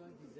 Thank you.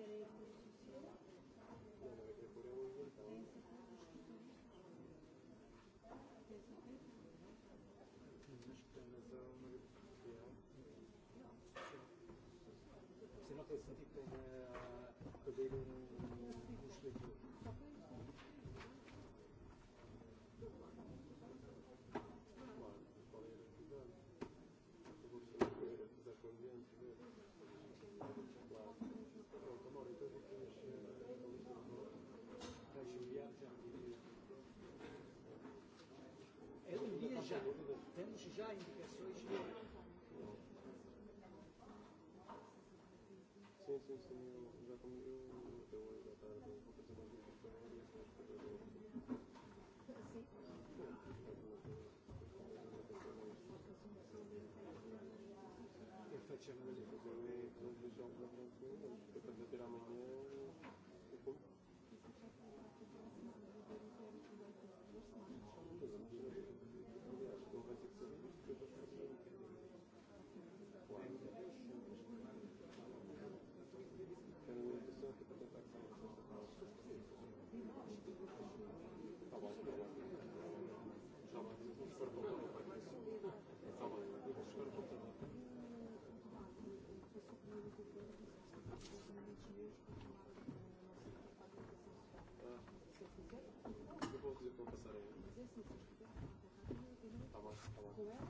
Ευχαριστώ. Ευχαριστώ. Yeah.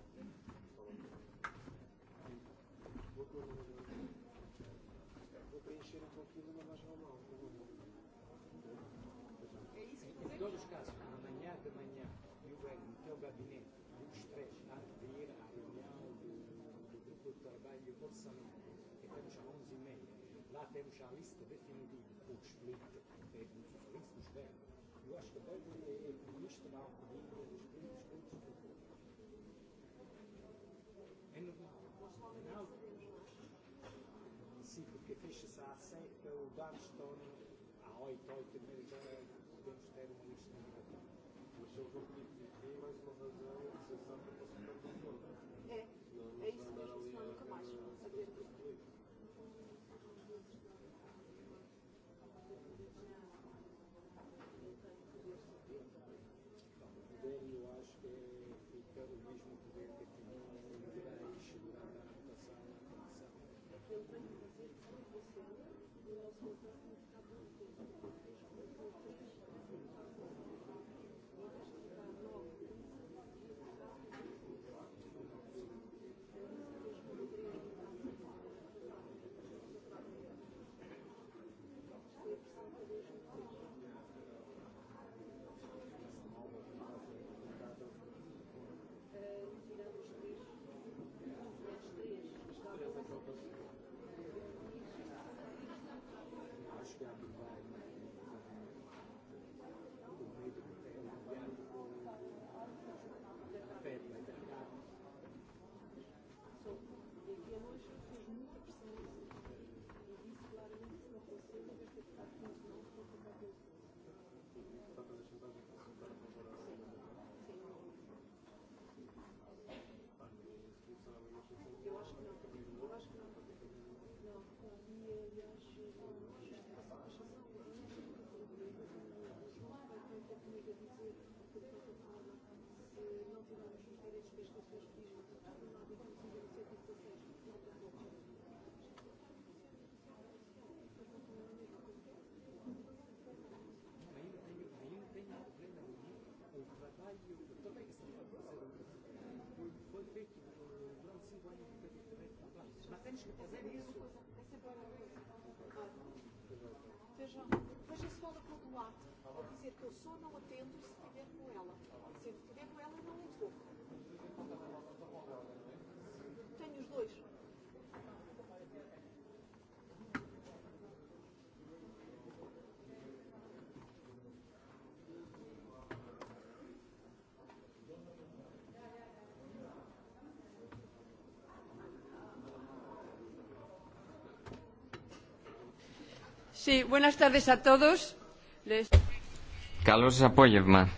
Καλό σας απόγευμα.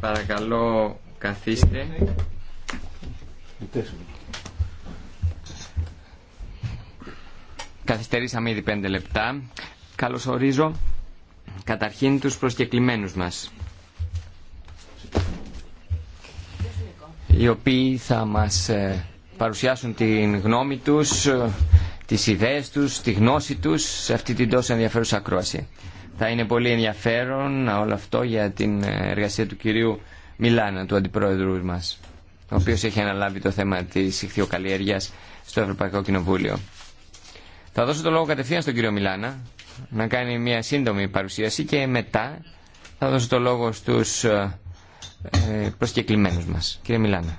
Παρακαλώ καθίστε. Καθυστερήσαμε ήδη πέντε λεπτά. Καλώς ορίζω καταρχήν τους προσκεκλημένους μας. Οι οποίοι θα μας ε, παρουσιάσουν την γνώμη τους τις ιδέες τους, τη γνώση τους σε αυτή την τόσο ενδιαφέρουσα ακρόαση. Θα είναι πολύ ενδιαφέρον όλο αυτό για την ε, εργασία του κυρίου Μιλάνα, του αντιπρόεδρου μας, ο οποίος έχει αναλάβει το θέμα της ηχθειοκαλλιέργειας στο Ευρωπαϊκό Κοινοβούλιο. Θα δώσω το λόγο κατευθείαν στον κύριο Μιλάνα να κάνει μια σύντομη παρουσίαση και μετά θα δώσω το λόγο στους ε, ε, προσκεκλημένους μας. Κύριε Μιλάνα.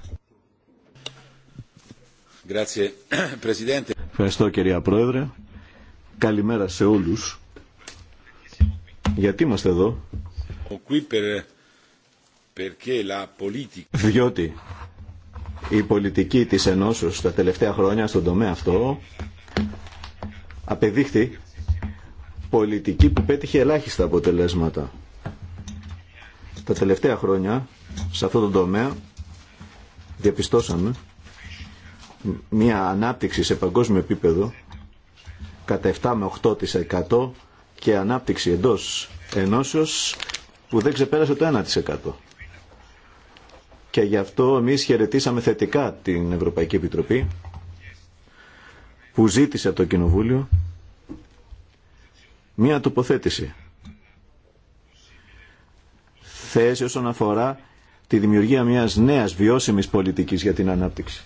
Ευχαριστώ κυρία Πρόεδρε. Καλημέρα σε όλους. Γιατί είμαστε εδώ. Διότι η πολιτική της Ενώσεως τα τελευταία χρόνια στον τομέα αυτό απεδείχθη πολιτική που πέτυχε ελάχιστα αποτελέσματα. Τα τελευταία χρόνια σε αυτό τον τομέα διαπιστώσαμε μια ανάπτυξη σε παγκόσμιο επίπεδο κατά 7 με 8% και ανάπτυξη εντός ενώσεως που δεν ξεπέρασε το 1%. Και γι' αυτό εμείς χαιρετήσαμε θετικά την Ευρωπαϊκή Επιτροπή που ζήτησε το Κοινοβούλιο μία τοποθέτηση. Θέση όσον αφορά τη δημιουργία μιας νέας βιώσιμης πολιτικής για την ανάπτυξη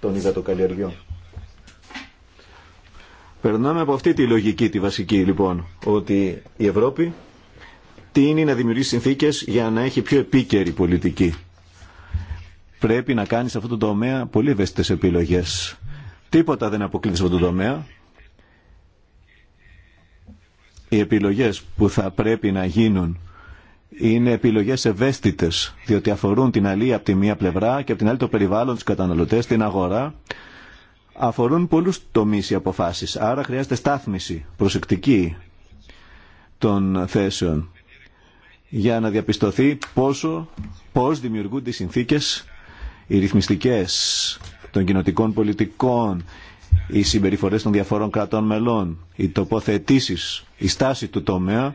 των υδατοκαλλιεργιών. Περνάμε από αυτή τη λογική, τη βασική λοιπόν, ότι η Ευρώπη τι είναι να δημιουργήσει συνθήκες για να έχει πιο επίκαιρη πολιτική. Πρέπει να κάνει σε αυτό το τομέα πολύ ευαίσθητες επιλογές. Τίποτα δεν αποκλείται σε αυτό το τομέα. Οι επιλογές που θα πρέπει να γίνουν είναι επιλογές ευαίσθητε, διότι αφορούν την αλή από τη μία πλευρά και από την άλλη το περιβάλλον, του καταναλωτέ, την αγορά. Αφορούν πολλού τομεί οι αποφάσει. άρα χρειάζεται στάθμιση προσεκτική των θέσεων για να διαπιστωθεί πόσο, πώς δημιουργούνται οι συνθήκες, οι ρυθμιστικές των κοινοτικών πολιτικών, οι συμπεριφορές των διαφορών κρατών μελών, οι τοποθετήσεις, η στάση του τομέα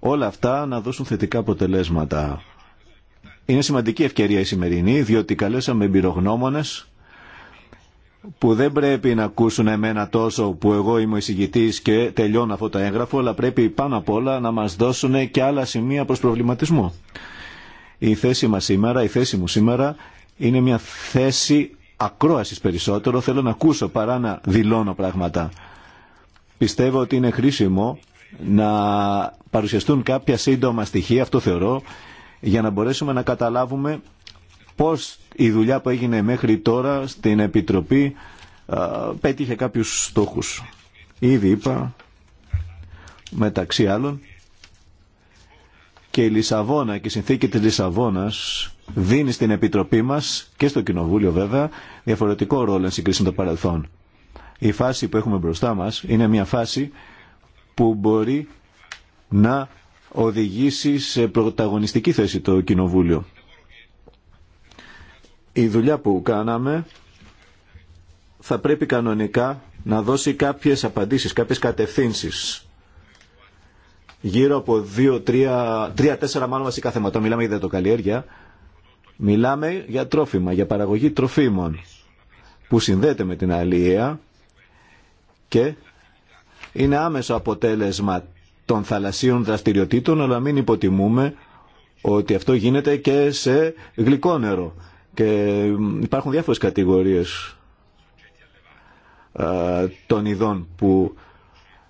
όλα αυτά να δώσουν θετικά αποτελέσματα. Είναι σημαντική ευκαιρία η σημερινή, διότι καλέσαμε εμπειρογνώμονε που δεν πρέπει να ακούσουν εμένα τόσο που εγώ είμαι ο και τελειώνω αυτό το έγγραφο, αλλά πρέπει πάνω απ' όλα να μα δώσουν και άλλα σημεία προς προβληματισμό. Η θέση μα σήμερα, η θέση μου σήμερα είναι μια θέση ακρόαση περισσότερο, θέλω να ακούσω παρά να δηλώνω πράγματα. Πιστεύω ότι είναι χρήσιμο να παρουσιαστούν κάποια σύντομα στοιχεία, αυτό θεωρώ, για να μπορέσουμε να καταλάβουμε πώς η δουλειά που έγινε μέχρι τώρα στην Επιτροπή πέτυχε κάποιους στόχους. Ήδη είπα, μεταξύ άλλων, και η Λισαβόνα και η συνθήκη της Λισαβόνας δίνει στην Επιτροπή μας και στο Κοινοβούλιο βέβαια διαφορετικό ρόλο εν συγκρίση με το παρελθόν. Η φάση που έχουμε μπροστά μας είναι μια φάση που μπορεί να οδηγήσει σε πρωταγωνιστική θέση το Κοινοβούλιο. Η δουλειά που κάναμε θα πρέπει κανονικά να δώσει κάποιες απαντήσεις, κάποιες κατευθύνσεις. Γύρω από δύο, τρία, τρία τέσσερα μάλλον βασικά θέματα. Μιλάμε για καλλιέργεια. Μιλάμε για τρόφιμα, για παραγωγή τροφίμων που συνδέεται με την αλληλεία και είναι άμεσο αποτέλεσμα των θαλασσίων δραστηριοτήτων, αλλά μην υποτιμούμε ότι αυτό γίνεται και σε γλυκό νερό. Και υπάρχουν διάφορες κατηγορίες των ειδών που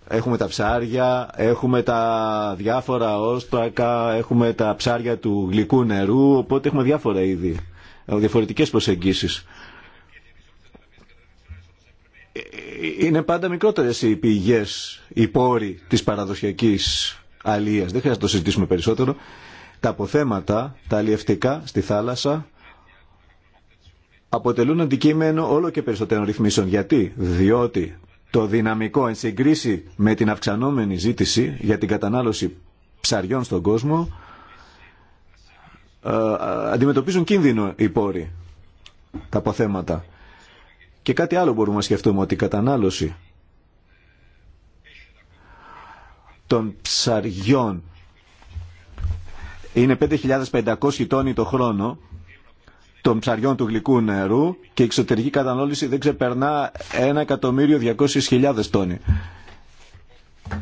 έχουμε τα ψάρια, έχουμε τα διάφορα όστρακα, έχουμε τα ψάρια του γλυκού νερού, οπότε έχουμε διάφορα είδη, διαφορετικές προσεγγίσεις. είναι πάντα μικρότερε οι πηγές, οι πόροι της παραδοσιακή αλίας. Δεν χρειάζεται να το συζητήσουμε περισσότερο. Τα αποθέματα, τα αλλιευτικά στη θάλασσα αποτελούν αντικείμενο όλο και περισσότερων ρυθμίσεων. Γιατί, διότι το δυναμικό εν συγκρίση με την αυξανόμενη ζήτηση για την κατανάλωση ψαριών στον κόσμο ε, αντιμετωπίζουν κίνδυνο οι πόροι, τα αποθέματα. Και κάτι άλλο μπορούμε να σκεφτούμε, ότι η κατανάλωση των ψαριών είναι 5.500 τόνοι το χρόνο των ψαριών του γλυκού νερού και η εξωτερική κατανάλωση δεν ξεπερνά 1.200.000 τόνοι.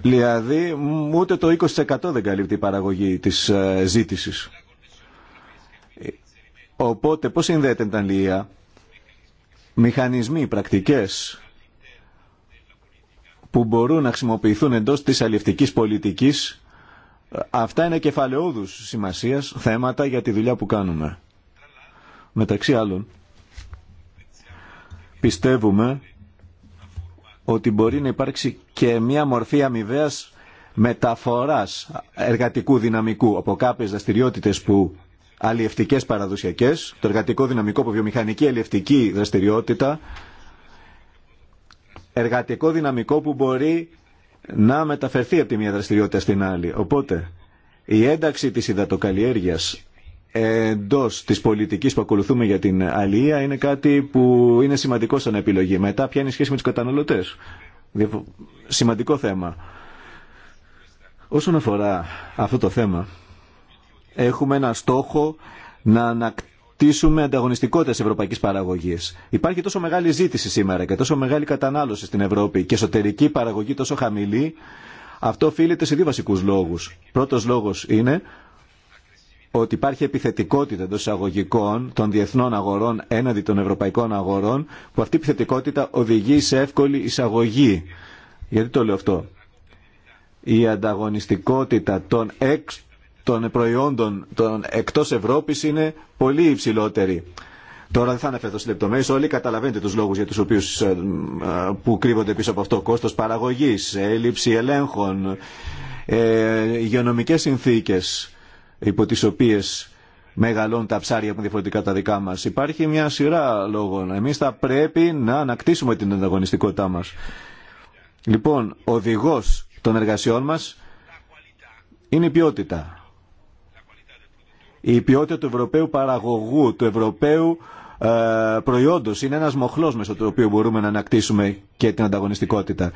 Δηλαδή ούτε το 20% δεν καλύπτει η παραγωγή της ε, ζήτησης. Οπότε πώς συνδέεται με την μηχανισμοί, πρακτικές που μπορούν να χρησιμοποιηθούν εντός της αλληλευτικής πολιτικής αυτά είναι κεφαλαιόδους σημασίας θέματα για τη δουλειά που κάνουμε. Μεταξύ άλλων, πιστεύουμε ότι μπορεί να υπάρξει και μια μορφή αμοιβαίας μεταφοράς εργατικού δυναμικού από κάποιες δραστηριότητε που αλλιευτικές παραδοσιακές, το εργατικό δυναμικό από βιομηχανική αλλιευτική δραστηριότητα, εργατικό δυναμικό που μπορεί να μεταφερθεί από τη μία δραστηριότητα στην άλλη. Οπότε, η ένταξη της υδατοκαλλιέργειας εντό τη πολιτική που ακολουθούμε για την αλληλεία είναι κάτι που είναι σημαντικό σαν επιλογή. Μετά, ποια είναι η σχέση με του καταναλωτέ. Σημαντικό θέμα. Όσον αφορά αυτό το θέμα, έχουμε ένα στόχο να ανακτήσουμε ανταγωνιστικότητα τη ευρωπαϊκή παραγωγή. Υπάρχει τόσο μεγάλη ζήτηση σήμερα και τόσο μεγάλη κατανάλωση στην Ευρώπη και εσωτερική παραγωγή τόσο χαμηλή. Αυτό οφείλεται σε δύο βασικού λόγου. Πρώτο λόγο είναι ότι υπάρχει επιθετικότητα των εισαγωγικών των διεθνών αγορών έναντι των ευρωπαϊκών αγορών, που αυτή η επιθετικότητα οδηγεί σε εύκολη εισαγωγή. Γιατί το λέω αυτό. Η ανταγωνιστικότητα των εξ των προϊόντων των εκτός Ευρώπης είναι πολύ υψηλότερη. Τώρα δεν θα αναφερθώ στι λεπτομέρειε. Όλοι καταλαβαίνετε του λόγου για του οποίου ε, που κρύβονται πίσω από αυτό. Κόστο παραγωγή, έλλειψη ελέγχων, ε, υγειονομικέ συνθήκε υπό τι οποίε μεγαλώνουν τα ψάρια που διαφορετικά τα δικά μα. Υπάρχει μια σειρά λόγων. Εμεί θα πρέπει να ανακτήσουμε την ανταγωνιστικότητά μα. Λοιπόν, οδηγό των εργασιών μα είναι η ποιότητα. Η ποιότητα του Ευρωπαίου παραγωγού, του Ευρωπαίου ε, προϊόντος είναι ένας μοχλός μέσω του οποίου μπορούμε να ανακτήσουμε και την ανταγωνιστικότητα.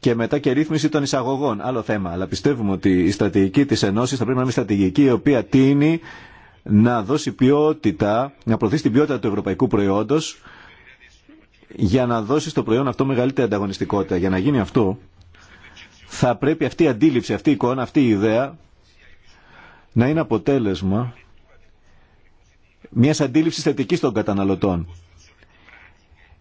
Και μετά και ρύθμιση των εισαγωγών. Άλλο θέμα. Αλλά πιστεύουμε ότι η στρατηγική της Ενώσης θα πρέπει να είναι μια στρατηγική η οποία τίνει να δώσει ποιότητα, να προωθήσει την ποιότητα του ευρωπαϊκού προϊόντος για να δώσει στο προϊόν αυτό μεγαλύτερη ανταγωνιστικότητα. Για να γίνει αυτό θα πρέπει αυτή η αντίληψη, αυτή η εικόνα, αυτή η ιδέα να είναι αποτέλεσμα μιας αντίληψης θετικής των καταναλωτών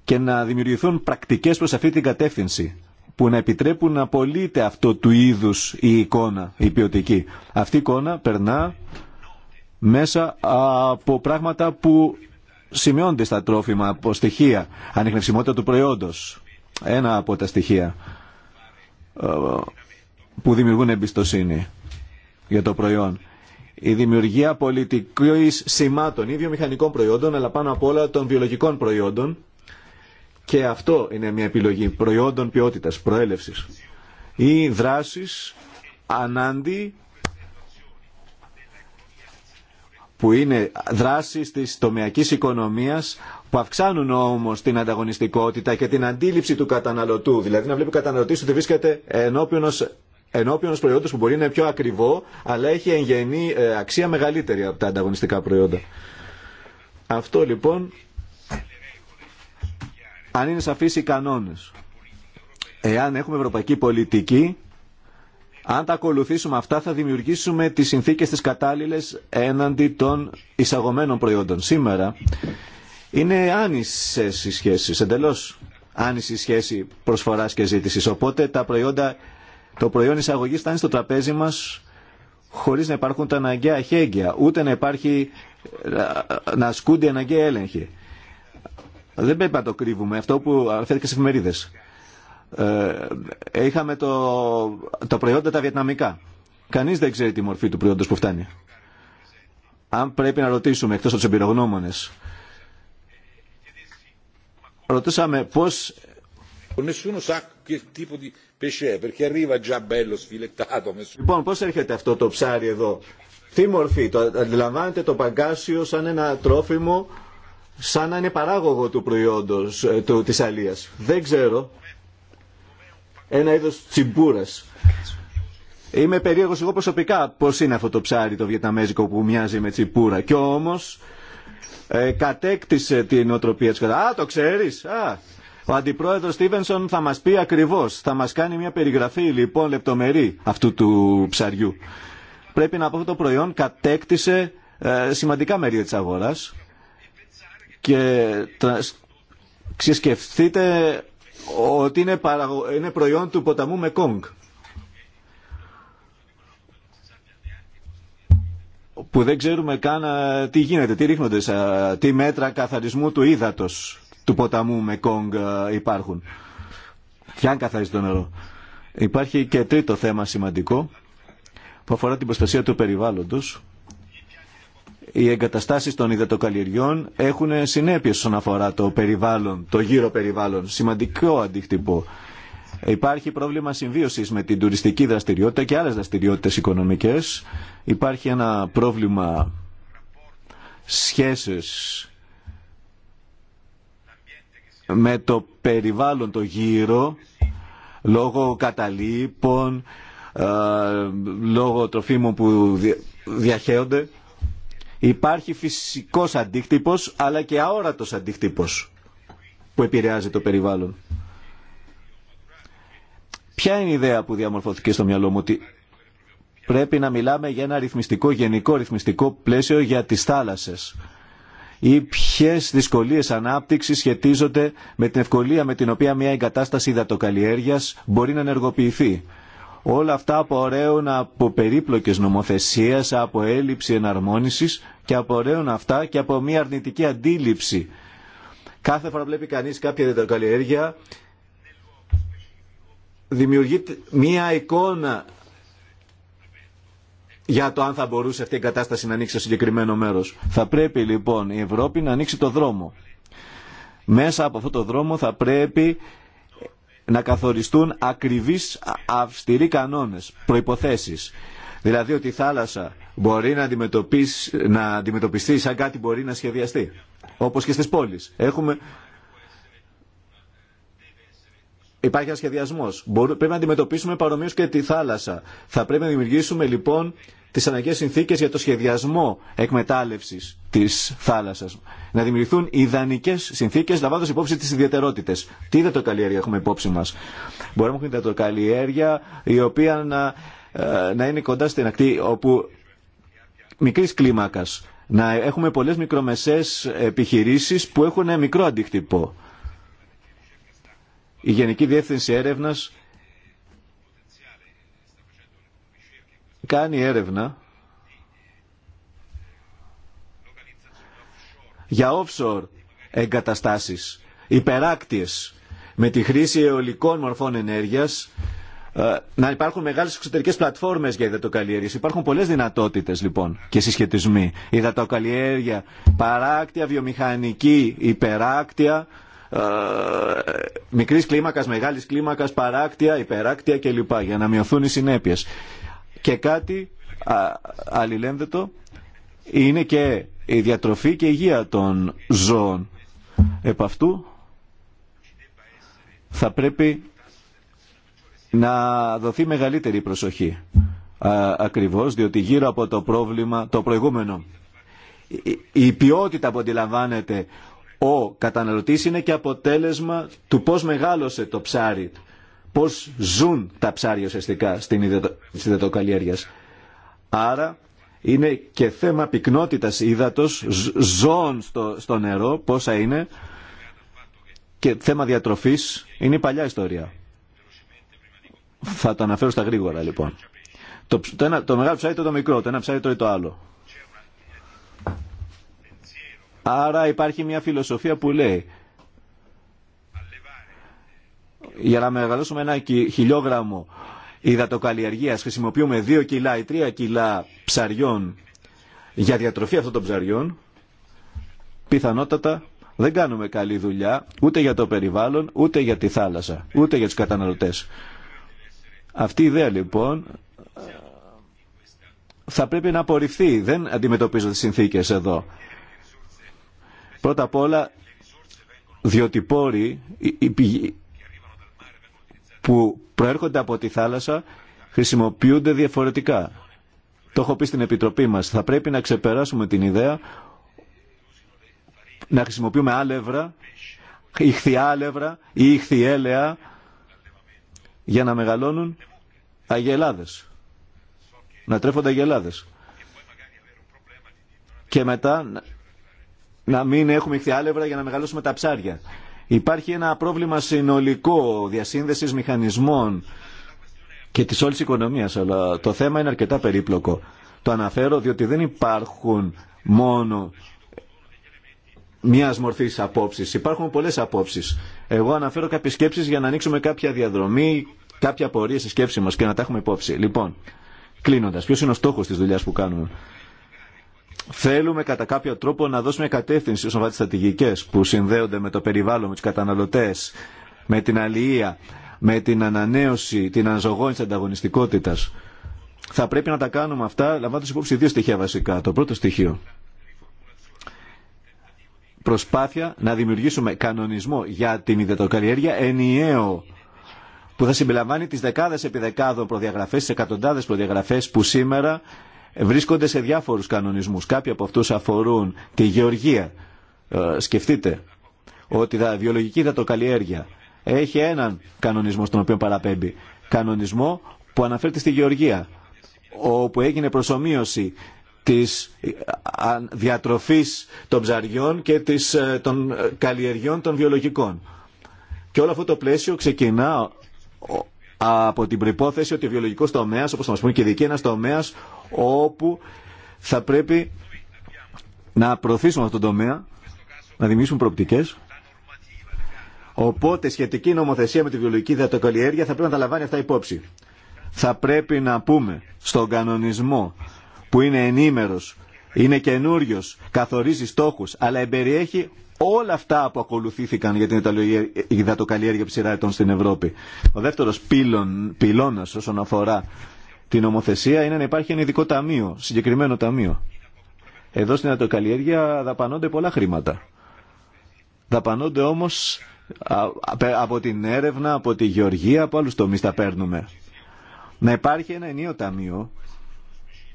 και να δημιουργηθούν πρακτικές προς αυτή την κατεύθυνση που να επιτρέπουν να απολύεται αυτό του είδους η εικόνα, η ποιοτική. Αυτή η εικόνα περνά μέσα από πράγματα που σημειώνται στα τρόφιμα, από στοιχεία, ανιχνευσιμότητα του προϊόντος. Ένα από τα στοιχεία ε, που δημιουργούν εμπιστοσύνη για το προϊόν η δημιουργία πολιτικής σημάτων ή βιομηχανικών προϊόντων, αλλά πάνω απ' όλα των βιολογικών προϊόντων. Και αυτό είναι μια επιλογή προϊόντων ποιότητα, προέλευση. Ή δράσεις ανάντι που είναι δράσεις της τομεακής οικονομίας που αυξάνουν όμως την ανταγωνιστικότητα και την αντίληψη του καταναλωτού. Δηλαδή να βλέπει ο καταναλωτής ότι βρίσκεται ενώπιον ενώπιον ενό προϊόντο που μπορεί να είναι πιο ακριβό, αλλά έχει εγγενή ε, αξία μεγαλύτερη από τα ανταγωνιστικά προϊόντα. Αυτό λοιπόν, αν είναι σαφείς οι κανόνες, εάν έχουμε ευρωπαϊκή πολιτική, αν τα ακολουθήσουμε αυτά θα δημιουργήσουμε τις συνθήκες τις κατάλληλες έναντι των εισαγωμένων προϊόντων. Σήμερα είναι άνισες οι σχέσεις, εντελώς άνιση σχέση προσφοράς και ζήτησης. Οπότε τα προϊόντα το προϊόν εισαγωγή είναι στο τραπέζι μα χωρί να υπάρχουν τα αναγκαία χέγγια, ούτε να υπάρχει ε, να ασκούνται αναγκαία έλεγχοι. Δεν πρέπει να το κρύβουμε αυτό που αναφέρθηκε στι εφημερίδε. Ε, είχαμε το, τα προϊόντα τα βιετναμικά. Κανεί δεν ξέρει τη μορφή του προϊόντος που φτάνει. Αν πρέπει να ρωτήσουμε εκτό από του εμπειρογνώμονε, ρωτήσαμε πώ arriva già bello sfilettato. Λοιπόν, πώς έρχεται αυτό το ψάρι εδώ, τι μορφή, το αντιλαμβάνετε το παγκάσιο σαν ένα τρόφιμο, σαν να είναι παράγωγο του προϊόντος ε, τη της αλίας. Δεν ξέρω, ένα είδος τσιμπούρας. Είμαι περίεργος εγώ προσωπικά πώς είναι αυτό το ψάρι το Βιεταμέζικο που μοιάζει με τσιμπούρα Και όμως ε, κατέκτησε την οτροπία της. Α, το ξέρεις. Α, ο αντιπρόεδρο Στίβενσον θα μας πει ακριβώς, θα μας κάνει μια περιγραφή λοιπόν λεπτομερή αυτού του ψαριού. Πρέπει να πω ότι το προϊόν κατέκτησε ε, σημαντικά μέρη της αγορα. και ξεσκεφτείτε ότι είναι, είναι προϊόν του ποταμού Μεκόγκ. που δεν ξέρουμε καν ε, τι γίνεται, τι ρίχνονται, ε, τι μέτρα καθαρισμού του ύδατος του ποταμού κόγκ ε, υπάρχουν. Και αν καθαρίζει το νερό. Υπάρχει και τρίτο θέμα σημαντικό που αφορά την προστασία του περιβάλλοντος. Οι εγκαταστάσεις των υδατοκαλλιεργιών έχουν συνέπειες όσον αφορά το περιβάλλον, το γύρο περιβάλλον. Σημαντικό αντίχτυπο. Υπάρχει πρόβλημα συμβίωσης με την τουριστική δραστηριότητα και άλλες δραστηριότητες οικονομικές. Υπάρχει ένα πρόβλημα σχέσεις με το περιβάλλον το γύρο λόγω καταλήπων, ε, λόγω τροφίμων που διαχέονται. Υπάρχει φυσικός αντίκτυπος αλλά και αόρατος αντίκτυπος που επηρεάζει το περιβάλλον. Ποια είναι η ιδέα που διαμορφωθήκε στο μυαλό μου ότι πρέπει να μιλάμε για ένα ρυθμιστικό, γενικό ρυθμιστικό πλαίσιο για τις θάλασσες ή ποιε δυσκολίε ανάπτυξη σχετίζονται με την ευκολία με την οποία μια εγκατάσταση υδατοκαλλιέργεια μπορεί να ενεργοποιηθεί. Όλα αυτά απορρέουν από περίπλοκες νομοθεσίες, από έλλειψη εναρμόνισης και απορρέουν αυτά και από μια αρνητική αντίληψη. Κάθε φορά βλέπει κανείς κάποια υδατοκαλλιέργεια δημιουργεί μια εικόνα για το αν θα μπορούσε αυτή η κατάσταση να ανοίξει σε συγκεκριμένο μέρος. Θα πρέπει λοιπόν η Ευρώπη να ανοίξει το δρόμο. Μέσα από αυτό το δρόμο θα πρέπει να καθοριστούν ακριβείς αυστηροί κανόνες, προϋποθέσεις. Δηλαδή ότι η θάλασσα μπορεί να, να αντιμετωπιστεί σαν κάτι μπορεί να σχεδιαστεί. Όπως και στις πόλεις. Έχουμε... Υπάρχει ένα σχεδιασμό. Πρέπει να αντιμετωπίσουμε παρομοίως και τη θάλασσα. Θα πρέπει να δημιουργήσουμε λοιπόν τις αναγκαίες συνθήκες για το σχεδιασμό εκμετάλλευσης της θάλασσας. Να δημιουργηθούν ιδανικές συνθήκες λαμβάνοντας υπόψη τις ιδιαιτερότητες. Τι καλλιέργεια έχουμε υπόψη μας. Μπορούμε να έχουμε ιδετοκαλλιέργεια η οποία να, ε, να είναι κοντά στην ακτή όπου μικρής κλίμακας. Να έχουμε πολλές μικρομεσές επιχειρήσεις που έχουν μικρό αντίκτυπο. Η Γενική Διεύθυνση Έρευνας κάνει έρευνα για offshore εγκαταστάσεις, υπεράκτιες, με τη χρήση αιωλικών μορφών ενέργειας, ε, να υπάρχουν μεγάλες εξωτερικές πλατφόρμες για υδατοκαλλιέργειες. Υπάρχουν πολλές δυνατότητες λοιπόν και συσχετισμοί. Η υδατοκαλλιέργεια, παράκτια, βιομηχανική, υπεράκτια, ε, μικρής κλίμακας, μεγάλης κλίμακας, παράκτια, υπεράκτια κλπ. για να μειωθούν οι συνέπειες. Και κάτι αλληλένδετο είναι και η διατροφή και η υγεία των ζώων. Επ' αυτού θα πρέπει να δοθεί μεγαλύτερη προσοχή. Α, ακριβώς, διότι γύρω από το πρόβλημα, το προηγούμενο, η, η ποιότητα που αντιλαμβάνεται ο καταναλωτής είναι και αποτέλεσμα του πώς μεγάλωσε το ψάρι, πώς ζουν τα ψάρια ουσιαστικά στην υδατοκαλλιέργεια. Άρα είναι και θέμα πυκνότητας ύδατος, ζώων στο, νερό, πόσα είναι, και θέμα διατροφής είναι η παλιά ιστορία. Θα το αναφέρω στα γρήγορα λοιπόν. Το, το, το μεγάλο ψάρι το, το μικρό, το ένα ψάρι το, το άλλο. Άρα υπάρχει μια φιλοσοφία που λέει για να μεγαλώσουμε ένα χιλιόγραμμο υδατοκαλλιεργίας χρησιμοποιούμε 2 κιλά ή 3 κιλά ψαριών για διατροφή αυτών των ψαριών, πιθανότατα δεν κάνουμε καλή δουλειά ούτε για το περιβάλλον, ούτε για τη θάλασσα, ούτε για τους καταναλωτές. Αυτή η ιδέα λοιπόν θα πρέπει να απορριφθεί. Δεν αντιμετωπίζω τις συνθήκες εδώ. Πρώτα απ' όλα, διότι πόροι, που προέρχονται από τη θάλασσα χρησιμοποιούνται διαφορετικά. Το έχω πει στην Επιτροπή μας. Θα πρέπει να ξεπεράσουμε την ιδέα να χρησιμοποιούμε άλευρα, ηχθιά άλευρα ή ηχθιέλαια για να μεγαλώνουν αγελάδες. Να τρέφονται αγελάδες. Και μετά να μην έχουμε αλευρα για να μεγαλώσουμε τα ψάρια. Υπάρχει ένα πρόβλημα συνολικό διασύνδεσης μηχανισμών και της όλης οικονομίας, αλλά το θέμα είναι αρκετά περίπλοκο. Το αναφέρω διότι δεν υπάρχουν μόνο μία μορφή απόψεις. Υπάρχουν πολλές απόψεις. Εγώ αναφέρω κάποιες σκέψεις για να ανοίξουμε κάποια διαδρομή, κάποια πορεία στη σκέψη μας και να τα έχουμε υπόψη. Λοιπόν, κλείνοντας, ποιος είναι ο στόχος της δουλειάς που κάνουμε θέλουμε κατά κάποιο τρόπο να δώσουμε κατεύθυνση όσον αφορά τι στρατηγικέ που συνδέονται με το περιβάλλον, με του καταναλωτέ, με την αλληλεία, με την ανανέωση, την αναζωγόνηση τη ανταγωνιστικότητα. Θα πρέπει να τα κάνουμε αυτά λαμβάνοντα υπόψη δύο στοιχεία βασικά. Το πρώτο στοιχείο. Προσπάθεια να δημιουργήσουμε κανονισμό για την ιδετοκαλλιέργεια ενιαίο που θα συμπεριλαμβάνει τις δεκάδες επί δεκάδων προδιαγραφές, τις εκατοντάδες προδιαγραφές που σήμερα βρίσκονται σε διάφορους κανονισμούς. Κάποιοι από αυτούς αφορούν τη γεωργία. Ε, σκεφτείτε ότι η βιολογική δατοκαλλιέργεια έχει έναν κανονισμό στον οποίο παραπέμπει. Κανονισμό που αναφέρεται στη γεωργία, όπου έγινε προσωμείωση της ε, διατροφής των ψαριών και της, ε, των καλλιεργιών των βιολογικών. Και όλο αυτό το πλαίσιο ξεκινά από την προπόθεση ότι ο βιολογικό τομέα, όπω θα μα πούνε και οι δικοί, είναι ένα τομέα όπου θα πρέπει να προωθήσουμε αυτόν τον τομέα, να δημιουργήσουμε προοπτικέ. Οπότε σχετική νομοθεσία με τη βιολογική διδατοκαλλιέργεια θα πρέπει να τα λαμβάνει αυτά υπόψη. Θα πρέπει να πούμε στον κανονισμό που είναι ενήμερος είναι καινούριο, καθορίζει στόχου, αλλά εμπεριέχει όλα αυτά που ακολουθήθηκαν για την υδατοκαλλιέργεια ψηρά ετών στην Ευρώπη. Ο δεύτερο πυλώνα όσον αφορά την νομοθεσία είναι να υπάρχει ένα ειδικό ταμείο, συγκεκριμένο ταμείο. Εδώ στην υδατοκαλλιέργεια δαπανώνται πολλά χρήματα. Δαπανώνται όμω από την έρευνα, από τη γεωργία, από άλλου τομεί τα παίρνουμε. Να υπάρχει ένα ενίο ταμείο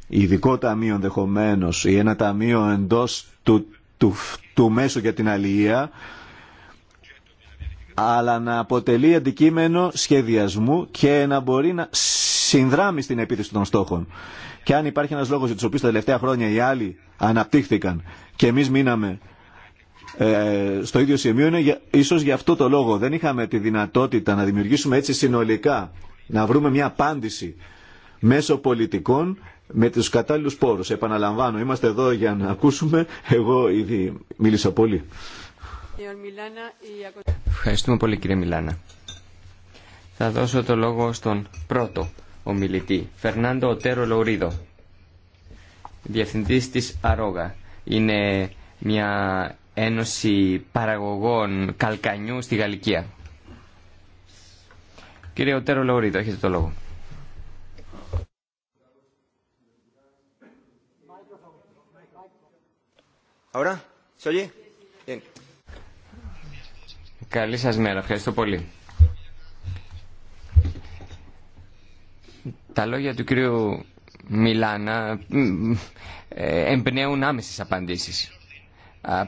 ειδικό ταμείο ενδεχομένω ή ένα ταμείο εντός του, του, του μέσου για την αλληλεία αλλά να αποτελεί αντικείμενο σχεδιασμού και να μπορεί να συνδράμει στην επίθεση των στόχων. Και αν υπάρχει ένα λόγος για τους οποίου τα τελευταία χρόνια οι άλλοι αναπτύχθηκαν και εμείς μείναμε ε, στο ίδιο σημείο είναι για, ίσως για αυτό το λόγο. Δεν είχαμε τη δυνατότητα να δημιουργήσουμε έτσι συνολικά, να βρούμε μια απάντηση μέσω πολιτικών με τους κατάλληλους πόρους. Επαναλαμβάνω, είμαστε εδώ για να ακούσουμε. Εγώ ήδη μίλησα πολύ. Ευχαριστούμε πολύ κύριε Μιλάνα. Θα δώσω το λόγο στον πρώτο ομιλητή, Φερνάντο Οτέρο Λαουρίδο, διευθυντής της Αρόγα. Είναι μια ένωση παραγωγών καλκανιού στη Γαλλικία. Κύριε Οτέρο Λαουρίδο, έχετε το λόγο. Καλή μέρα. Ευχαριστώ πολύ. Τα λόγια του κύριου Μιλάνα ε, εμπνέουν άμεσες απαντήσεις.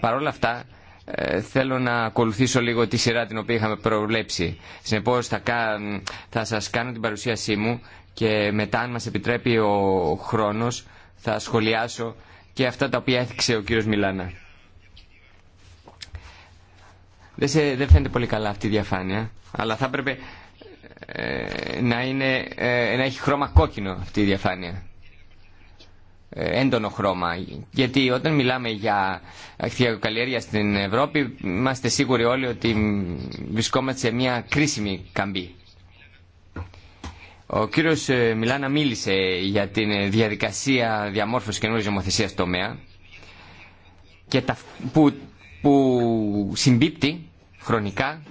Παρ' όλα αυτά, ε, θέλω να ακολουθήσω λίγο τη σειρά την οποία είχαμε προβλέψει. Συνεπώ θα, θα σας κάνω την παρουσίασή μου και μετά, αν μας επιτρέπει ο χρόνος, θα σχολιάσω και αυτά τα οποία έθιξε ο κύριος Μιλάνα. Δεν, σε, δεν φαίνεται πολύ καλά αυτή η διαφάνεια, αλλά θα έπρεπε ε, να, είναι, ε, να έχει χρώμα κόκκινο αυτή η διαφάνεια. Ε, έντονο χρώμα. Γιατί όταν μιλάμε για καλλιέργεια στην Ευρώπη, είμαστε σίγουροι όλοι ότι βρισκόμαστε σε μια κρίσιμη καμπή. Ο κύριος ε, Μιλάνα μίλησε για τη ε, διαδικασία διαμόρφωσης καινούργια νομοθεσία τομέα και τα, που, που συμπίπτει χρονικά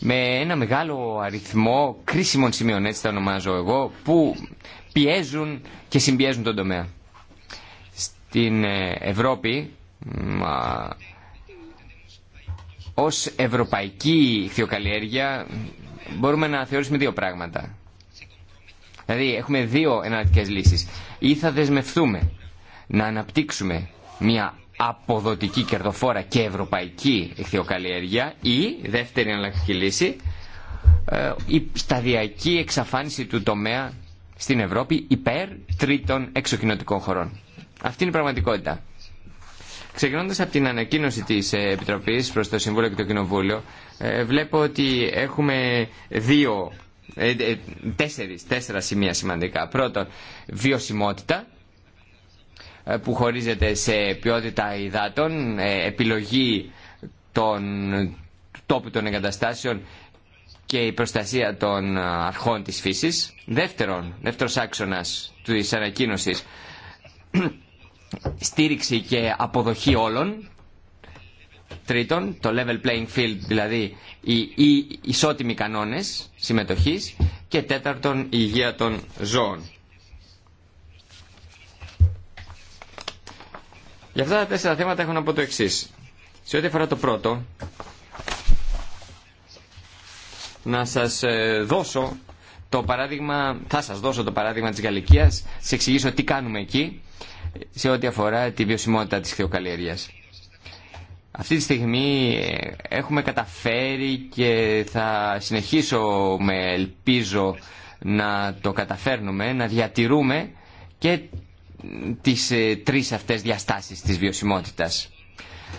με ένα μεγάλο αριθμό κρίσιμων σημείων, έτσι τα ονομάζω εγώ, που πιέζουν και συμπιέζουν τον τομέα. Στην ε, Ευρώπη ως ευρωπαϊκή χθιοκαλλιέργεια μπορούμε να θεωρήσουμε δύο πράγματα. Δηλαδή έχουμε δύο εναλλακτικές λύσεις. Ή θα δεσμευτούμε να αναπτύξουμε μια αποδοτική κερδοφόρα και ευρωπαϊκή χθιοκαλλιέργεια ή δεύτερη εναλλακτική λύση ε, η σταδιακή εξαφάνιση του τομέα στην Ευρώπη υπέρ τρίτων εξοκοινωτικών χωρών. Αυτή είναι η πραγματικότητα. Ξεκινώντας από την ανακοίνωση τη ε, επιτροπή προς το Συμβούλιο και το Κοινοβούλιο, ε, βλέπω ότι έχουμε δύο, ε, τέσσερις, τέσσερα σημεία σημαντικά. Πρώτον, βιωσιμότητα, που χωρίζεται σε ποιότητα υδάτων, επιλογή των τόπου των εγκαταστάσεων και η προστασία των αρχών της φύσης. Δεύτερον, δεύτερος άξονας της ανακοίνωσης, στήριξη και αποδοχή όλων. Τρίτον, το level playing field, δηλαδή οι, οι ισότιμοι κανόνες συμμετοχής. Και τέταρτον, η υγεία των ζώων. Για αυτά τα τέσσερα θέματα έχω να πω το εξή. Σε ό,τι αφορά το πρώτο, να σας ε, δώσω το παράδειγμα, θα σας δώσω το παράδειγμα της Γαλλικίας, σε εξηγήσω τι κάνουμε εκεί σε ό,τι αφορά τη βιωσιμότητα της θεοκαλλιέργειας. Αυτή τη στιγμή ε, έχουμε καταφέρει και θα συνεχίσω με ελπίζω να το καταφέρνουμε, να διατηρούμε και τις ε, τρεις αυτές διαστάσεις της βιωσιμότητας.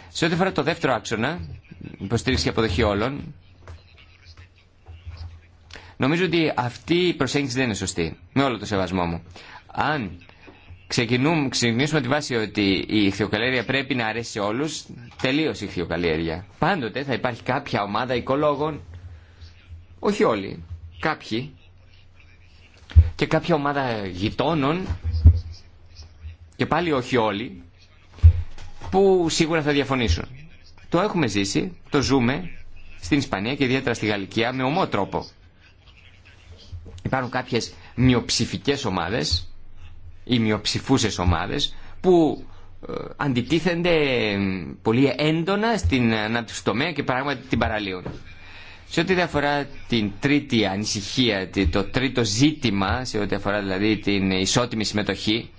Σε ό,τι αφορά το δεύτερο άξονα, υποστήριξη και αποδοχή όλων, νομίζω ότι αυτή η προσέγγιση δεν είναι σωστή, με όλο το σεβασμό μου. Αν ξεκινούμε, ξεκινήσουμε τη βάση ότι η ηχθειοκαλλιέργεια πρέπει να αρέσει σε όλους, Τελείω η ηχθειοκαλλιέργεια. Πάντοτε θα υπάρχει κάποια ομάδα οικολόγων, όχι όλοι, κάποιοι, και κάποια ομάδα γειτόνων, και πάλι όχι όλοι, που σίγουρα θα διαφωνήσουν. Το έχουμε ζήσει, το ζούμε στην Ισπανία και ιδιαίτερα στη Γαλλικία με ομό τρόπο. Υπάρχουν κάποιες μειοψηφικές ομάδες οι μειοψηφούσες ομάδες που ε, αντιτίθενται πολύ έντονα στην ανάπτυξη τομέα και πράγματι την παραλύουν. Σε ό,τι αφορά την τρίτη ανησυχία, το τρίτο ζήτημα, σε ό,τι αφορά δηλαδή την ισότιμη συμμετοχή,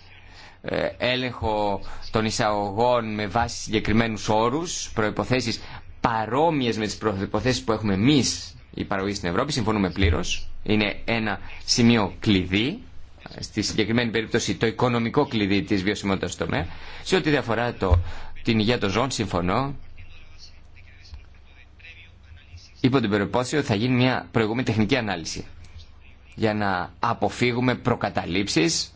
ε, έλεγχο των εισαγωγών με βάση συγκεκριμένους όρους, προϋποθέσεις παρόμοιες με τις προϋποθέσεις που έχουμε εμείς η παραγωγοί στην Ευρώπη, συμφωνούμε πλήρως, είναι ένα σημείο κλειδί στη συγκεκριμένη περίπτωση το οικονομικό κλειδί της βιωσιμότητα του τομέα. Σε ό,τι διαφορά το, την υγεία των ζώων, συμφωνώ. Υπό την περιπτώση ότι θα γίνει μια προηγούμενη τεχνική ανάλυση για να αποφύγουμε προκαταλήψεις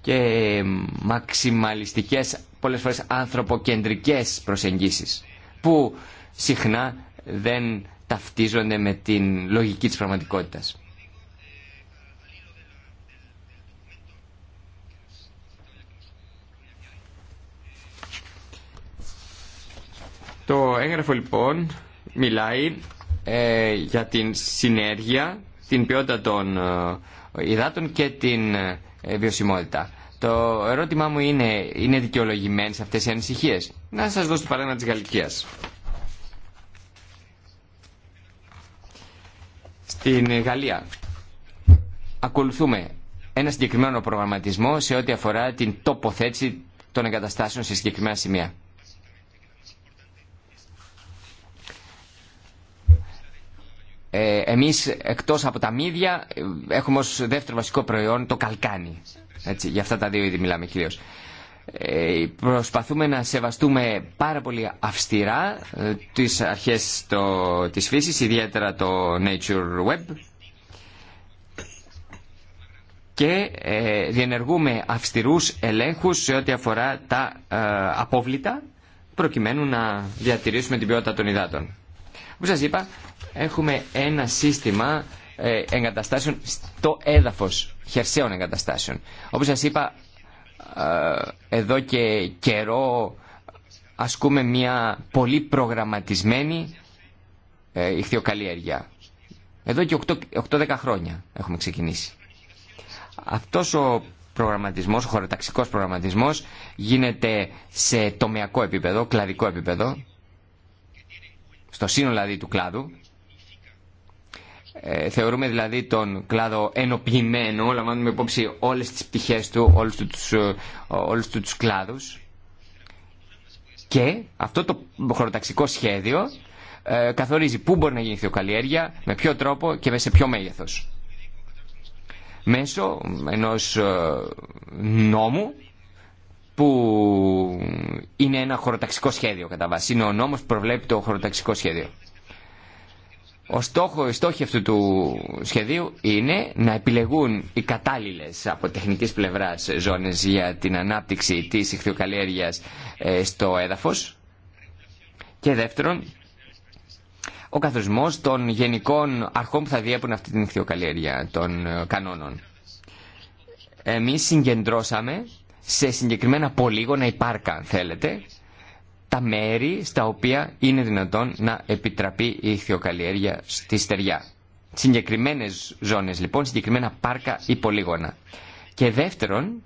και μαξιμαλιστικές, πολλές φορές ανθρωποκεντρικές προσεγγίσεις που συχνά δεν ταυτίζονται με την λογική της πραγματικότητας. Το έγγραφο λοιπόν μιλάει ε, για την συνέργεια, την ποιότητα των ε, υδάτων και την ε, βιωσιμότητα. Το ερώτημά μου είναι, είναι δικαιολογημένες αυτές οι ανησυχίες. Να σας δώσω το παράδειγμα της Γαλλικίας. Στην Γαλλία ακολουθούμε ένα συγκεκριμένο προγραμματισμό σε ό,τι αφορά την τοποθέτηση των εγκαταστάσεων σε συγκεκριμένα σημεία. Ε, εμείς εκτός από τα μύδια έχουμε ως δεύτερο βασικό προϊόν το καλκάνι. Έτσι, για αυτά τα δύο είδη μιλάμε κυρίως. Ε, προσπαθούμε να σεβαστούμε πάρα πολύ αυστηρά ε, τις αρχές το, της φύσης, ιδιαίτερα το Nature Web και ε, διενεργούμε αυστηρούς ελέγχους σε ό,τι αφορά τα απόβλητα προκειμένου να διατηρήσουμε την ποιότητα των υδάτων. Όπως σας είπα, έχουμε ένα σύστημα ε, εγκαταστάσεων στο έδαφος, χερσαίων εγκαταστάσεων. Όπως σας είπα, ε, εδώ και καιρό ασκούμε μια πολύ προγραμματισμένη ε, ηχθειοκαλλιέργεια. Εδώ και 8-10 χρόνια έχουμε ξεκινήσει. Αυτός ο προγραμματισμός, ο χωροταξικός προγραμματισμός γίνεται σε τομεακό επίπεδο, κλαδικό επίπεδο στο σύνολο δηλαδή του κλάδου. Ε, θεωρούμε δηλαδή τον κλάδο ενοποιημένο, λαμβάνουμε υπόψη όλες τις πτυχές του, όλους τους, ε, όλους τους κλάδους. Και αυτό το χωροταξικό σχέδιο ε, καθορίζει πού μπορεί να γίνει θεοκαλλιέργεια, με ποιο τρόπο και σε ποιο μέγεθος. Μέσω ενός νόμου που είναι ένα χωροταξικό σχέδιο κατά βάση. Είναι ο νόμος που προβλέπει το χωροταξικό σχέδιο. Ο στόχο, η στόχη αυτού του σχεδίου είναι να επιλεγούν οι κατάλληλες από τεχνικής πλευράς ζώνες για την ανάπτυξη της ηχθειοκαλλιέργειας ε, στο έδαφος και δεύτερον ο καθορισμός των γενικών αρχών που θα διέπουν αυτή την ηχθειοκαλλιέργεια των ε, κανόνων. Εμείς συγκεντρώσαμε σε συγκεκριμένα πολύγωνα αιθιοκαλλιέργεια στη αν θέλετε, τα μέρη στα οποία είναι δυνατόν να επιτραπεί η ηχθειοκαλλιέργεια στη στεριά. Συγκεκριμένες ζώνες λοιπόν, συγκεκριμένα πάρκα ή πολύγωνα. Και δεύτερον,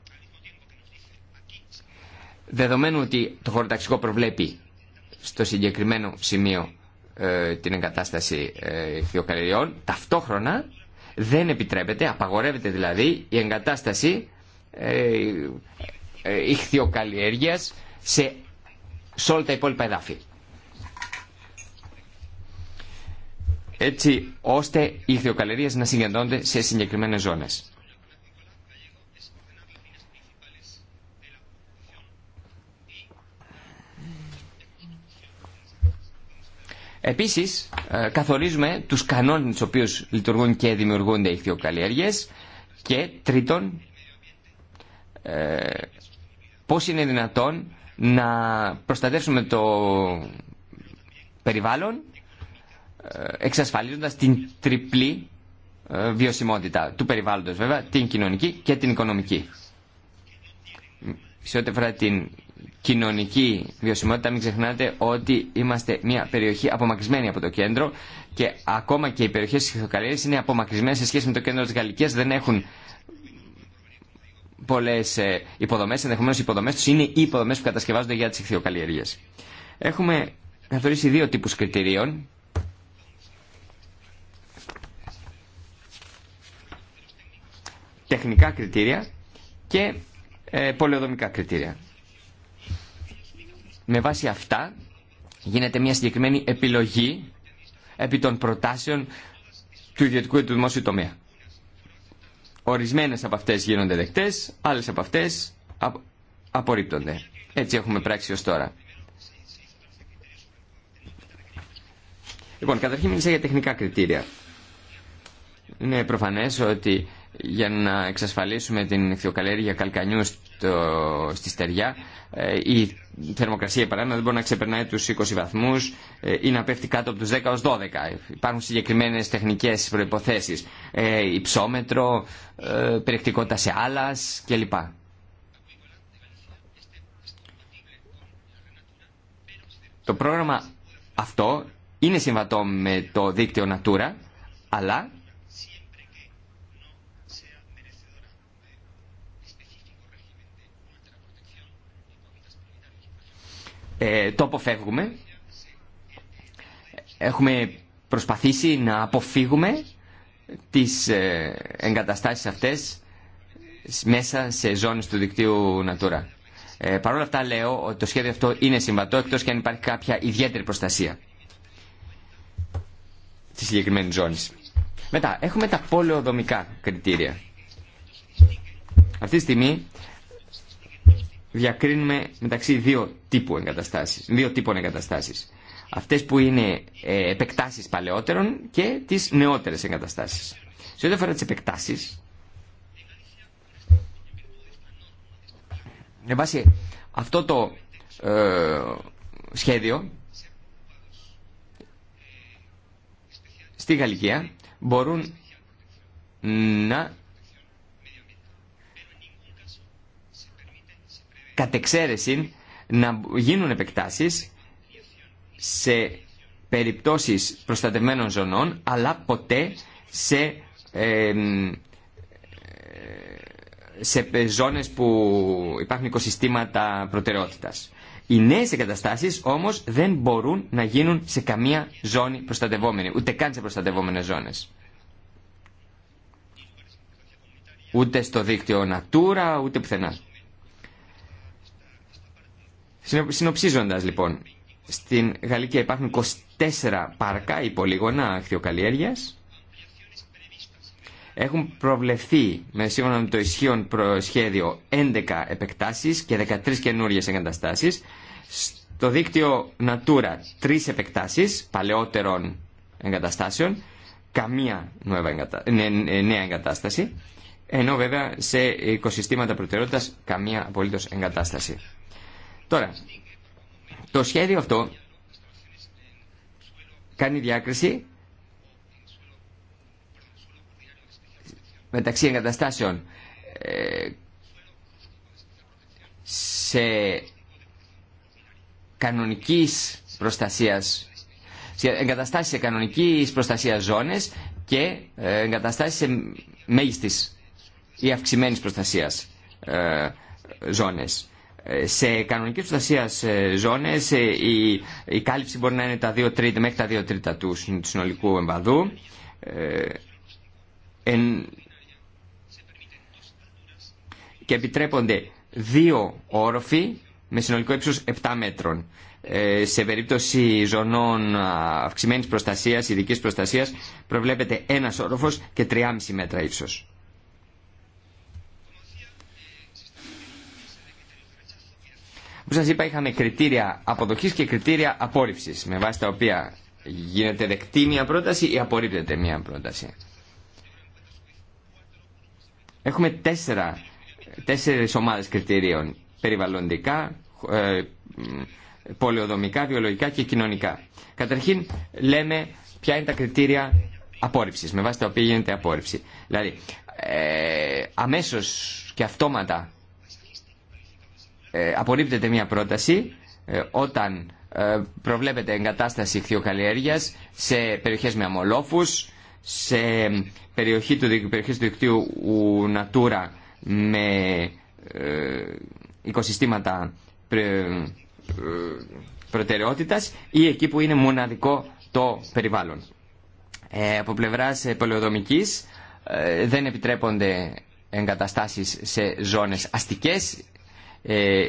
δεδομένου ότι το χωροταξικό προβλέπει στο συγκεκριμένο σημείο ε, την εγκατάσταση ε, ηχθειοκαλλιεριών, ταυτόχρονα δεν επιτρέπεται, απαγορεύεται δηλαδή η εγκατάσταση ε, ε, ηχθειοκαλλιέργειας σε, σε όλα τα υπόλοιπα εδάφη. έτσι ώστε οι ηχθειοκαλλιέργειες να συγκεντρώνονται σε συγκεκριμένες ζώνες. Επίσης, ε, καθορίζουμε τους κανόνες τους οποίους λειτουργούν και δημιουργούνται οι ηχθειοκαλλιέργειες και τρίτον, ε, πώς είναι δυνατόν να προστατεύσουμε το περιβάλλον ε, εξασφαλίζοντας την τριπλή ε, βιωσιμότητα του περιβάλλοντος βέβαια, την κοινωνική και την οικονομική. Σε ό,τι αφορά την κοινωνική βιωσιμότητα μην ξεχνάτε ότι είμαστε μια περιοχή απομακρυσμένη από το κέντρο και ακόμα και οι περιοχές της είναι απομακρυσμένες σε σχέση με το κέντρο της Γαλλικής δεν έχουν πολλέ ε, υποδομέ, ενδεχομένω οι υποδομέ του είναι οι υποδομέ που κατασκευάζονται για τι ηχθειοκαλλιεργίε. Έχουμε καθορίσει δύο τύπου κριτηρίων. Τεχνικά κριτήρια και ε, πολεοδομικά κριτήρια. Με βάση αυτά γίνεται μια συγκεκριμένη επιλογή επί των προτάσεων του ιδιωτικού ή του δημόσιου τομέα. Ορισμένες από αυτές γίνονται δεκτές, άλλες από αυτές απορρίπτονται. Έτσι έχουμε πράξει ως τώρα. Λοιπόν, καταρχήν μίλησα για τεχνικά κριτήρια. Είναι προφανές ότι για να εξασφαλίσουμε την θεοκαλλιέργεια καλκανιού στο, στη στεριά. Ε, η θερμοκρασία παράδειγμα δεν μπορεί να ξεπερνάει τους 20 βαθμούς ε, ή να πέφτει κάτω από τους 10 ω 12. Υπάρχουν συγκεκριμένες τεχνικές προϋποθέσεις. Ε, υψόμετρο, περιεκτικότητα σε άλλα κλπ. Το πρόγραμμα αυτό είναι συμβατό με το δίκτυο Natura, αλλά ε, το αποφεύγουμε. Έχουμε προσπαθήσει να αποφύγουμε τις ε, εγκαταστάσεις αυτές μέσα σε ζώνες του δικτύου Natura. Ε, Παρ' όλα αυτά λέω ότι το σχέδιο αυτό είναι συμβατό εκτός και αν υπάρχει κάποια ιδιαίτερη προστασία της συγκεκριμένη ζώνης. Μετά, έχουμε τα πολεοδομικά κριτήρια. Αυτή τη στιγμή διακρίνουμε μεταξύ δύο, τύπου εγκαταστάσεις, δύο τύπων εγκαταστάσεις. Αυτές που είναι ε, επεκτάσεις παλαιότερων και τις νεότερες εγκαταστάσεις. Σε ό,τι αφορά τις επεκτάσεις, με βάση αυτό το ε, σχέδιο, στη Γαλλικία μπορούν να κατ' εξαίρεση να γίνουν επεκτάσεις σε περιπτώσεις προστατευμένων ζωνών αλλά ποτέ σε, σε ζώνες που υπάρχουν οικοσυστήματα προτεραιότητας. Οι νέε εγκαταστάσει όμω δεν μπορούν να γίνουν σε καμία ζώνη προστατευόμενη, ούτε καν σε προστατευόμενε ζώνε. Ούτε στο δίκτυο Natura, ούτε πουθενά. Συνοψίζοντα λοιπόν, στην Γαλλική υπάρχουν 24 πάρκα ή πολύγωνα ακτιοκαλλιέργεια. Έχουν προβλεφθεί με σύμφωνα με το ισχύον προσχέδιο 11 επεκτάσει και 13 καινούριε εγκαταστάσει, Στο δίκτυο Natura 3 επεκτάσει, παλαιότερων εγκαταστάσεων, καμία νέα εγκατάσταση, ενώ βέβαια σε οικοσυστήματα προτεραιότητα καμία απολύτω εγκατάσταση. Τώρα, το σχέδιο αυτό κάνει διάκριση μεταξύ εγκαταστάσεων ε, σε κανονικής προστασίας σε εγκαταστάσεις σε κανονικής προστασίας ζώνες και ε, εγκαταστάσεις σε μέγιστης ή αυξημένης προστασίας ε, ζώνες σε κανονική προστασία ζώνε ε, η, η κάλυψη μπορεί να είναι τα 2 τρίτα, μέχρι τα 2 τρίτα του συνολικού εμβαδού. Ε, και επιτρέπονται δύο όροφοι με συνολικό ύψος 7 μέτρων. Ε, σε περίπτωση ζωνών αυξημένης προστασίας, ειδικής προστασίας, προβλέπεται ένας όροφος και 3,5 μέτρα ύψος. Όπως σας είπα είχαμε κριτήρια αποδοχής και κριτήρια απόρριψης με βάση τα οποία γίνεται δεκτή μια πρόταση ή απορρίπτεται μια πρόταση. Έχουμε τέσσερα, τέσσερις ομάδες κριτηρίων. Περιβαλλοντικά, ε, πολεοδομικά, βιολογικά και κοινωνικά. Καταρχήν λέμε ποια είναι τα κριτήρια απόρριψης, με βάση τα οποία γίνεται απόρριψη. Δηλαδή, ε, αμέσως και αυτόματα ε, απορρίπτεται μια πρόταση ε, όταν ε, προβλέπεται εγκατάσταση χθιοκαλλιέργειας σε περιοχές με αμολόφους, σε περιοχή του, περιοχές του δικτύου Natura με οικοσυστήματα προτεραιότητας ή εκεί που είναι μοναδικό το περιβάλλον. από πλευράς πολεοδομικής δεν επιτρέπονται εγκαταστάσεις σε ζώνες αστικές ε,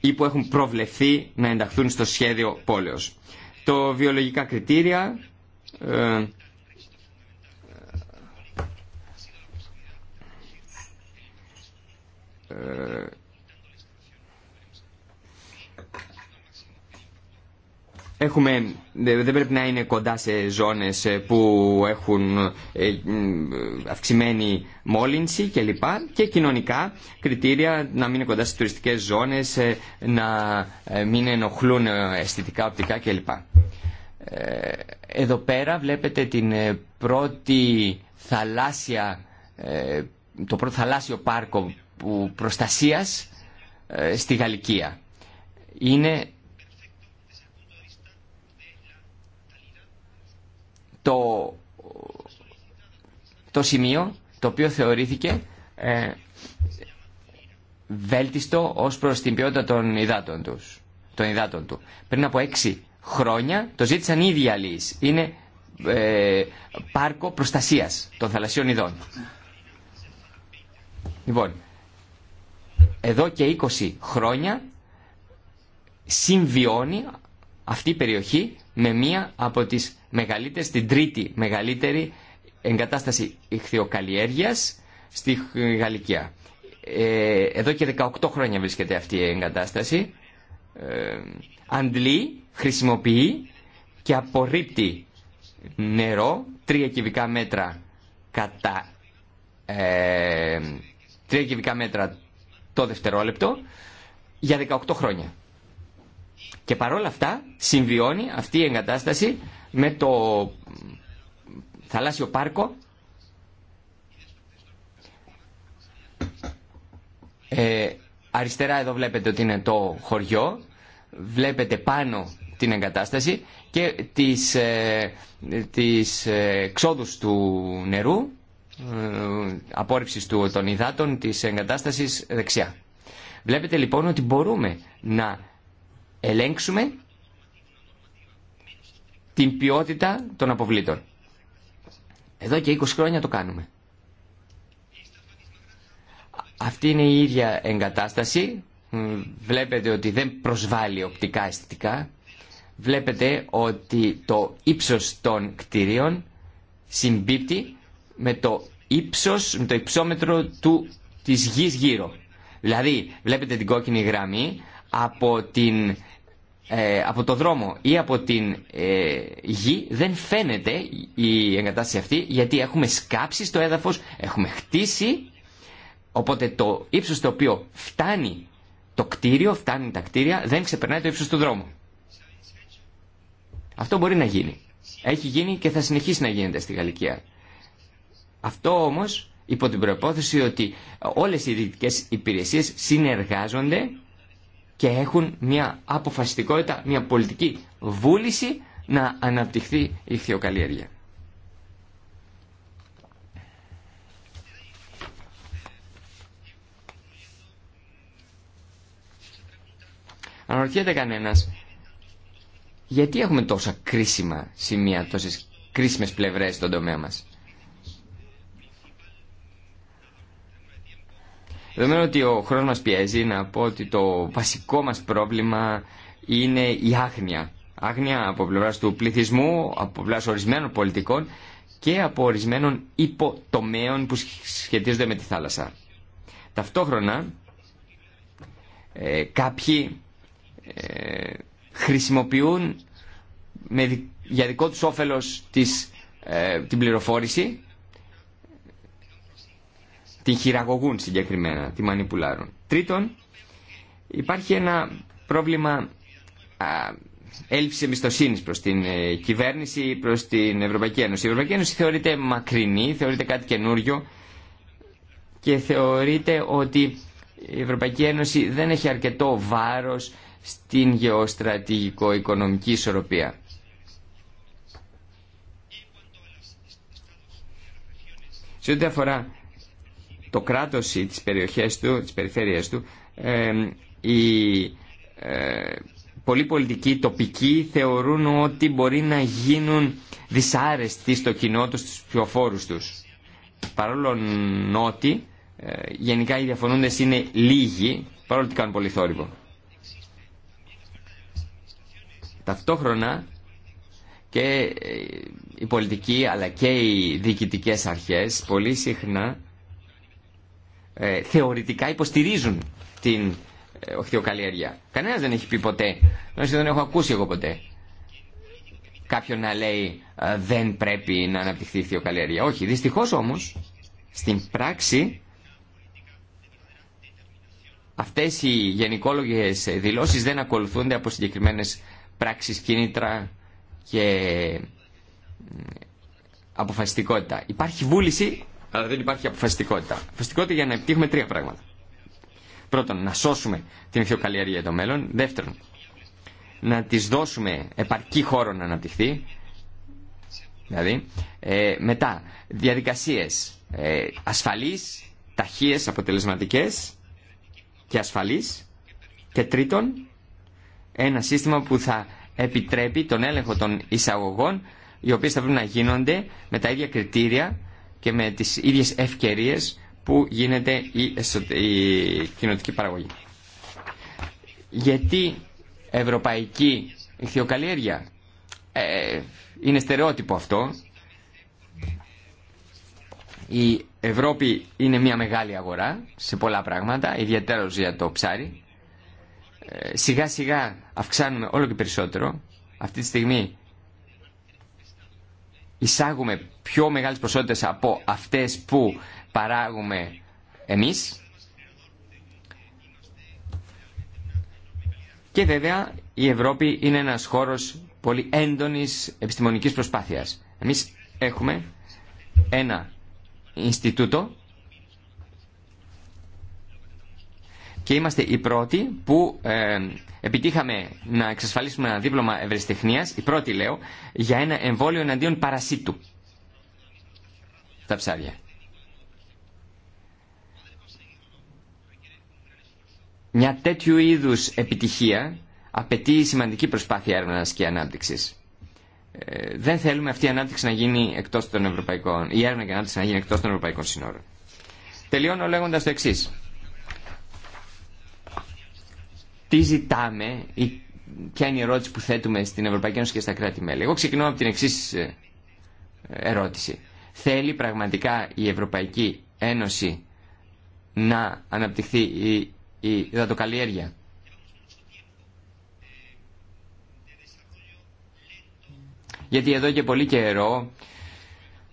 ή που έχουν προβλεφθεί να ενταχθούν στο σχέδιο πόλεως. Το βιολογικά κριτήρια ε, ε, Έχουμε, δεν πρέπει να είναι κοντά σε ζώνες ε, που έχουν ε, αυξημένη μόλυνση Και, λοιπά. και κοινωνικά κριτήρια να μην είναι κοντά σε τουριστικές ζώνες, ε, να μην ενοχλούν αισθητικά, οπτικά κλπ. Εδώ πέρα βλέπετε την πρώτη θαλάσσια, το πρώτο θαλάσσιο πάρκο προστασίας στη Γαλλικία. Είναι το, σημείο το οποίο θεωρήθηκε ε, βέλτιστο ως προς την ποιότητα των υδάτων, τους, των υδάτων του. Πριν από έξι χρόνια το ζήτησαν ήδη ίδιοι Είναι ε, πάρκο προστασίας των θαλασσίων ειδών. Λοιπόν, εδώ και 20 χρόνια συμβιώνει αυτή η περιοχή με μία από τις μεγαλύτερη, στην τρίτη μεγαλύτερη εγκατάσταση ηχθειοκαλλιέργειας στη Γαλλικία. Ε, εδώ και 18 χρόνια βρίσκεται αυτή η εγκατάσταση. Ε, αντλεί, χρησιμοποιεί και απορρίπτει νερό, 3 κυβικά μέτρα κατά 3 ε, κυβικά μέτρα το δευτερόλεπτο για 18 χρόνια. Και παρόλα αυτά συμβιώνει αυτή η εγκατάσταση με το θαλάσσιο πάρκο ε, αριστερά εδώ βλέπετε ότι είναι το χωριό βλέπετε πάνω την εγκατάσταση και τις, ε, τις ε, ξόδους του νερού ε, απόρριψης του, των υδάτων της εγκατάστασης δεξιά. Βλέπετε λοιπόν ότι μπορούμε να ελέγξουμε την ποιότητα των αποβλήτων. Εδώ και 20 χρόνια το κάνουμε. Αυτή είναι η ίδια εγκατάσταση. Βλέπετε ότι δεν προσβάλλει οπτικά αισθητικά. Βλέπετε ότι το ύψος των κτηρίων συμπίπτει με το ύψος, με το υψόμετρο του, της γης γύρω. Δηλαδή βλέπετε την κόκκινη γραμμή από την ε, από το δρόμο ή από την ε, γη δεν φαίνεται η εγκατάσταση αυτή γιατί έχουμε σκάψει στο έδαφος, έχουμε χτίσει οπότε το ύψος το οποίο φτάνει το κτίριο, φτάνει τα κτίρια δεν ξεπερνάει το ύψος του δρόμου. Αυτό μπορεί να γίνει. Έχει γίνει και θα συνεχίσει να γίνεται στη Γαλλικία. Αυτό όμως υπό την προπόθεση ότι όλες οι δυτικές υπηρεσίες συνεργάζονται και έχουν μια αποφασιστικότητα, μια πολιτική βούληση να αναπτυχθεί η χθιοκαλλιέργεια. Αναρωτιέται κανένας γιατί έχουμε τόσα κρίσιμα σημεία, τόσες κρίσιμες πλευρές στον τομέα μας. Δεδομένου ότι ο χρόνο μα πιέζει να πω ότι το βασικό μας πρόβλημα είναι η άγνοια. Άγνοια από πλευρά του πληθυσμού, από πλευράς ορισμένων πολιτικών και από ορισμένων υποτομέων που σχετίζονται με τη θάλασσα. Ταυτόχρονα ε, κάποιοι ε, χρησιμοποιούν με, για δικό τους όφελος της, ε, την πληροφόρηση την χειραγωγούν συγκεκριμένα, τη μανιπουλάρουν. Τρίτον, υπάρχει ένα πρόβλημα έλλειψης εμπιστοσύνης προς την ε, κυβέρνηση ή προ την Ευρωπαϊκή Ένωση. Η Ευρωπαϊκή Ένωση θεωρείται μακρινή, θεωρείται κάτι καινούριο και θεωρείται ότι η Ευρωπαϊκή Ένωση δεν έχει αρκετό βάρος στην γεωστρατηγικο-οικονομική ισορροπία. Σε ό,τι αφορά το κράτος ή τις περιοχές του, τις περιφέρειες του, οι ε, πολλοί πολιτικοί τοπικοί θεωρούν ότι μπορεί να γίνουν δυσάρεστοι στο κοινό τους, στους πιοφόρους τους. Παρόλο ότι ε, γενικά οι διαφωνούντες είναι λίγοι, παρόλο ότι κάνουν πολύ θόρυβο. Ταυτόχρονα και ε, οι πολιτικοί αλλά και οι διοικητικές αρχές πολύ συχνά ε, θεωρητικά υποστηρίζουν την ε, οχθιοκαλλιέργεια. Κανένας δεν έχει πει ποτέ, δεν έχω ακούσει εγώ ποτέ, κάποιον να λέει ε, δεν πρέπει να αναπτυχθεί η οχθιοκαλλιέργεια. Όχι, δυστυχώς όμως, στην πράξη αυτές οι γενικόλογες δηλώσεις δεν ακολουθούνται από συγκεκριμένες πράξεις, κίνητρα και αποφασιστικότητα. Υπάρχει βούληση αλλά δεν υπάρχει αποφασιστικότητα. Αποφασιστικότητα για να επιτύχουμε τρία πράγματα. Πρώτον, να σώσουμε την ηθιοκαλλιέργεια για το μέλλον. Δεύτερον, να τη δώσουμε επαρκή χώρο να αναπτυχθεί. Δηλαδή, ε, μετά, διαδικασίες ε, ασφαλείς, ταχείες, αποτελεσματικές και ασφαλεί. Και τρίτον, ένα σύστημα που θα επιτρέπει τον έλεγχο των εισαγωγών, οι οποίες θα πρέπει να γίνονται με τα ίδια κριτήρια και με τις ίδιες ευκαιρίες που γίνεται η, η κοινωτική παραγωγή. Γιατί ευρωπαϊκή ηχθειοκαλλιέργεια. Ε, είναι στερεότυπο αυτό. Η Ευρώπη είναι μια μεγάλη αγορά σε πολλά πράγματα, ιδιαίτερα για το ψάρι. Ε, σιγά σιγά αυξάνουμε όλο και περισσότερο. Αυτή τη στιγμή εισάγουμε πιο μεγάλες ποσότητες από αυτές που παράγουμε εμείς. Και βέβαια η Ευρώπη είναι ένας χώρος πολύ έντονης επιστημονικής προσπάθειας. Εμείς έχουμε ένα Ινστιτούτο και είμαστε οι πρώτοι που ε, επιτύχαμε να εξασφαλίσουμε ένα δίπλωμα ευρεσιτεχνίας, οι πρώτοι λέω, για ένα εμβόλιο εναντίον παρασίτου τα ψάρια. Μια τέτοιου είδους επιτυχία απαιτεί σημαντική προσπάθεια έρευνας και ανάπτυξης. Ε, δεν θέλουμε αυτή η ανάπτυξη να γίνει εκτός των ευρωπαϊκών, η έρευνα και ανάπτυξη να γίνει εκτός των ευρωπαϊκών συνόρων. Τελειώνω λέγοντας το εξής. Τι ζητάμε ή ποια είναι η ερώτηση που θέτουμε στην Ευρωπαϊκή Ένωση και στα κράτη-μέλη. Εγώ ξεκινώ από την εξή ε, ερώτηση. Θέλει πραγματικά η Ευρωπαϊκή Ένωση να αναπτυχθεί η, η δατοκαλλιέργεια. Γιατί εδώ και πολύ καιρό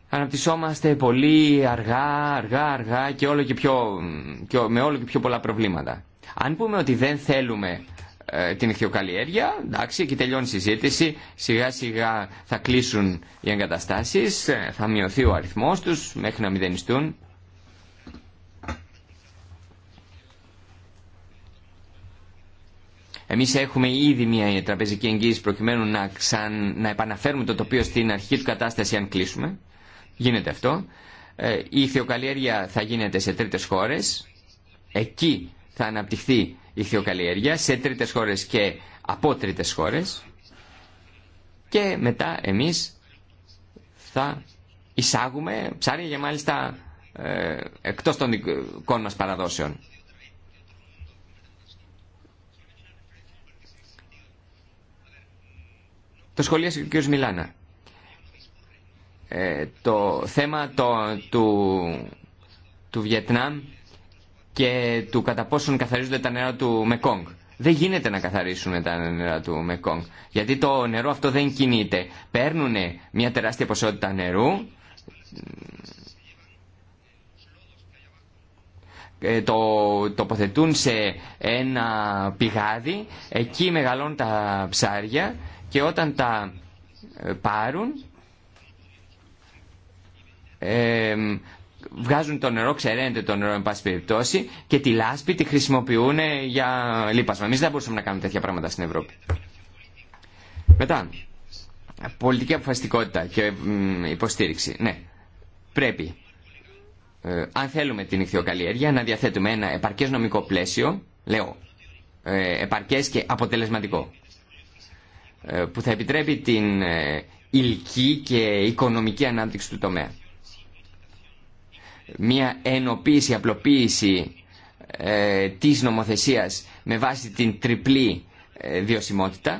αναπτυσσόμαστε πολύ αργά, αργά, αργά και, όλο και, πιο, και με όλο και πιο πολλά προβλήματα. Αν πούμε ότι δεν θέλουμε ε, την ηχθειοκαλλιέργεια, εντάξει, εκεί τελειώνει η συζήτηση, σιγά σιγά θα κλείσουν οι εγκαταστάσεις, ε, θα μειωθεί ο αριθμός τους μέχρι να μηδενιστούν. Εμείς έχουμε ήδη μια τραπεζική εγγύηση προκειμένου να, να επαναφέρουμε το τοπίο στην αρχική του κατάσταση αν κλείσουμε. Γίνεται αυτό. Ε, η ηχθειοκαλλιέργεια θα γίνεται σε τρίτες χώρες. Εκεί θα αναπτυχθεί σε τρίτες χώρες και από τρίτες χώρες και μετά εμείς θα εισάγουμε ψάρια για μάλιστα ε, εκτός των δικών μας παραδόσεων. Το σχολείο ο κ. Μιλάνα. Ε, το θέμα το, του, του Βιετνάμ και του κατά πόσον καθαρίζονται τα νερά του Μεκόγκ. Δεν γίνεται να καθαρίσουν τα νερά του Μεκόγκ. Γιατί το νερό αυτό δεν κινείται. Παίρνουν μια τεράστια ποσότητα νερού. Ε, το τοποθετούν σε ένα πηγάδι. Εκεί μεγαλώνουν τα ψάρια. Και όταν τα ε, πάρουν... Ε, βγάζουν το νερό, ξεραίνεται το νερό, εν πάση περιπτώσει, και τη λάσπη τη χρησιμοποιούν για λίπασμα. Εμεί δεν μπορούσαμε να κάνουμε τέτοια πράγματα στην Ευρώπη. Μετά, πολιτική αποφασιστικότητα και υποστήριξη. Ναι, πρέπει, ε, αν θέλουμε την ηχθειοκαλλιέργεια, να διαθέτουμε ένα επαρκές νομικό πλαίσιο, λέω, ε, επαρκές και αποτελεσματικό, ε, που θα επιτρέπει την ε, ηλική και οικονομική ανάπτυξη του τομέα μια ενοποίηση, απλοποίηση ε, της νομοθεσίας με βάση την τριπλή ε, ε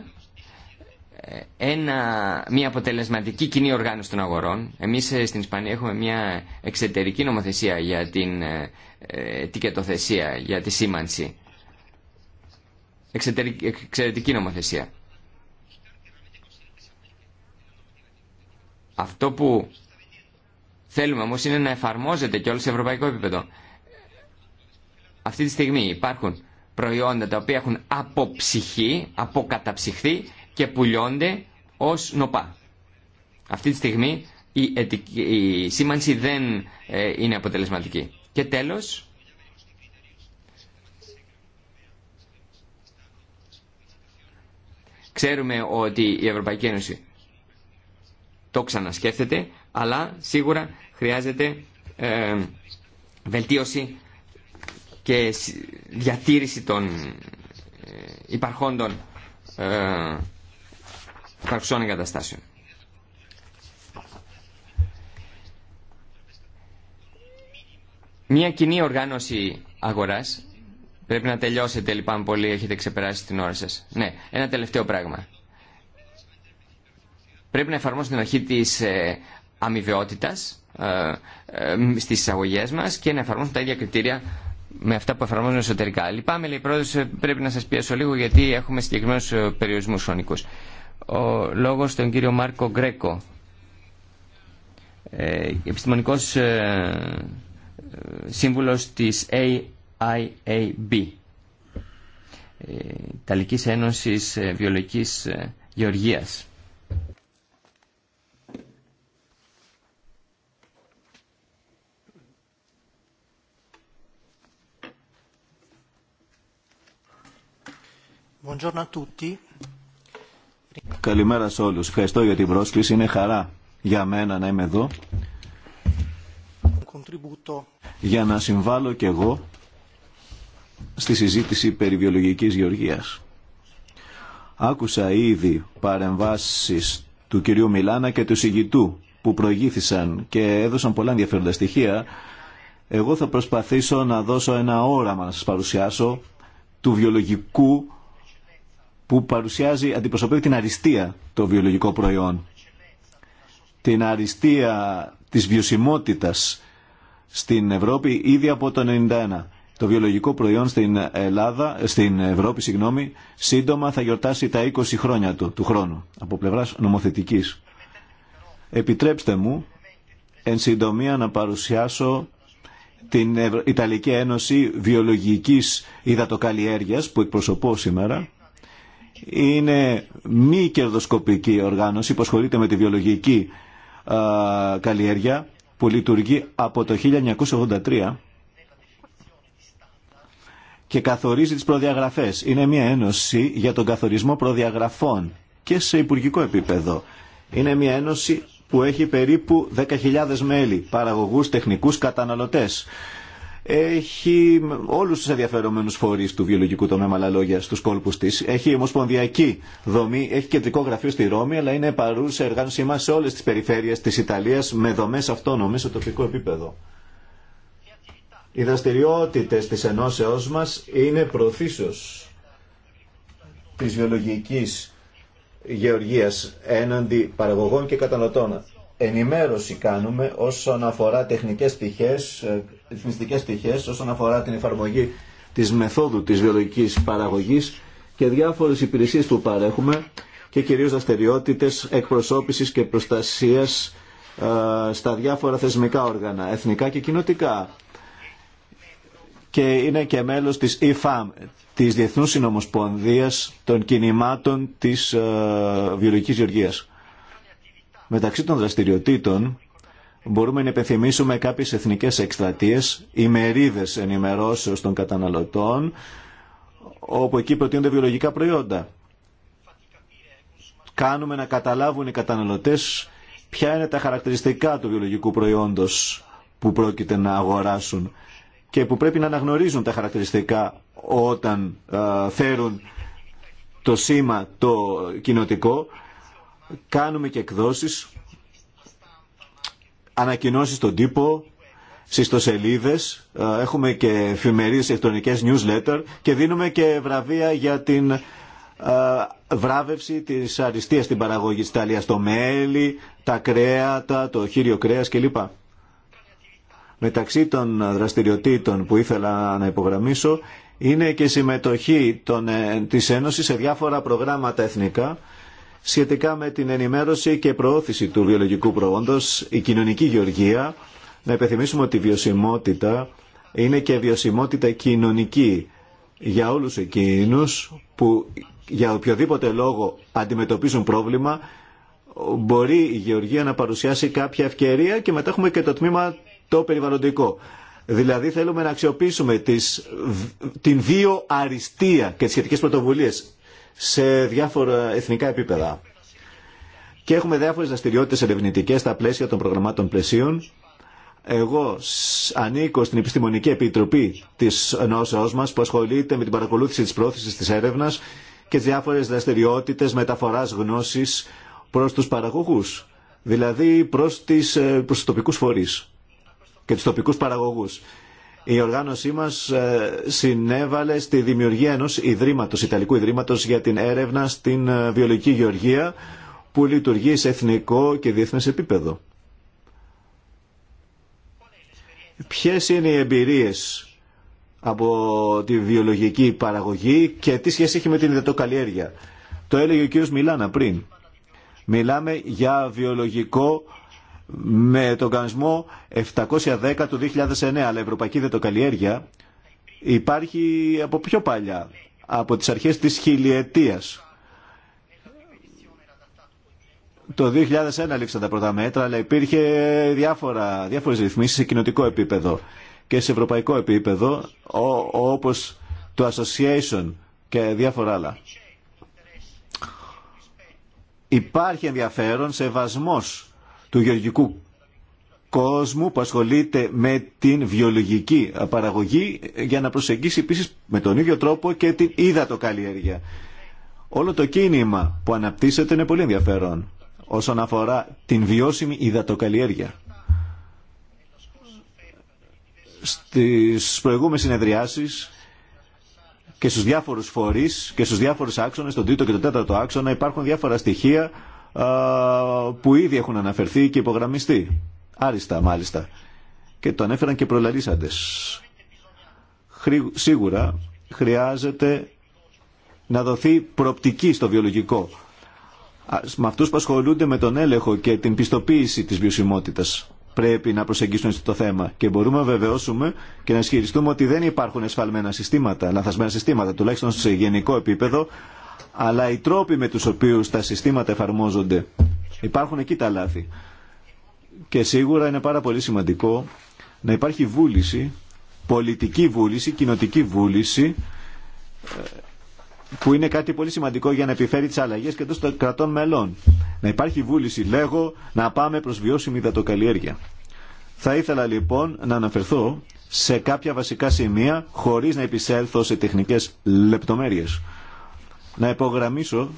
ένα, μια αποτελεσματική κοινή οργάνωση των αγορών. Εμείς ε, στην Ισπανία έχουμε μια εξωτερική νομοθεσία για την ε, ε τικετοθεσία, για τη σήμανση. εξαιρετική νομοθεσία. Αυτό που Θέλουμε όμως είναι να εφαρμόζεται και όλο σε ευρωπαϊκό επίπεδο. Αυτή τη στιγμή υπάρχουν προϊόντα τα οποία έχουν αποψυχεί, αποκαταψυχθεί και πουλιώνται ως νοπά. Αυτή τη στιγμή η, σήμανση δεν ε, είναι αποτελεσματική. Και τέλος, ξέρουμε ότι η Ευρωπαϊκή Ένωση το ξανασκέφτεται, αλλά σίγουρα χρειάζεται ε, βελτίωση και διατήρηση των ε, υπαρχόντων ε, υπαρξών εγκαταστάσεων. Μια κοινή οργάνωση αγοράς Πρέπει να τελειώσετε λοιπόν πολύ, έχετε ξεπεράσει την ώρα σας. Ναι, ένα τελευταίο πράγμα. Πρέπει να εφαρμόσουμε την αρχή της ε, αμοιβαιότητας ε, ε, στις εισαγωγέ μας και να εφαρμόσουν τα ίδια κριτήρια με αυτά που εφαρμόζουν εσωτερικά. Λυπάμαι, λέει πρόεδρος, ε, πρέπει να σας πιέσω λίγο γιατί έχουμε συγκεκριμένους περιορισμούς χρονικούς. Ο λόγος στον κύριο Μάρκο Γκρέκο, επιστημονικός σύμβουλος της AIAB, Ιταλικής Ένωσης Βιολογικής Γεωργίας. Καλημέρα σε όλους. Ευχαριστώ για την πρόσκληση. Είναι χαρά για μένα να είμαι εδώ. Για να συμβάλλω και εγώ στη συζήτηση περί βιολογικής γεωργίας. Άκουσα ήδη παρεμβάσεις του κυρίου Μιλάνα και του συγητού που προηγήθησαν και έδωσαν πολλά ενδιαφέροντα στοιχεία. Εγώ θα προσπαθήσω να δώσω ένα όραμα να σας παρουσιάσω του βιολογικού που παρουσιάζει, αντιπροσωπεύει την αριστεία το βιολογικό προϊόν. Την αριστεία της βιωσιμότητας στην Ευρώπη ήδη από το 1991. Το βιολογικό προϊόν στην, Ελλάδα, στην Ευρώπη συγγνώμη, σύντομα θα γιορτάσει τα 20 χρόνια του, του χρόνου από πλευράς νομοθετικής. Επιτρέψτε μου εν συντομία να παρουσιάσω την Ιταλική Ένωση Βιολογικής Ιδατοκαλλιέργειας που εκπροσωπώ σήμερα είναι μη κερδοσκοπική οργάνωση που ασχολείται με τη βιολογική καλλιέργεια που λειτουργεί από το 1983 και καθορίζει τις προδιαγραφές. Είναι μια ένωση για τον καθορισμό προδιαγραφών και σε υπουργικό επίπεδο. Είναι μια ένωση που έχει περίπου 10.000 μέλη, παραγωγούς, τεχνικούς, καταναλωτές έχει όλους τους ενδιαφερομένους φορείς του βιολογικού τομέα με άλλα λόγια στους κόλπους της. Έχει ομοσπονδιακή δομή, έχει κεντρικό γραφείο στη Ρώμη, αλλά είναι παρούσα εργάνωσή μας σε όλες τις περιφέρειες της Ιταλίας με δομές αυτόνομες σε τοπικό επίπεδο. Οι δραστηριότητε της ενώσεώς μας είναι προθήσεως της βιολογικής γεωργίας έναντι παραγωγών και καταναλωτών. Ενημέρωση κάνουμε όσον αφορά τεχνικές πτυχές ρυθμιστικές πτυχές όσον αφορά την εφαρμογή της μεθόδου της βιολογικής παραγωγής και διάφορες υπηρεσίες που παρέχουμε και κυρίως δραστηριότητε εκπροσώπησης και προστασίας στα διάφορα θεσμικά όργανα, εθνικά και κοινοτικά. Και είναι και μέλος της EFAM, της Διεθνούς Συνομοσπονδίας των Κινημάτων της Βιολογικής Γεωργίας. Μεταξύ των δραστηριοτήτων μπορούμε να υπενθυμίσουμε κάποιες εθνικές εκστρατείες, ημερίδες ενημερώσεως των καταναλωτών, όπου εκεί προτείνονται βιολογικά προϊόντα. Κάνουμε να καταλάβουν οι καταναλωτές ποια είναι τα χαρακτηριστικά του βιολογικού προϊόντος που πρόκειται να αγοράσουν και που πρέπει να αναγνωρίζουν τα χαρακτηριστικά όταν ε, φέρουν το σήμα το κοινοτικό. Κάνουμε και εκδόσεις Ανακοινώσει στον τύπο, στι ιστοσελίδε, ε, έχουμε και εφημερίε ηλεκτρονικέ newsletter και δίνουμε και βραβεία για την ε, βράβευση της αριστεία στην παραγωγή τη Ιταλία. το μέλι, τα κρέατα, το χείριο κρέα κλπ. Μεταξύ των δραστηριοτήτων που ήθελα να υπογραμμίσω είναι και συμμετοχή των, ε, της Ένωσης σε διάφορα προγράμματα εθνικά σχετικά με την ενημέρωση και προώθηση του βιολογικού προόντος, η κοινωνική γεωργία. Να υπενθυμίσουμε ότι η βιωσιμότητα είναι και βιωσιμότητα κοινωνική για όλους εκείνους που για οποιοδήποτε λόγο αντιμετωπίζουν πρόβλημα μπορεί η γεωργία να παρουσιάσει κάποια ευκαιρία και μετά έχουμε και το τμήμα το περιβαλλοντικό. Δηλαδή θέλουμε να αξιοποιήσουμε τις, την δύο και τις σχετικές πρωτοβουλίες σε διάφορα εθνικά επίπεδα. Και έχουμε διάφορες δραστηριότητες ερευνητικές στα πλαίσια των προγραμμάτων πλαισίων. Εγώ ανήκω στην Επιστημονική Επιτροπή της Ενώσεώ μας που ασχολείται με την παρακολούθηση της πρόθεσης της έρευνας και τις διάφορες δραστηριότητες μεταφοράς γνώσης προς τους παραγωγούς, δηλαδή προς, του ε, προς φορεί τοπικούς φορείς και τους τοπικούς παραγωγούς η οργάνωσή μας ε, συνέβαλε στη δημιουργία ενό ιδρύματος, Ιταλικού Ιδρύματος για την έρευνα στην ε, βιολογική γεωργία που λειτουργεί σε εθνικό και διεθνέ επίπεδο. Ποιε είναι οι εμπειρίες από τη βιολογική παραγωγή και τι σχέση έχει με την ιδετοκαλλιέργεια. Το έλεγε ο κύριος Μιλάνα πριν. Μιλάμε για βιολογικό με τον κανονισμό 710 του 2009, αλλά η Ευρωπαϊκή Δετοκαλλιέργεια υπάρχει από πιο παλιά, από τις αρχές της χιλιετίας. Το 2001 λήξαν τα πρώτα μέτρα, αλλά υπήρχε διάφορα, διάφορες ρυθμίσεις σε κοινοτικό επίπεδο και σε ευρωπαϊκό επίπεδο, όπως το association και διάφορα άλλα. Υπάρχει ενδιαφέρον σεβασμός του γεωργικού κόσμου που ασχολείται με την βιολογική παραγωγή για να προσεγγίσει επίση με τον ίδιο τρόπο και την υδατοκαλλιέργεια. Όλο το κίνημα που αναπτύσσεται είναι πολύ ενδιαφέρον όσον αφορά την βιώσιμη υδατοκαλλιέργεια. Στις προηγούμενες συνεδριάσεις και στους διάφορους φορείς και στους διάφορους άξονες, τον τρίτο και τον τέταρτο άξονα υπάρχουν διάφορα στοιχεία που ήδη έχουν αναφερθεί και υπογραμμιστεί. Άριστα μάλιστα. Και το ανέφεραν και προλαλήσαντες. Σίγουρα χρειάζεται να δοθεί προπτική στο βιολογικό. Με αυτούς που ασχολούνται με τον έλεγχο και την πιστοποίηση της βιωσιμότητας πρέπει να προσεγγίσουν στο θέμα. Και μπορούμε να βεβαιώσουμε και να ισχυριστούμε ότι δεν υπάρχουν εσφαλμένα συστήματα, λαθασμένα συστήματα, τουλάχιστον σε γενικό επίπεδο, αλλά οι τρόποι με τους οποίους τα συστήματα εφαρμόζονται υπάρχουν εκεί τα λάθη. Και σίγουρα είναι πάρα πολύ σημαντικό να υπάρχει βούληση, πολιτική βούληση, κοινοτική βούληση, ε, που είναι κάτι πολύ σημαντικό για να επιφέρει τις αλλαγές και των κρατών μελών. Να υπάρχει βούληση, λέγω, να πάμε προς βιώσιμη υδατοκαλλιέργεια. Θα ήθελα λοιπόν να αναφερθώ σε κάποια βασικά σημεία χωρίς να επισέλθω σε τεχνικές λεπτομέρειες να υπογραμμίσω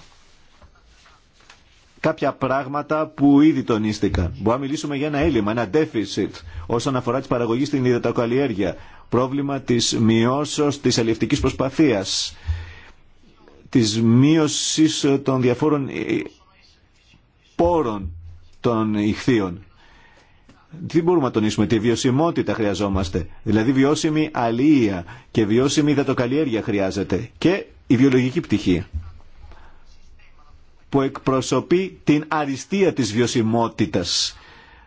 κάποια πράγματα που ήδη τονίστηκαν. Μπορούμε να μιλήσουμε για ένα έλλειμμα, ένα deficit όσον αφορά τη παραγωγή στην υδατοκαλλιέργεια. Πρόβλημα της μειώσεως της αλληλευτικής προσπαθίας. Της μείωση των διαφόρων πόρων των ηχθείων. Τι μπορούμε να τονίσουμε, τη βιωσιμότητα χρειαζόμαστε. Δηλαδή βιώσιμη αλληλεία και βιώσιμη υδατοκαλλιέργεια χρειάζεται. Και η βιολογική πτυχή που εκπροσωπεί την αριστεία της βιωσιμότητας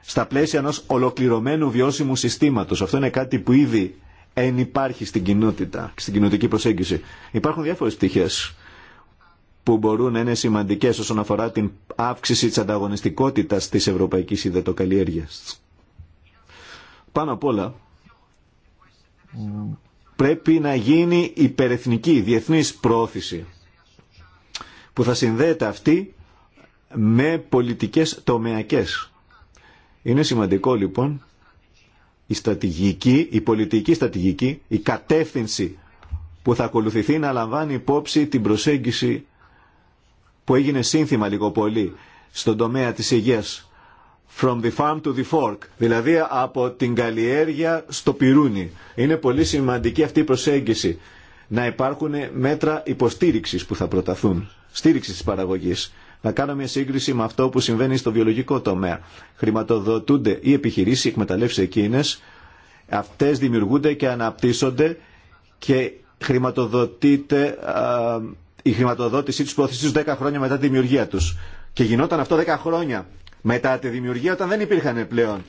στα πλαίσια ενός ολοκληρωμένου βιώσιμου συστήματος. Αυτό είναι κάτι που ήδη εν υπάρχει στην κοινότητα, στην κοινωτική προσέγγιση. Υπάρχουν διάφορες πτυχές που μπορούν να είναι σημαντικές όσον αφορά την αύξηση της ανταγωνιστικότητας της ευρωπαϊκής ιδετοκαλλιέργειας. Πάνω απ' όλα πρέπει να γίνει υπερεθνική, διεθνής πρόθεση που θα συνδέεται αυτή με πολιτικές τομεακές. Είναι σημαντικό λοιπόν η στρατηγική, η πολιτική στρατηγική, η κατεύθυνση που θα ακολουθηθεί να λαμβάνει υπόψη την προσέγγιση που έγινε σύνθημα λίγο πολύ στον τομέα της υγείας From the farm to the fork, δηλαδή από την καλλιέργεια στο πυρούνι. Είναι πολύ σημαντική αυτή η προσέγγιση. Να υπάρχουν μέτρα υποστήριξη που θα προταθούν, στήριξη τη παραγωγή. Να κάνω μια σύγκριση με αυτό που συμβαίνει στο βιολογικό τομέα. Χρηματοδοτούνται οι επιχειρησει οι εκμεταλλεύσει εκεινε αυτε δημιουργούνται και αναπτύσσονται και χρηματοδοτείται ε, η χρηματοδότησή του προωθήσει 10 χρόνια μετά τη δημιουργία του. Και γινόταν αυτό 10 χρόνια μετά τη δημιουργία όταν δεν υπήρχαν πλέον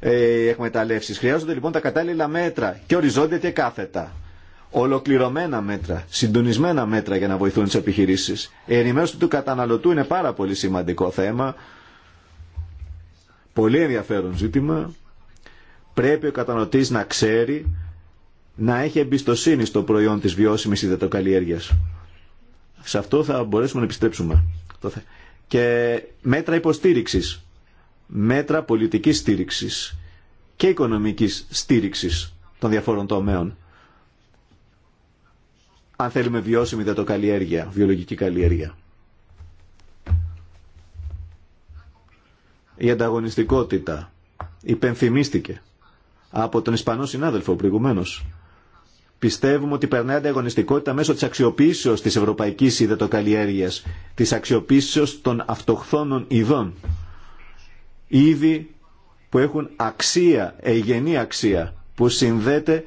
ε, εκμεταλλεύσει. Χρειάζονται λοιπόν τα κατάλληλα μέτρα και οριζόντια και κάθετα. Ολοκληρωμένα μέτρα, συντονισμένα μέτρα για να βοηθούν τι επιχειρήσει. Η ενημέρωση του καταναλωτού είναι πάρα πολύ σημαντικό θέμα. Πολύ ενδιαφέρον ζήτημα. Πρέπει ο καταναλωτή να ξέρει να έχει εμπιστοσύνη στο προϊόν τη βιώσιμη ιδετοκαλλιέργειας. Σε αυτό θα μπορέσουμε να επιστρέψουμε και μέτρα υποστήριξης, μέτρα πολιτικής στήριξης και οικονομικής στήριξης των διαφόρων τομέων. Αν θέλουμε βιώσιμη δατοκαλλιέργεια, βιολογική καλλιέργεια. Η ανταγωνιστικότητα υπενθυμίστηκε από τον Ισπανό συνάδελφο προηγουμένως Πιστεύουμε ότι περνάει ανταγωνιστικότητα μέσω τη αξιοποίησεω τη ευρωπαϊκή υδατοκαλλιέργεια, τη αξιοποίησεω των αυτοχθόνων ειδών. ήδη που έχουν αξία, εγενή αξία, που συνδέεται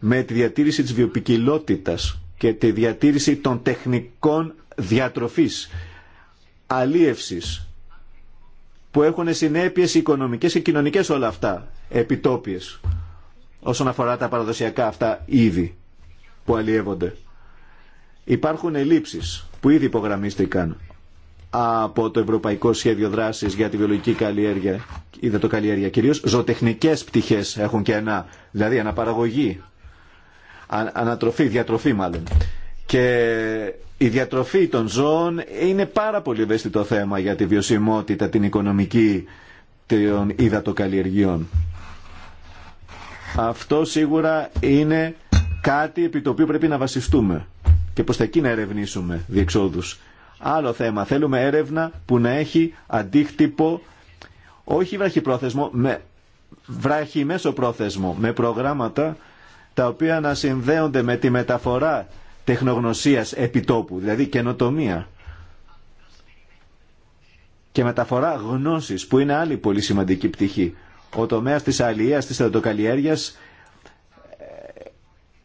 με τη διατήρηση της βιοπικιλότητας και τη διατήρηση των τεχνικών διατροφής, αλίευσης, που έχουν συνέπειες οικονομικές και κοινωνικές όλα αυτά, επιτόπιες όσον αφορά τα παραδοσιακά αυτά είδη που αλλιεύονται. Υπάρχουν ελλείψεις που ήδη υπογραμμίστηκαν από το Ευρωπαϊκό Σχέδιο Δράσης για τη Βιολογική Καλλιέργεια, καλλιεργεία κυρίως, ζωοτεχνικές πτυχές έχουν και ένα, δηλαδή αναπαραγωγή, ανατροφή, διατροφή μάλλον. Και η διατροφή των ζώων είναι πάρα πολύ ευαίσθητο θέμα για τη βιωσιμότητα, την οικονομική των υδατοκαλλιεργειών. Αυτό σίγουρα είναι κάτι επί το οποίο πρέπει να βασιστούμε και προς τα εκεί να ερευνήσουμε διεξόδους. Άλλο θέμα, θέλουμε έρευνα που να έχει αντίκτυπο όχι βραχυπρόθεσμο, με βράχη μέσο πρόθεσμο, με προγράμματα τα οποία να συνδέονται με τη μεταφορά τεχνογνωσίας επιτόπου, δηλαδή καινοτομία και μεταφορά γνώσης που είναι άλλη πολύ σημαντική πτυχή. Ο τομέας της αλληλεία, της θεατοκαλλιέργεια, ε,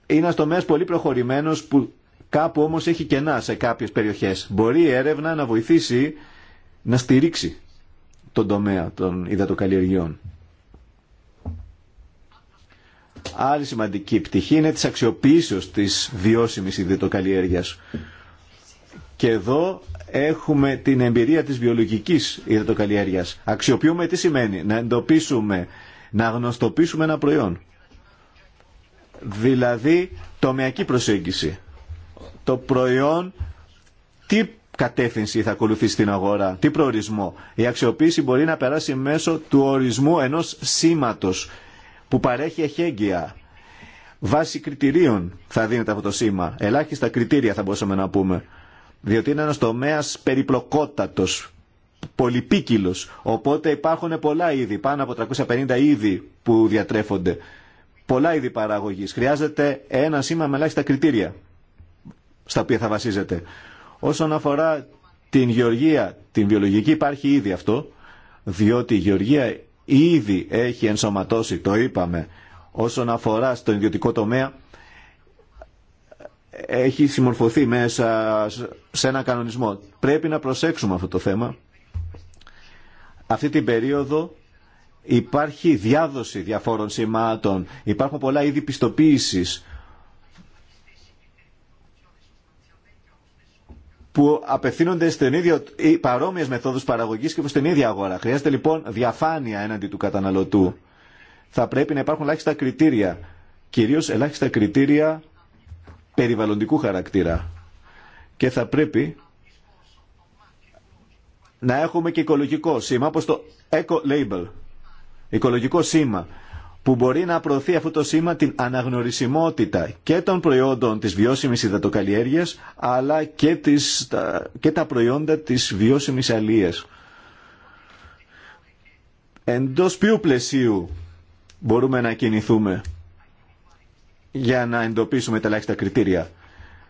είναι ένα τομέα πολύ προχωρημένος που κάπου όμως έχει κενά σε κάποιες περιοχές. Μπορεί η έρευνα να βοηθήσει να στηρίξει τον τομέα των υδατοκαλλιεργειών. Άλλη σημαντική πτυχή είναι της αξιοποίησεως της βιώσιμης υδατοκαλλιέργειας. Και εδώ έχουμε την εμπειρία της βιολογικής υδατοκαλλιέργειας. Αξιοποιούμε τι σημαίνει, να εντοπίσουμε, να γνωστοποιήσουμε ένα προϊόν. Δηλαδή, τομεακή προσέγγιση. Το προϊόν, τι κατεύθυνση θα ακολουθήσει στην αγορά, τι προορισμό. Η αξιοποίηση μπορεί να περάσει μέσω του ορισμού ενός σήματος που παρέχει εχέγγυα. Βάσει κριτηρίων θα δίνεται αυτό το σήμα. Ελάχιστα κριτήρια θα μπορούσαμε να πούμε διότι είναι ένας τομέας περιπλοκότατος, πολυπίκυλος, οπότε υπάρχουν πολλά είδη, πάνω από 350 είδη που διατρέφονται, πολλά είδη παραγωγής. Χρειάζεται ένα σήμα με ελάχιστα κριτήρια στα οποία θα βασίζεται. Όσον αφορά την γεωργία, την βιολογική υπάρχει ήδη αυτό, διότι η γεωργία ήδη έχει ενσωματώσει, το είπαμε, όσον αφορά στον ιδιωτικό τομέα, έχει συμμορφωθεί μέσα σε ένα κανονισμό. Πρέπει να προσέξουμε αυτό το θέμα. Αυτή την περίοδο υπάρχει διάδοση διαφόρων σημάτων, υπάρχουν πολλά είδη πιστοποίησης που απευθύνονται στην ίδια, ή παρόμοιες μεθόδους παραγωγής και στην ίδια αγορά. Χρειάζεται λοιπόν διαφάνεια έναντι του καταναλωτού. Θα πρέπει να υπάρχουν ελάχιστα κριτήρια, κυρίως ελάχιστα κριτήρια περιβαλλοντικού χαρακτήρα και θα πρέπει να έχουμε και οικολογικό σήμα, όπως το Eco Label, οικολογικό σήμα, που μπορεί να προωθεί αυτό το σήμα την αναγνωρισιμότητα και των προϊόντων της βιώσιμης υδατοκαλλιέργειας, αλλά και, τις, και τα προϊόντα της βιώσιμης αλίες Εντός ποιου πλαισίου μπορούμε να κινηθούμε για να εντοπίσουμε τα ελάχιστα κριτήρια.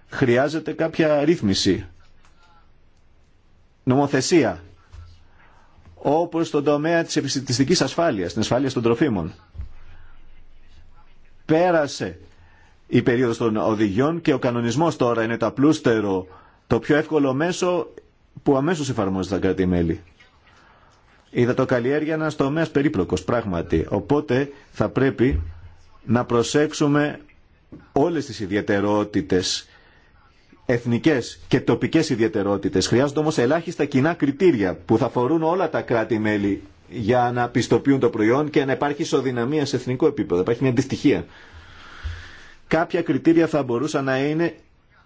Χρειάζεται κάποια ρύθμιση, νομοθεσία, όπως στον τομέα της επιστημιστικής ασφάλειας, την ασφάλεια των τροφίμων. Πέρασε η περίοδος των οδηγιών και ο κανονισμός τώρα είναι το απλούστερο, το πιο εύκολο μέσο που αμέσως εφαρμόζεται τα κράτη-μέλη. Η δατοκαλλιέργεια είναι ένα τομέα περίπλοκος, πράγματι. Οπότε θα πρέπει να προσέξουμε όλες τις ιδιαιτερότητες εθνικές και τοπικές ιδιαιτερότητες. Χρειάζονται όμως ελάχιστα κοινά κριτήρια που θα φορούν όλα τα κράτη-μέλη για να πιστοποιούν το προϊόν και να υπάρχει ισοδυναμία σε εθνικό επίπεδο. Υπάρχει μια αντιστοιχία. Κάποια κριτήρια θα μπορούσαν να είναι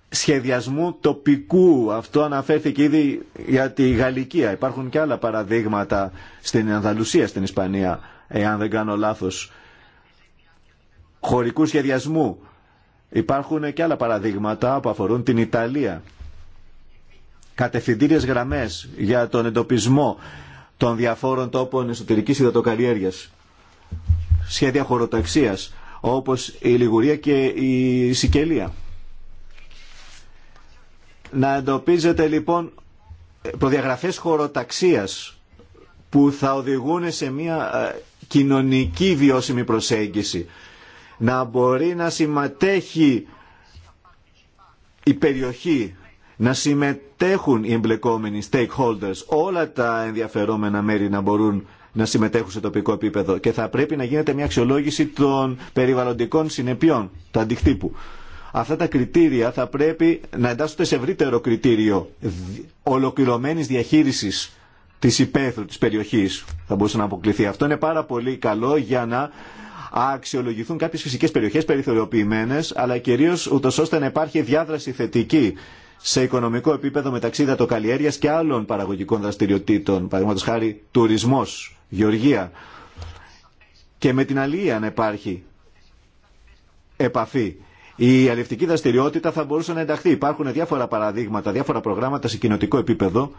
σχεδιασμού τοπικού. Αυτό αναφέρθηκε ήδη για τη Γαλλικία. Υπάρχουν και άλλα παραδείγματα στην Ανδαλουσία, στην Ισπανία, εάν δεν κάνω λάθος. Χωρικού σχεδιασμού Υπάρχουν και άλλα παραδείγματα που αφορούν την Ιταλία. Κατευθυντήριες γραμμές για τον εντοπισμό των διαφόρων τόπων εσωτερικής υδατοκαλλιέργειας. Σχέδια χωροταξίας, όπως η Λιγουρία και η Σικελία. Να εντοπίζεται λοιπόν προδιαγραφές χωροταξίας που θα οδηγούν σε μια ε, κοινωνική βιώσιμη προσέγγιση να μπορεί να συμμετέχει η περιοχή, να συμμετέχουν οι εμπλεκόμενοι stakeholders, όλα τα ενδιαφερόμενα μέρη να μπορούν να συμμετέχουν σε τοπικό επίπεδο και θα πρέπει να γίνεται μια αξιολόγηση των περιβαλλοντικών συνεπειών, του αντικτύπου. Αυτά τα κριτήρια θα πρέπει να εντάσσονται σε ευρύτερο κριτήριο ολοκληρωμένης διαχείρισης της υπαίθρου της περιοχής. Θα μπορούσε να αποκληθεί. Αυτό είναι πάρα πολύ καλό για να αξιολογηθούν κάποιε φυσικέ περιοχέ περιθωριοποιημένε, αλλά κυρίω ούτω ώστε να υπάρχει διάδραση θετική σε οικονομικό επίπεδο μεταξύ υδατοκαλλιέργεια και άλλων παραγωγικών δραστηριοτήτων, παραδείγματο χάρη τουρισμό, γεωργία. Και με την αλληλεία να υπάρχει επαφή. Η αλληλευτική δραστηριότητα θα μπορούσε να ενταχθεί. Υπάρχουν διάφορα παραδείγματα, διάφορα προγράμματα σε κοινοτικό επίπεδο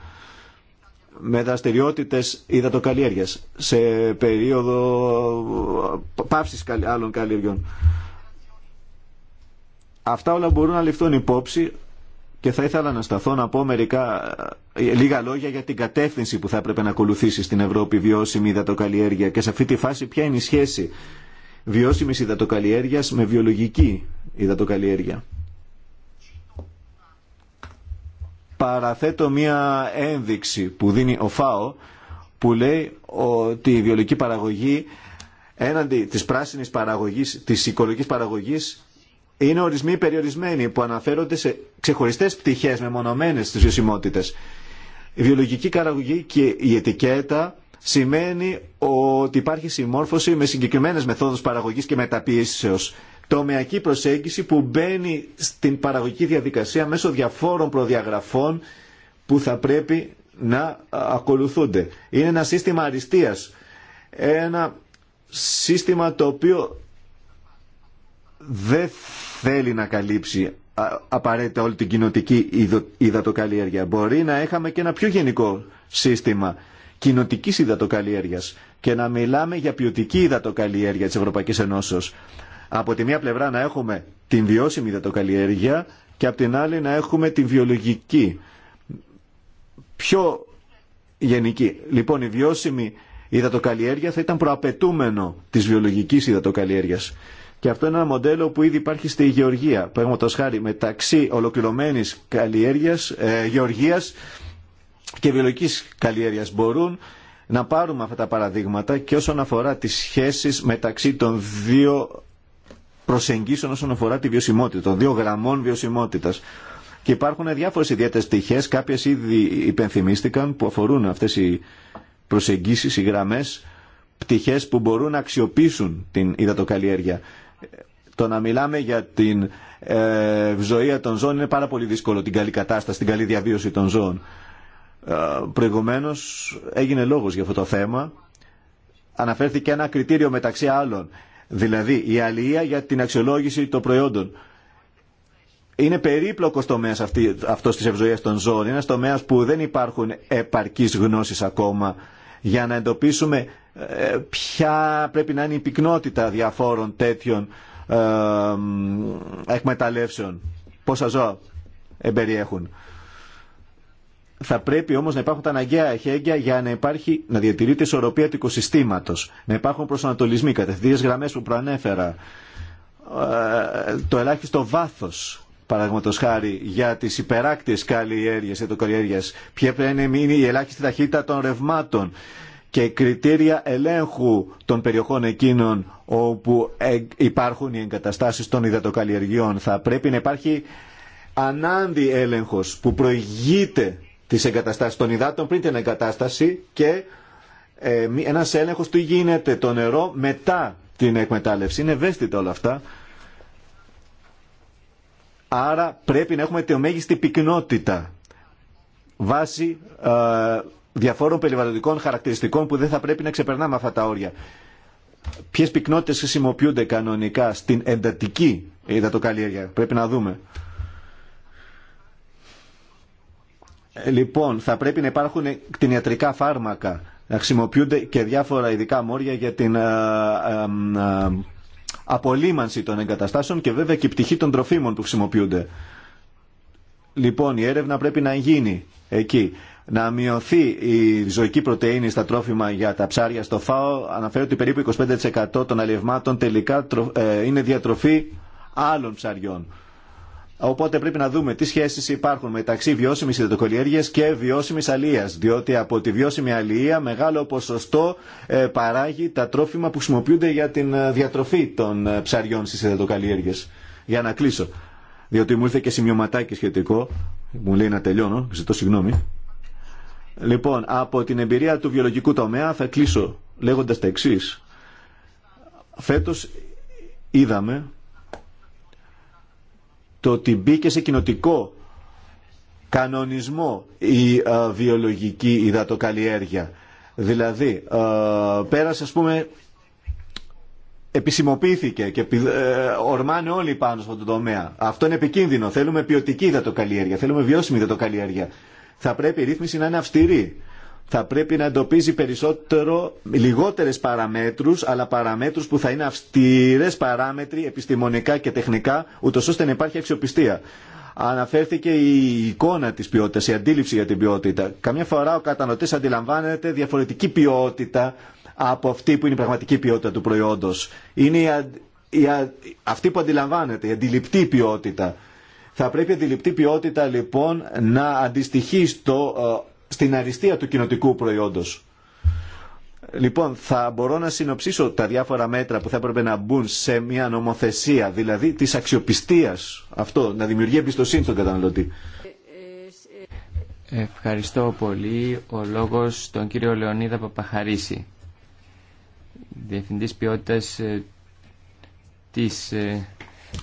με δραστηριότητε υδατοκαλλιέργεια σε περίοδο παύση άλλων καλλιεργιών. Αυτά όλα μπορούν να ληφθούν υπόψη και θα ήθελα να σταθώ να πω μερικά ε, λίγα λόγια για την κατεύθυνση που θα έπρεπε να ακολουθήσει στην Ευρώπη βιώσιμη υδατοκαλλιέργεια και σε αυτή τη φάση ποια είναι η σχέση βιώσιμη υδατοκαλλιέργεια με βιολογική υδατοκαλλιέργεια. παραθέτω μία ένδειξη που δίνει ο ΦΑΟ που λέει ότι η βιολογική παραγωγή έναντι της πράσινης παραγωγής, της οικολογικής παραγωγής είναι ορισμοί περιορισμένοι που αναφέρονται σε ξεχωριστές πτυχές μεμονωμένες στις βιωσιμότητες. Η βιολογική παραγωγή και η ετικέτα σημαίνει ότι υπάρχει συμμόρφωση με συγκεκριμένες μεθόδους παραγωγής και μεταποίησεως τομεακή προσέγγιση που μπαίνει στην παραγωγική διαδικασία μέσω διαφόρων προδιαγραφών που θα πρέπει να ακολουθούνται. Είναι ένα σύστημα αριστείας, ένα σύστημα το οποίο δεν θέλει να καλύψει απαραίτητα όλη την κοινοτική υδατοκαλλιέργεια. Μπορεί να έχαμε και ένα πιο γενικό σύστημα κοινοτική υδατοκαλλιέργειας και να μιλάμε για ποιοτική υδατοκαλλιέργεια της Ευρωπαϊκής Ενώσεως. Από τη μία πλευρά να έχουμε την βιώσιμη υδατοκαλλιέργεια και από την άλλη να έχουμε την βιολογική, πιο γενική. Λοιπόν, η βιώσιμη υδατοκαλλιέργεια θα ήταν προαπαιτούμενο της βιολογικής υδατοκαλλιέργειας. Και αυτό είναι ένα μοντέλο που ήδη υπάρχει στη γεωργία. Παραδείγματο χάρη μεταξύ ολοκληρωμένη καλλιέργεια, ε, γεωργία και βιολογική καλλιέργεια. Μπορούν να πάρουμε αυτά τα παραδείγματα και όσον αφορά τι σχέσει μεταξύ των δύο προσεγγίσεων όσον αφορά τη βιωσιμότητα, των δύο γραμμών βιωσιμότητα. Και υπάρχουν διάφορε ιδιαίτερε πτυχέ, κάποιε ήδη υπενθυμίστηκαν, που αφορούν αυτέ οι προσεγγίσει, οι γραμμέ, πτυχέ που μπορούν να αξιοποιήσουν την υδατοκαλλιέργεια. Το να μιλάμε για την ε, των ζώων είναι πάρα πολύ δύσκολο, την καλή κατάσταση, την καλή διαβίωση των ζώων. Ε, Προηγουμένω έγινε λόγο για αυτό το θέμα. Αναφέρθηκε ένα κριτήριο μεταξύ άλλων Δηλαδή η αλληλεία για την αξιολόγηση των προϊόντων. Είναι περίπλοκο τομέα αυτό τη ευζοία των ζώων. Είναι ένα τομέα που δεν υπάρχουν επαρκεί γνώσει ακόμα για να εντοπίσουμε ε, ποια πρέπει να είναι η πυκνότητα διαφόρων τέτοιων ε, εκμεταλλεύσεων. Πόσα ζώα εμπεριέχουν. Θα πρέπει όμω να υπάρχουν τα αναγκαία εχέγγυα για να, υπάρχει, να διατηρείται η ισορροπία του οικοσυστήματο. Να υπάρχουν προσανατολισμοί, κατευθυντήρε γραμμέ που προανέφερα. Ε, το ελάχιστο βάθο, παραδείγματο χάρη, για τι υπεράκτιε καλλιέργειε ή ετοκαλλιέργειε. Ποια πρέπει να είναι η ελέγχου των περιοχών εκείνων όπου ε, υπάρχουν οι εγκαταστάσεις των υδατοκαλλιεργειών. Θα πρέπει να υπάρχει ανάντι έλεγχος που προηγείται τις εγκαταστάσεις των υδάτων πριν την εγκατάσταση και ε, ένας έλεγχος του γίνεται το νερό μετά την εκμετάλλευση. Είναι ευαίσθητα όλα αυτά. Άρα πρέπει να έχουμε τη μέγιστη πυκνότητα βάσει ε, διαφόρων περιβαλλοντικών χαρακτηριστικών που δεν θα πρέπει να ξεπερνάμε αυτά τα όρια. Ποιες πυκνότητες χρησιμοποιούνται κανονικά στην εντατική υδατοκαλλιέργεια. Πρέπει να δούμε. Ε, λοιπόν, θα πρέπει να υπάρχουν κτηνιατρικά φάρμακα, να χρησιμοποιούνται και διάφορα ειδικά μόρια για την ε, ε, απολύμανση των εγκαταστάσεων και βέβαια και η πτυχή των τροφίμων που χρησιμοποιούνται. Λοιπόν, η έρευνα πρέπει να γίνει εκεί. Να μειωθεί η ζωική πρωτεΐνη στα τρόφιμα για τα ψάρια στο ΦΑΟ. Αναφέρω ότι περίπου 25% των αλλιευμάτων τελικά είναι διατροφή άλλων ψαριών. Οπότε πρέπει να δούμε τι σχέσει υπάρχουν μεταξύ βιώσιμη ιδετοκαλλιέργεια και βιώσιμη αλληλεία. Διότι από τη βιώσιμη αλληλεία μεγάλο ποσοστό ε, παράγει τα τρόφιμα που χρησιμοποιούνται για την ε, διατροφή των ε, ψαριών στι ιδετοκαλλιέργειε. Για να κλείσω. Διότι μου ήρθε και σημειωματάκι σχετικό. Μου λέει να τελειώνω. Ζητώ συγγνώμη. Λοιπόν, από την εμπειρία του βιολογικού τομέα θα κλείσω λέγοντα τα εξή. Φέτο είδαμε το ότι μπήκε σε κοινοτικό κανονισμό η ε, βιολογική υδατοκαλλιέργεια. Δηλαδή, ε, πέρασε ας πούμε επισημοποιήθηκε και ε, ορμάνε όλοι πάνω στον τομέα. Αυτό είναι επικίνδυνο. Θέλουμε ποιοτική υδατοκαλλιέργεια, θέλουμε βιώσιμη υδατοκαλλιέργεια. Θα πρέπει η ρύθμιση να είναι αυστηρή θα πρέπει να εντοπίζει περισσότερο, λιγότερες παραμέτρους, αλλά παραμέτρους που θα είναι αυστηρές παράμετροι επιστημονικά και τεχνικά, ούτως ώστε να υπάρχει αξιοπιστία αναφέρθηκε η εικόνα της ποιότητας, η αντίληψη για την ποιότητα. Καμιά φορά ο κατανοτής αντιλαμβάνεται διαφορετική ποιότητα από αυτή που είναι η πραγματική ποιότητα του προϊόντος. Είναι η, αυτή που αντιλαμβάνεται, η αντιληπτή ποιότητα. Θα πρέπει η αντιληπτή ποιότητα λοιπόν να αντιστοιχεί στο ε, στην αριστεία του κοινοτικού προϊόντος. Λοιπόν, θα μπορώ να συνοψίσω τα διάφορα μέτρα που θα έπρεπε να μπουν σε μια νομοθεσία, δηλαδή της αξιοπιστίας αυτό, να δημιουργεί εμπιστοσύνη στον καταναλωτή. Ευχαριστώ πολύ. Ο λόγος τον κύριο Λεωνίδα Παπαχαρίση, Διευθυντής Ποιότητας ε, της, ε,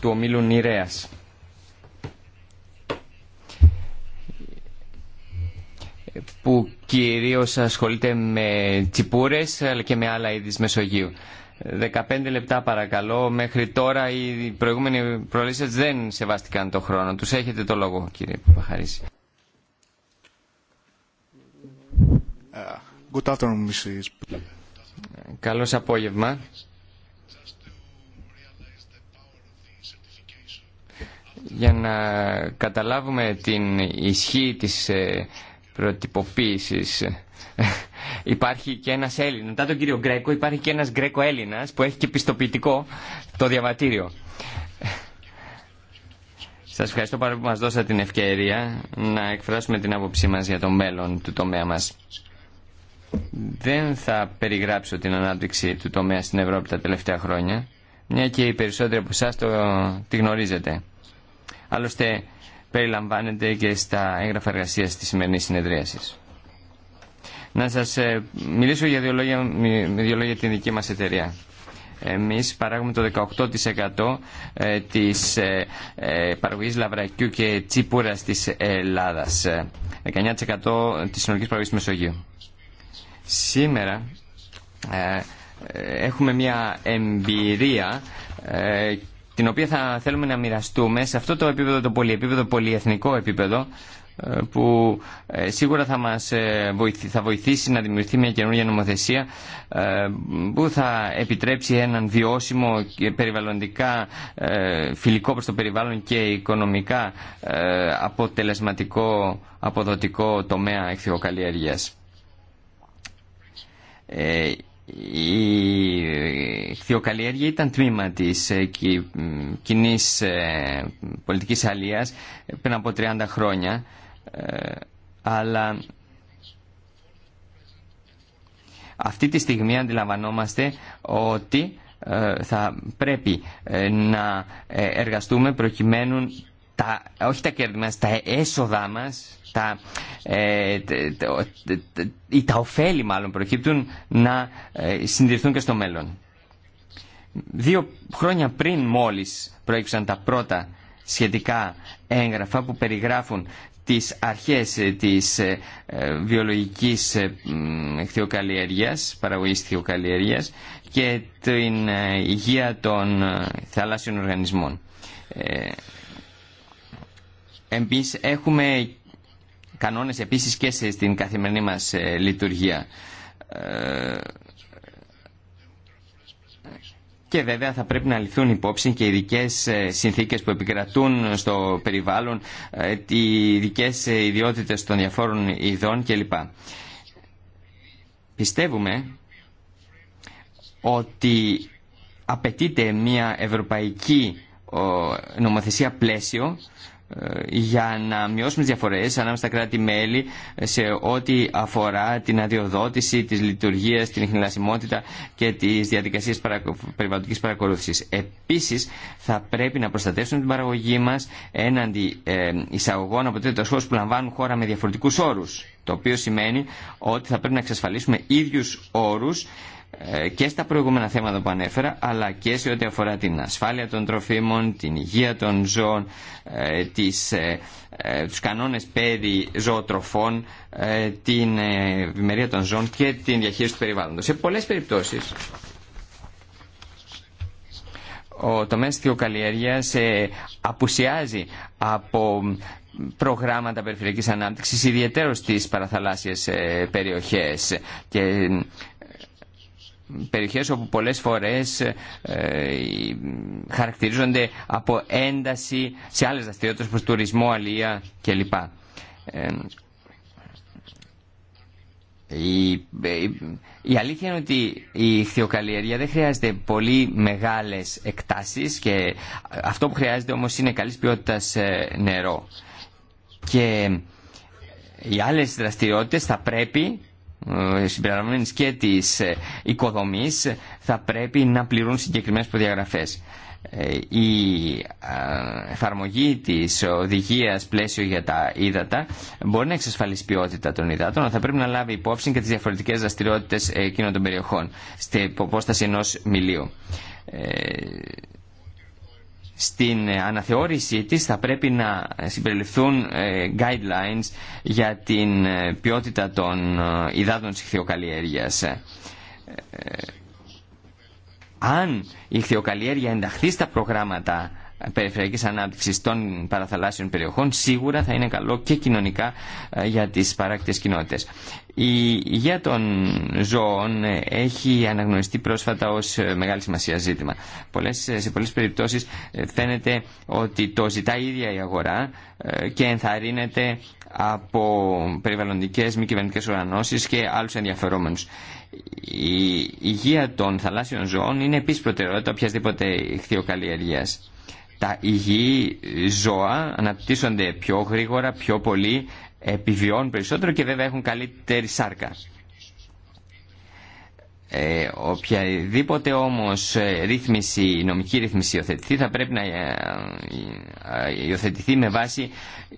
του Ομίλου Νηρέας. που κυρίως ασχολείται με τσιπούρες αλλά και με άλλα είδη Μεσογείου. 15 λεπτά παρακαλώ. Μέχρι τώρα οι προηγούμενοι προλήσεις δεν σεβάστηκαν το χρόνο. Τους έχετε το λόγο κύριε Παπαχαρίση. Good afternoon, Καλώς απόγευμα. Για να καταλάβουμε την ισχύ της ε, προτυποποίησης. υπάρχει και ένας Έλληνα, μετά τον κύριο Γκρέκο υπάρχει και ένας Γκρέκο Έλληνας που έχει και πιστοποιητικό το διαβατήριο. Σας ευχαριστώ πάρα που μας δώσατε την ευκαιρία να εκφράσουμε την άποψή μας για το μέλλον του τομέα μας. Δεν θα περιγράψω την ανάπτυξη του τομέα στην Ευρώπη τα τελευταία χρόνια, μια και οι περισσότεροι από εσά τη γνωρίζετε. Άλλωστε, περιλαμβάνεται και στα έγγραφα εργασία τη σημερινή συνεδρίασης. Να σας ε, μιλήσω για δύο λόγια, με την δική μα εταιρεία. Εμείς παράγουμε το 18% ε, της ε, παραγωγής λαβρακιού και τσίπουρας της Ελλάδας. 19% της συνολικής παραγωγής Μεσογείου. Σήμερα έχουμε μια εμπειρία την οποία θα θέλουμε να μοιραστούμε σε αυτό το επίπεδο το πολυεπίπεδο, πολυεθνικό επίπεδο ε, που ε, σίγουρα θα μας ε, θα βοηθήσει να δημιουργηθεί μια καινούργια νομοθεσία που θα επιτρέψει έναν βιώσιμο και περιβαλλοντικά φιλικό προς το περιβάλλον και οικονομικά αποτελεσματικό αποδοτικό τομέα εχθειοκαλλιέργειας η χθιοκαλλιέργεια ήταν τμήμα της ε, κοινή ε, πολιτικής αλίας πριν από 30 χρόνια ε, αλλά αυτή τη στιγμή αντιλαμβανόμαστε ότι θα πρέπει να εργαστούμε προκειμένου τα, όχι τα κέρδη μας, τα έσοδά μας τα, ε, τα, τα ωφέλη μάλλον προκύπτουν να ε, συντηρηθούν και στο μέλλον. Δύο χρόνια πριν μόλις προέκυψαν τα πρώτα σχετικά έγγραφα που περιγράφουν τις αρχές ε, της ε, βιολογικής χθιοκαλλιέργειας, παραγωγής θεοκαλλιεργίας και την υγεία των θαλάσσιων οργανισμών. Εμείς έχουμε κανόνες επίσης και στην καθημερινή μας ε, λειτουργία. Ε, και βέβαια θα πρέπει να λυθούν υπόψη και οι ειδικέ ε, συνθήκε που επικρατούν στο περιβάλλον, οι ειδικέ ιδιότητε των διαφόρων ειδών κλπ. Πιστεύουμε ότι απαιτείται μια ευρωπαϊκή νομοθεσία πλαίσιο για να μειώσουμε τις διαφορές ανάμεσα στα κράτη-μέλη σε ό,τι αφορά την αδειοδότηση, της λειτουργίας, την εχνηλασιμότητα και τις διαδικασίες περιβαλλοντικής παρακολούθησης. Επίσης, θα πρέπει να προστατεύσουμε την παραγωγή μας έναντι ε, εισαγωγών από τρίτε χώρες που λαμβάνουν χώρα με διαφορετικούς όρους. Το οποίο σημαίνει ότι θα πρέπει να εξασφαλίσουμε ίδιους όρους ε, και στα προηγούμενα θέματα που ανέφερα, αλλά και σε ό,τι αφορά την ασφάλεια των τροφίμων, την υγεία των ζώων, ε, τις, ε, τους κανόνες πεδί ζωοτροφών, την ευημερία των ζώων και την διαχείριση του περιβάλλοντος. Σε πολλές περιπτώσεις, ο τομέας της θεοκαλλιέργειας απουσιάζει από προγράμματα περιφερειακής ανάπτυξης, ιδιαίτερα στις παραθαλάσσιες περιοχές και περιοχές όπου πολλές φορές ε, ε, χαρακτηρίζονται από ένταση σε άλλες δραστηριότητες όπως τουρισμό, αλληλεία κλπ. Ε, η, η, αλήθεια είναι ότι η χθιοκαλλιέργεια δεν χρειάζεται πολύ μεγάλες εκτάσεις και αυτό που χρειάζεται όμως είναι καλής ποιότητας νερό. Και οι άλλες δραστηριότητες θα πρέπει ε, συμπεριλαμβανομένης και της ε, οικοδομής θα πρέπει να πληρούν συγκεκριμένες προδιαγραφές. Ε, η εφαρμογή της οδηγίας πλαίσιο για τα ύδατα μπορεί να εξασφαλίσει ποιότητα των υδάτων, αλλά θα πρέπει να λάβει υπόψη και τις διαφορετικές δραστηριότητες εκείνων των περιοχών, στην υποπόσταση ενός μιλίου στην αναθεώρησή της θα πρέπει να συμπεριληφθούν ε, guidelines για την ε, ποιότητα των ε, υδάτων της ηχθειοκαλλιέργειας. Αν η ηχθειοκαλλιέργεια ενταχθεί στα προγράμματα περιφερειακή ανάπτυξη των παραθαλάσσιων περιοχών σίγουρα θα είναι καλό και κοινωνικά ε, για τι παράκτητε κοινότητε. Η υγεία των ζώων ε, έχει αναγνωριστεί πρόσφατα ω ε, μεγάλη σημασία ζήτημα. σε πολλέ περιπτώσει φαίνεται ότι το ζητά η ίδια η αγορά και ενθαρρύνεται από περιβαλλοντικέ μη κυβερνητικέ οργανώσει και άλλου ενδιαφερόμενου. Η υγεία των θαλάσσιων ζώων είναι επίση προτεραιότητα οποιασδήποτε χθιοκαλλιεργία. Τα υγιή ζώα αναπτύσσονται πιο γρήγορα, πιο πολύ, επιβιώνουν περισσότερο και βέβαια έχουν καλύτερη σάρκα. Ε, οποιαδήποτε όμως ε, ρύθμιση, νομική ρύθμιση υιοθετηθεί θα πρέπει να ε, ε, υιοθετηθεί με βάση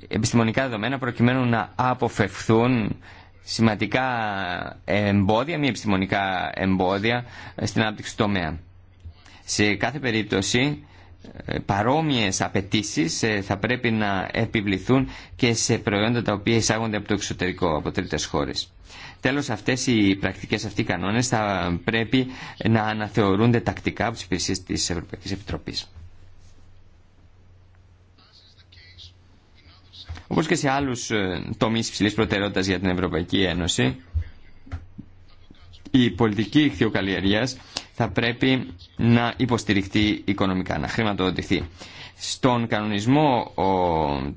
επιστημονικά δεδομένα προκειμένου να αποφευθούν σημαντικά εμπόδια, μη επιστημονικά εμπόδια στην ανάπτυξη τομέα. Σε κάθε περίπτωση ε, παρόμοιες απαιτήσει ε, θα πρέπει να επιβληθούν και σε προϊόντα τα οποία εισάγονται από το εξωτερικό, από τρίτες χώρες. Τέλος, αυτές οι πρακτικές, αυτοί οι κανόνες θα πρέπει να αναθεωρούνται τακτικά από τις υπηρεσίες της Ευρωπαϊκής Επιτροπής. Όπως και σε άλλους ε, τομείς υψηλής προτεραιότητας για την Ευρωπαϊκή Ένωση, η πολιτική ηχθειοκαλλιεργίας θα πρέπει να υποστηριχτεί οικονομικά, να χρηματοδοτηθεί. Στον κανονισμό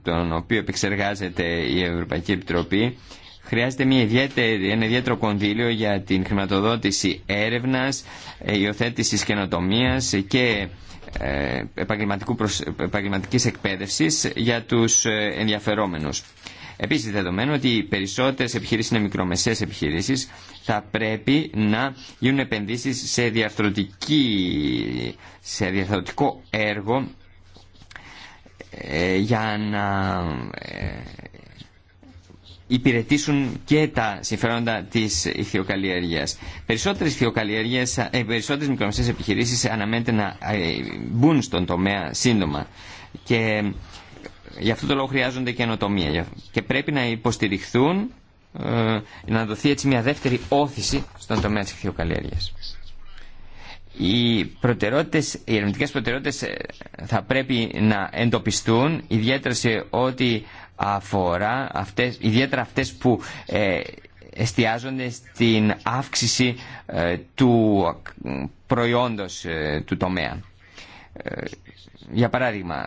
τον οποίο επεξεργάζεται η Ευρωπαϊκή Επιτροπή χρειάζεται μια ιδιαίτερη, ένα ιδιαίτερο κονδύλιο για την χρηματοδότηση έρευνας, ε, υιοθέτησης καινοτομίας και ε, επαγγελματικού προσ... επαγγελματικής εκπαίδευσης για τους ε, ενδιαφερόμενους. Επίσης, δεδομένου ότι οι περισσότερες επιχειρήσεις είναι μικρομεσαίες επιχειρήσεις, θα πρέπει να γίνουν επενδύσεις σε, σε διαρθρωτικό έργο ε, για να ε, υπηρετήσουν και τα συμφέροντα της ηθιοκαλλιέργειας. Περισσότερες, ε, περισσότερες μικρομεσαίες επιχειρήσεις αναμένεται να ε, μπουν στον τομέα σύντομα. Και γι' αυτό το λόγο χρειάζονται καινοτομία και πρέπει να υποστηριχθούν, ε, να δοθεί έτσι μια δεύτερη όθηση στον τομέα της χθιοκαλλιέργειας. Οι, προτεραιότητες, οι ερευνητικές ε, θα πρέπει να εντοπιστούν ιδιαίτερα σε ό,τι αφορά αυτές, ιδιαίτερα αυτές που ε, εστιάζονται στην αύξηση του προϊόντος του τομέα. Για παράδειγμα,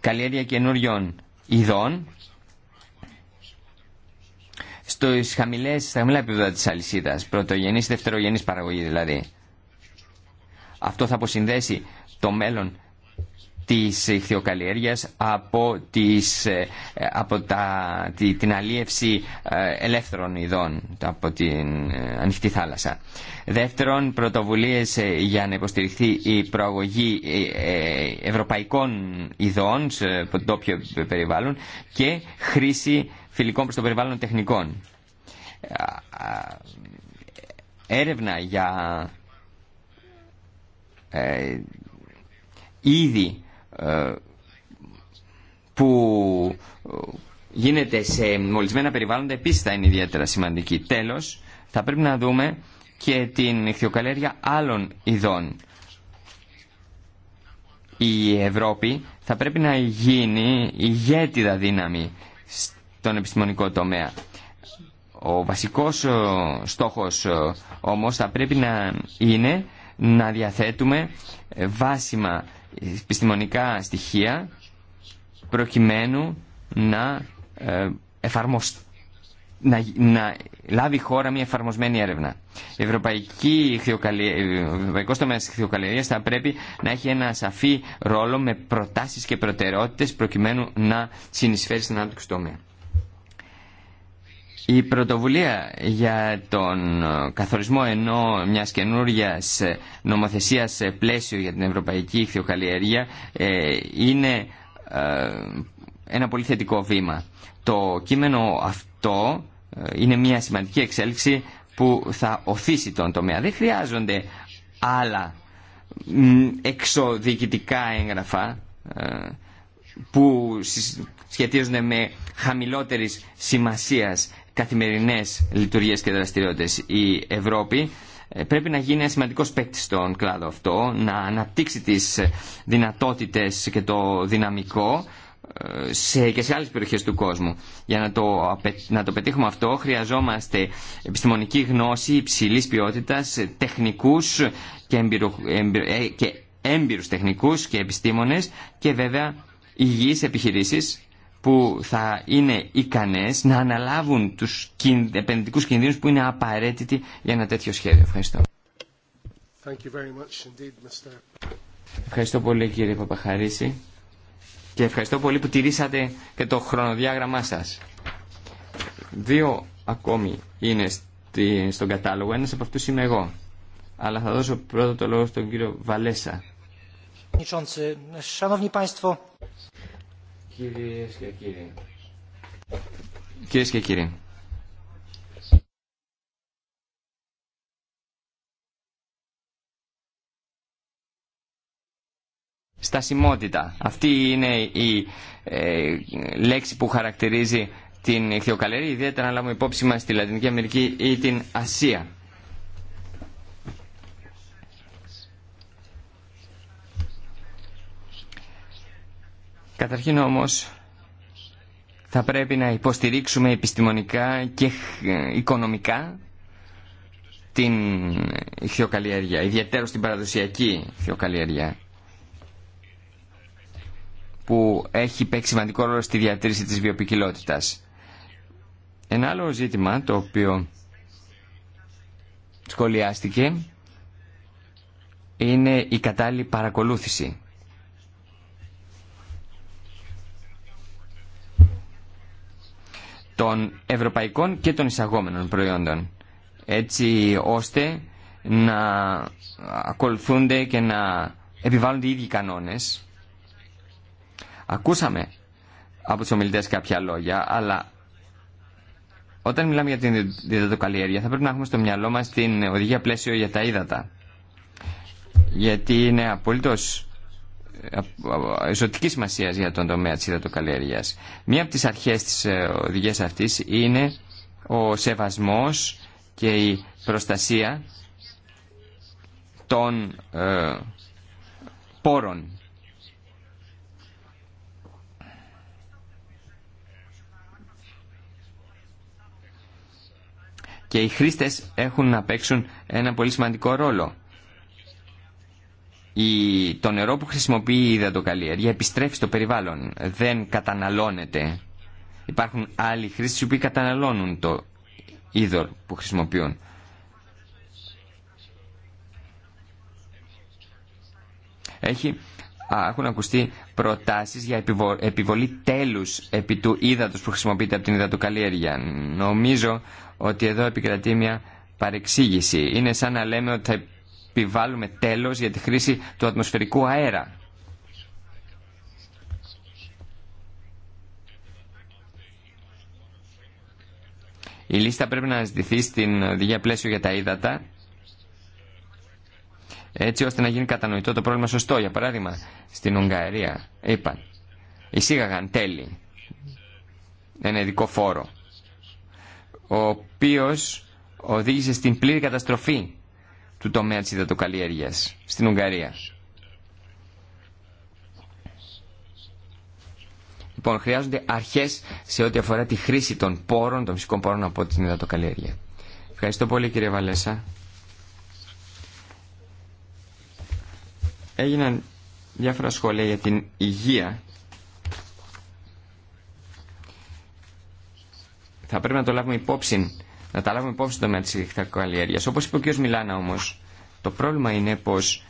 καλλιέργεια καινούριων ειδών χαμηλές, στα χαμηλά επίπεδα της αλυσίδας, πρωτογενής, δευτερογενής παραγωγή δηλαδή. Αυτό θα αποσυνδέσει το μέλλον της ηχθειοκαλλιέργειας από, τις, ε, από τα, τη, την αλίευση ε, ελεύθερων ειδών από την ε, ανοιχτή θάλασσα. Δεύτερον, πρωτοβουλίες για να υποστηριχθεί η προαγωγή ευρωπαϊκών ειδών σε τόπιο περιβάλλον και χρήση φιλικών προς το περιβάλλον τεχνικών. Έρευνα για ε, ε, που ε, γίνεται σε μολυσμένα περιβάλλοντα επίσης θα είναι ιδιαίτερα σημαντική. Τέλος, θα πρέπει να δούμε και την ηχθειοκαλλιέργεια άλλων ειδών. Η Ευρώπη θα πρέπει να γίνει ηγέτιδα δύναμη στον επιστημονικό τομέα. Ο βασικός ε, στόχος όμως θα πρέπει να είναι να διαθέτουμε βάσιμα επιστημονικά στοιχεία προκειμένου να, ε, να, να λάβει η χώρα μια εφαρμοσμένη έρευνα. Η Ευρωπαϊκή ε, Ο Ευρωπαϊκός τομέας θα πρέπει να έχει ένα σαφή ρόλο με προτάσεις και προτεραιότητες προκειμένου να συνεισφέρει στην ανάπτυξη τομέα. Η πρωτοβουλία για τον ε, καθορισμό ενώ μιας καινούργιας ε, νομοθεσίας πλαίσιο για την ευρωπαϊκή ηχθειοκαλλιέργεια ε, είναι ένα πολύ θετικό βήμα. Το κείμενο αυτό είναι μια σημαντική εξέλιξη που θα οθήσει τον τομέα. Δεν χρειάζονται άλλα εξοδικητικά έγγραφα που σχετίζονται με χαμηλότερης σημασίας καθημερινές λειτουργίες και δραστηριότητες. Η Ευρώπη ε, πρέπει να γίνει ένα σημαντικός παίκτη στον κλάδο αυτό, να αναπτύξει τις δυνατότητες και το δυναμικό ε, σε, και σε άλλες περιοχές του κόσμου. Για να το, να το πετύχουμε αυτό χρειαζόμαστε επιστημονική γνώση υψηλής ποιότητας, τεχνικούς και, έμπειρου ε, και έμπειρους τεχνικούς και επιστήμονες και βέβαια υγιείς επιχειρήσεις που θα είναι ικανές να αναλάβουν τους επενδυτικούς κινδύνους που είναι απαραίτητοι για ένα τέτοιο σχέδιο. Ευχαριστώ. Ευχαριστώ πολύ κύριε Παπαχαρίση και ευχαριστώ πολύ που τηρήσατε και το χρονοδιάγραμμά σας. Δύο ακόμη είναι στον κατάλογο, ένας από αυτούς είμαι εγώ. Αλλά θα δώσω πρώτο το λόγο στον κύριο Βαλέσα. Κυρίες και κύριοι. Κυρίες και κύριοι. Στασιμότητα. Αυτή είναι η ε, λέξη που χαρακτηρίζει την ηχθειοκαλερή, ιδιαίτερα να λάβουμε υπόψη μας στη Λατινική Αμερική ή την Ασία. Καταρχήν όμως θα πρέπει να υποστηρίξουμε επιστημονικά και οικονομικά την χιοκαλλιέργεια, ιδιαίτερα στην παραδοσιακή χιοκαλλιέργεια που έχει παίξει σημαντικό ρόλο στη διατήρηση της βιοποικιλότητας. Ένα άλλο ζήτημα το οποίο σχολιάστηκε είναι η κατάλληλη παρακολούθηση. των ευρωπαϊκών και των εισαγόμενων προϊόντων έτσι ώστε να ακολουθούνται και να επιβάλλονται οι ίδιοι κανόνες. Ακούσαμε από τους ομιλητές κάποια λόγια, αλλά όταν μιλάμε για την διδατοκαλλιέργεια θα πρέπει να έχουμε στο μυαλό μας την οδηγία πλαίσιο για τα ύδατα. Γιατί είναι απολύτως ζωτική ε, σημασία για τον τομέα της υδατοκαλλιέργεια. Μία από τις αρχές της ε, οδηγία αυτή είναι ο σεβασμός και η προστασία των ε, πόρων. Και οι χρήστες έχουν να παίξουν ένα πολύ σημαντικό ρόλο το νερό που χρησιμοποιεί η υδατοκαλλιέργεια επιστρέφει στο περιβάλλον, δεν καταναλώνεται. Υπάρχουν άλλοι χρήστε που καταναλώνουν το είδο που χρησιμοποιούν. Έχει, α, έχουν ακουστεί προτάσεις για επιβολή τέλους επί του ύδατος που χρησιμοποιείται από την υδατοκαλλιέργεια. Νομίζω ότι εδώ επικρατεί μια παρεξήγηση. Είναι σαν να λέμε ότι θα επιβάλλουμε τέλος για τη χρήση του ατμοσφαιρικού αέρα. Η λίστα πρέπει να αναζητηθεί στην οδηγία πλαίσιο για τα ύδατα, έτσι ώστε να γίνει κατανοητό το πρόβλημα σωστό. Για παράδειγμα, στην Ουγγαρία είπαν, εισήγαγαν τέλη, ένα ειδικό φόρο, ο οποίος οδήγησε στην πλήρη καταστροφή του τομέα της υδατοκαλλιέργειας στην Ουγγαρία. Λοιπόν, χρειάζονται αρχές σε ό,τι αφορά τη χρήση των πόρων, των φυσικών πόρων από την υδατοκαλλιέργεια. Ευχαριστώ πολύ κύριε Βαλέσα. Έγιναν διάφορα σχόλια για την υγεία. Θα πρέπει να το λάβουμε υπόψη να τα λάβουμε υπόψη το τομέα της καλλιέργεια. Όπως είπε ο κ. Μιλάνα όμως, το πρόβλημα είναι πως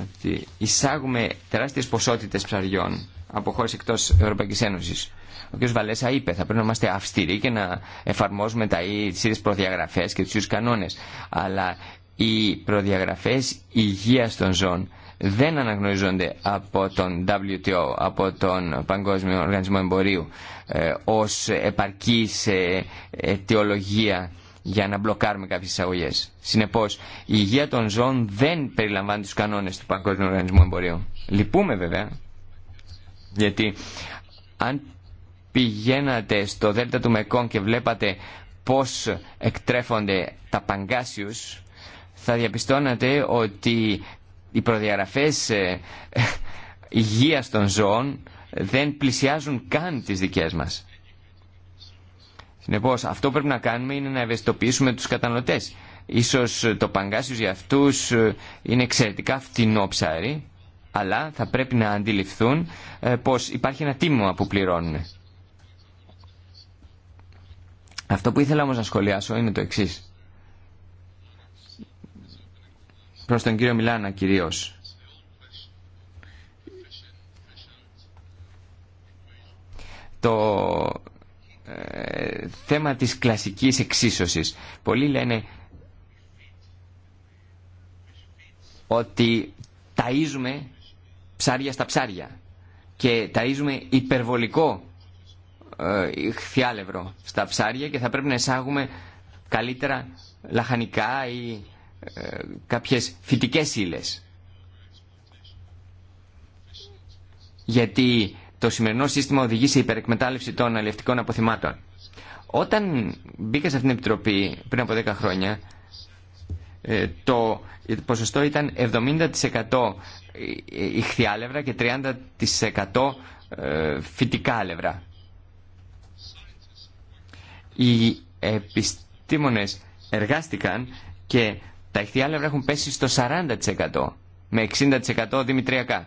ότι εισάγουμε τεράστιες ποσότητες ψαριών από χώρες εκτός Ευρωπαϊκής Ένωσης. Ο κ. Βαλέσα είπε θα πρέπει να είμαστε αυστηροί και να εφαρμόζουμε τα ίδια ίδιες προδιαγραφές και τους ίδιους κανόνες. Αλλά οι προδιαγραφές υγείας των ζώων δεν αναγνωρίζονται από τον WTO, από τον Παγκόσμιο Οργανισμό Εμπορίου, ε, ως επαρκής ε, αιτιολογία για να μπλοκάρουμε κάποιες εισαγωγέ. Συνεπώς, η υγεία των ζώων δεν περιλαμβάνει τους κανόνες του Παγκόσμιου Οργανισμού Εμπορίου. Λυπούμε βέβαια, γιατί αν πηγαίνατε στο Δέλτα του Μεκόν και βλέπατε πώς εκτρέφονται τα παγκάσιους, θα διαπιστώνατε ότι οι προδιαγραφές ε, ε, υγεία των ζώων δεν πλησιάζουν καν τις δικές μας. Συνεπώ, αυτό που πρέπει να κάνουμε είναι να ευαισθητοποιήσουμε τους καταναλωτέ. Ίσως το παγκάσιο για αυτούς ε, είναι εξαιρετικά φτηνό ψάρι, αλλά θα πρέπει να αντιληφθούν ε, πως υπάρχει ένα τίμημα που πληρώνουν. Αυτό που ήθελα όμω να σχολιάσω είναι το εξή. Προς τον κύριο Μιλάνα κυρίω. Το θέμα της κλασικής εξίσωσης. Πολλοί λένε ότι ταΐζουμε ψάρια στα ψάρια και ταΐζουμε υπερβολικό ε, χθιάλευρο στα ψάρια και θα πρέπει να εισάγουμε καλύτερα λαχανικά ή ε, κάποιες φυτικές ύλες. Γιατί το σημερινό σύστημα οδηγεί σε υπερεκμετάλλευση των αλληλευτικών αποθυμάτων. Όταν μπήκα σε αυτήν την επιτροπή πριν από 10 χρόνια, ε, το ποσοστό ήταν 70% ηχθιάλευρα και 30% ε, φυτικά άλευρα. Οι επιστήμονες εργάστηκαν και τα ηχθιάλευρα έχουν πέσει στο 40% με 60% δημητριακά.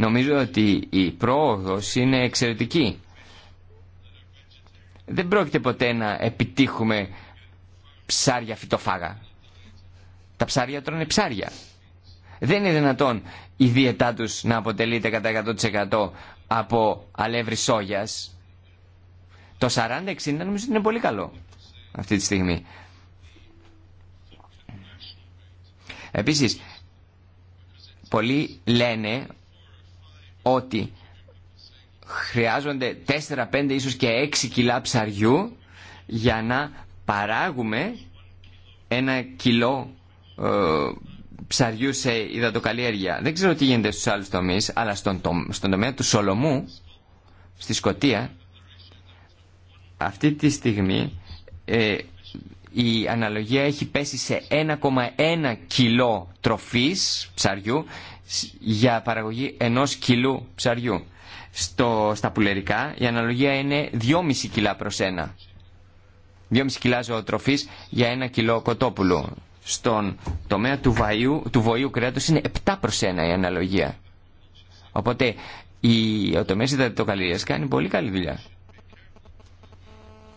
Νομίζω ότι η πρόοδος είναι εξαιρετική. Δεν πρόκειται ποτέ να επιτύχουμε ψάρια φυτοφάγα. Τα ψάρια τρώνε ψάρια. Δεν είναι δυνατόν η δίαιτά τους να αποτελείται κατά 100% από αλεύρι σόγιας. Το 40-60 νομίζω ότι είναι πολύ καλό αυτή τη στιγμή. Επίσης, πολλοί λένε ότι χρειάζονται 4, 5, ίσως και 6 κιλά ψαριού για να παράγουμε ένα κιλό ε, ψαριού σε υδατοκαλλιέργεια. Δεν ξέρω τι γίνεται στους άλλους τομείς, αλλά στον, τομέα του Σολομού, στη Σκοτία, αυτή τη στιγμή ε, η αναλογία έχει πέσει σε 1,1 κιλό τροφής ψαριού για παραγωγή ενός κιλού ψαριού. Στο, στα πουλερικά η αναλογία είναι 2,5 κιλά προς ένα. 2,5 κιλά ζωοτροφής για ένα κιλό κοτόπουλου. Στον τομέα του, βαϊού, του βοηού κρέατος είναι 7 προς ένα η αναλογία. Οπότε η, ο τομέας υδατοκαλλιέργειας κάνει πολύ καλή δουλειά.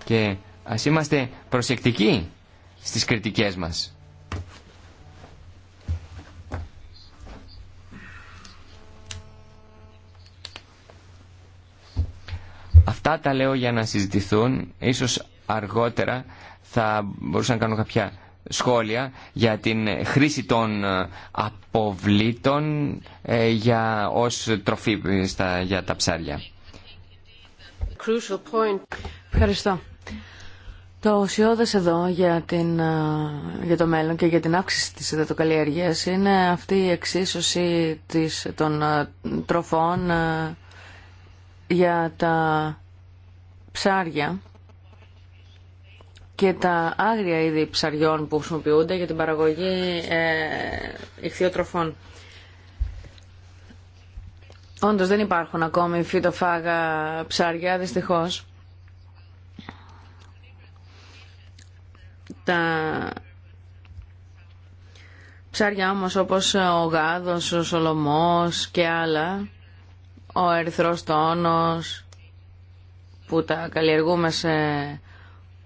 Και ας είμαστε προσεκτικοί στις κριτικές μας. Αυτά τα λέω για να συζητηθούν. Ίσως αργότερα θα μπορούσα να κάνω κάποια σχόλια για την χρήση των ε, αποβλήτων ε, για, ως τροφή στα, για τα ψάρια. Ευχαριστώ. Το ουσιώδες εδώ για, την, ε, για το μέλλον και για την αύξηση της υδατοκαλλιεργίας είναι αυτή η εξίσωση της, των τροφών για τα ψάρια και τα άγρια είδη ψαριών που χρησιμοποιούνται για την παραγωγή ε, ηχθειοτροφών. Όντως δεν υπάρχουν ακόμη φυτοφάγα ψάρια, δυστυχώς. Τα ψάρια όμως όπως ο γάδος, ο σολομός και άλλα ο ερυθρός τόνος που τα καλλιεργούμε σε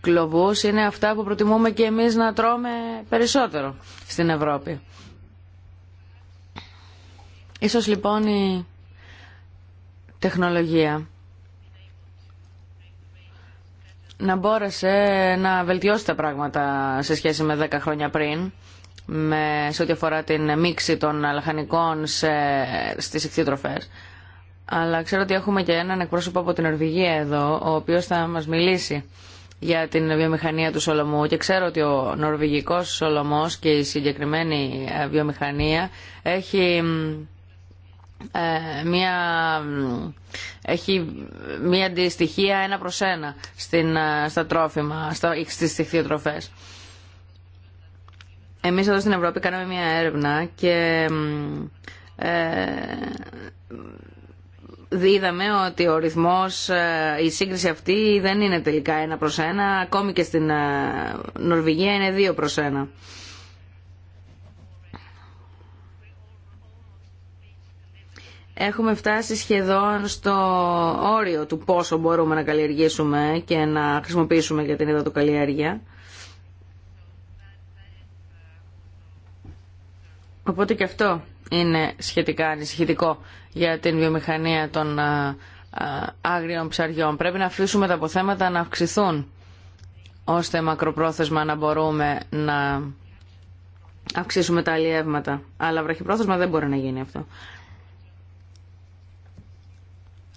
κλωβούς είναι αυτά που προτιμούμε και εμείς να τρώμε περισσότερο στην Ευρώπη. Ίσως λοιπόν η τεχνολογία να μπόρεσε να βελτιώσει τα πράγματα σε σχέση με 10 χρόνια πριν με, σε ό,τι αφορά την μίξη των λαχανικών σε, στις αλλά ξέρω ότι έχουμε και έναν εκπρόσωπο από την Ορβηγία εδώ, ο οποίος θα μας μιλήσει για την βιομηχανία του Σολομού και ξέρω ότι ο νορβηγικός Σολομός και η συγκεκριμένη ε, βιομηχανία έχει ε, μια, έχει μια ένα προς ένα στην, ε, στα τρόφιμα, στα, στις τυχθιοτροφές. Εμείς εδώ στην Ευρώπη κάναμε μια έρευνα και ε, είδαμε ότι ο ρυθμός, ε, η σύγκριση αυτή δεν είναι τελικά ένα προς ένα, ακόμη και στην ε, Νορβηγία είναι δύο προς ένα. Έχουμε φτάσει σχεδόν στο όριο του πόσο μπορούμε να καλλιεργήσουμε και να χρησιμοποιήσουμε για την του καλλιέργεια. Οπότε και αυτό είναι σχετικά ανησυχητικό για την βιομηχανία των άγριων ψαριών. Πρέπει να αφήσουμε τα αποθέματα να αυξηθούν ώστε μακροπρόθεσμα να μπορούμε να αυξήσουμε τα αλλιεύματα. Αλλά βραχυπρόθεσμα δεν μπορεί να γίνει αυτό.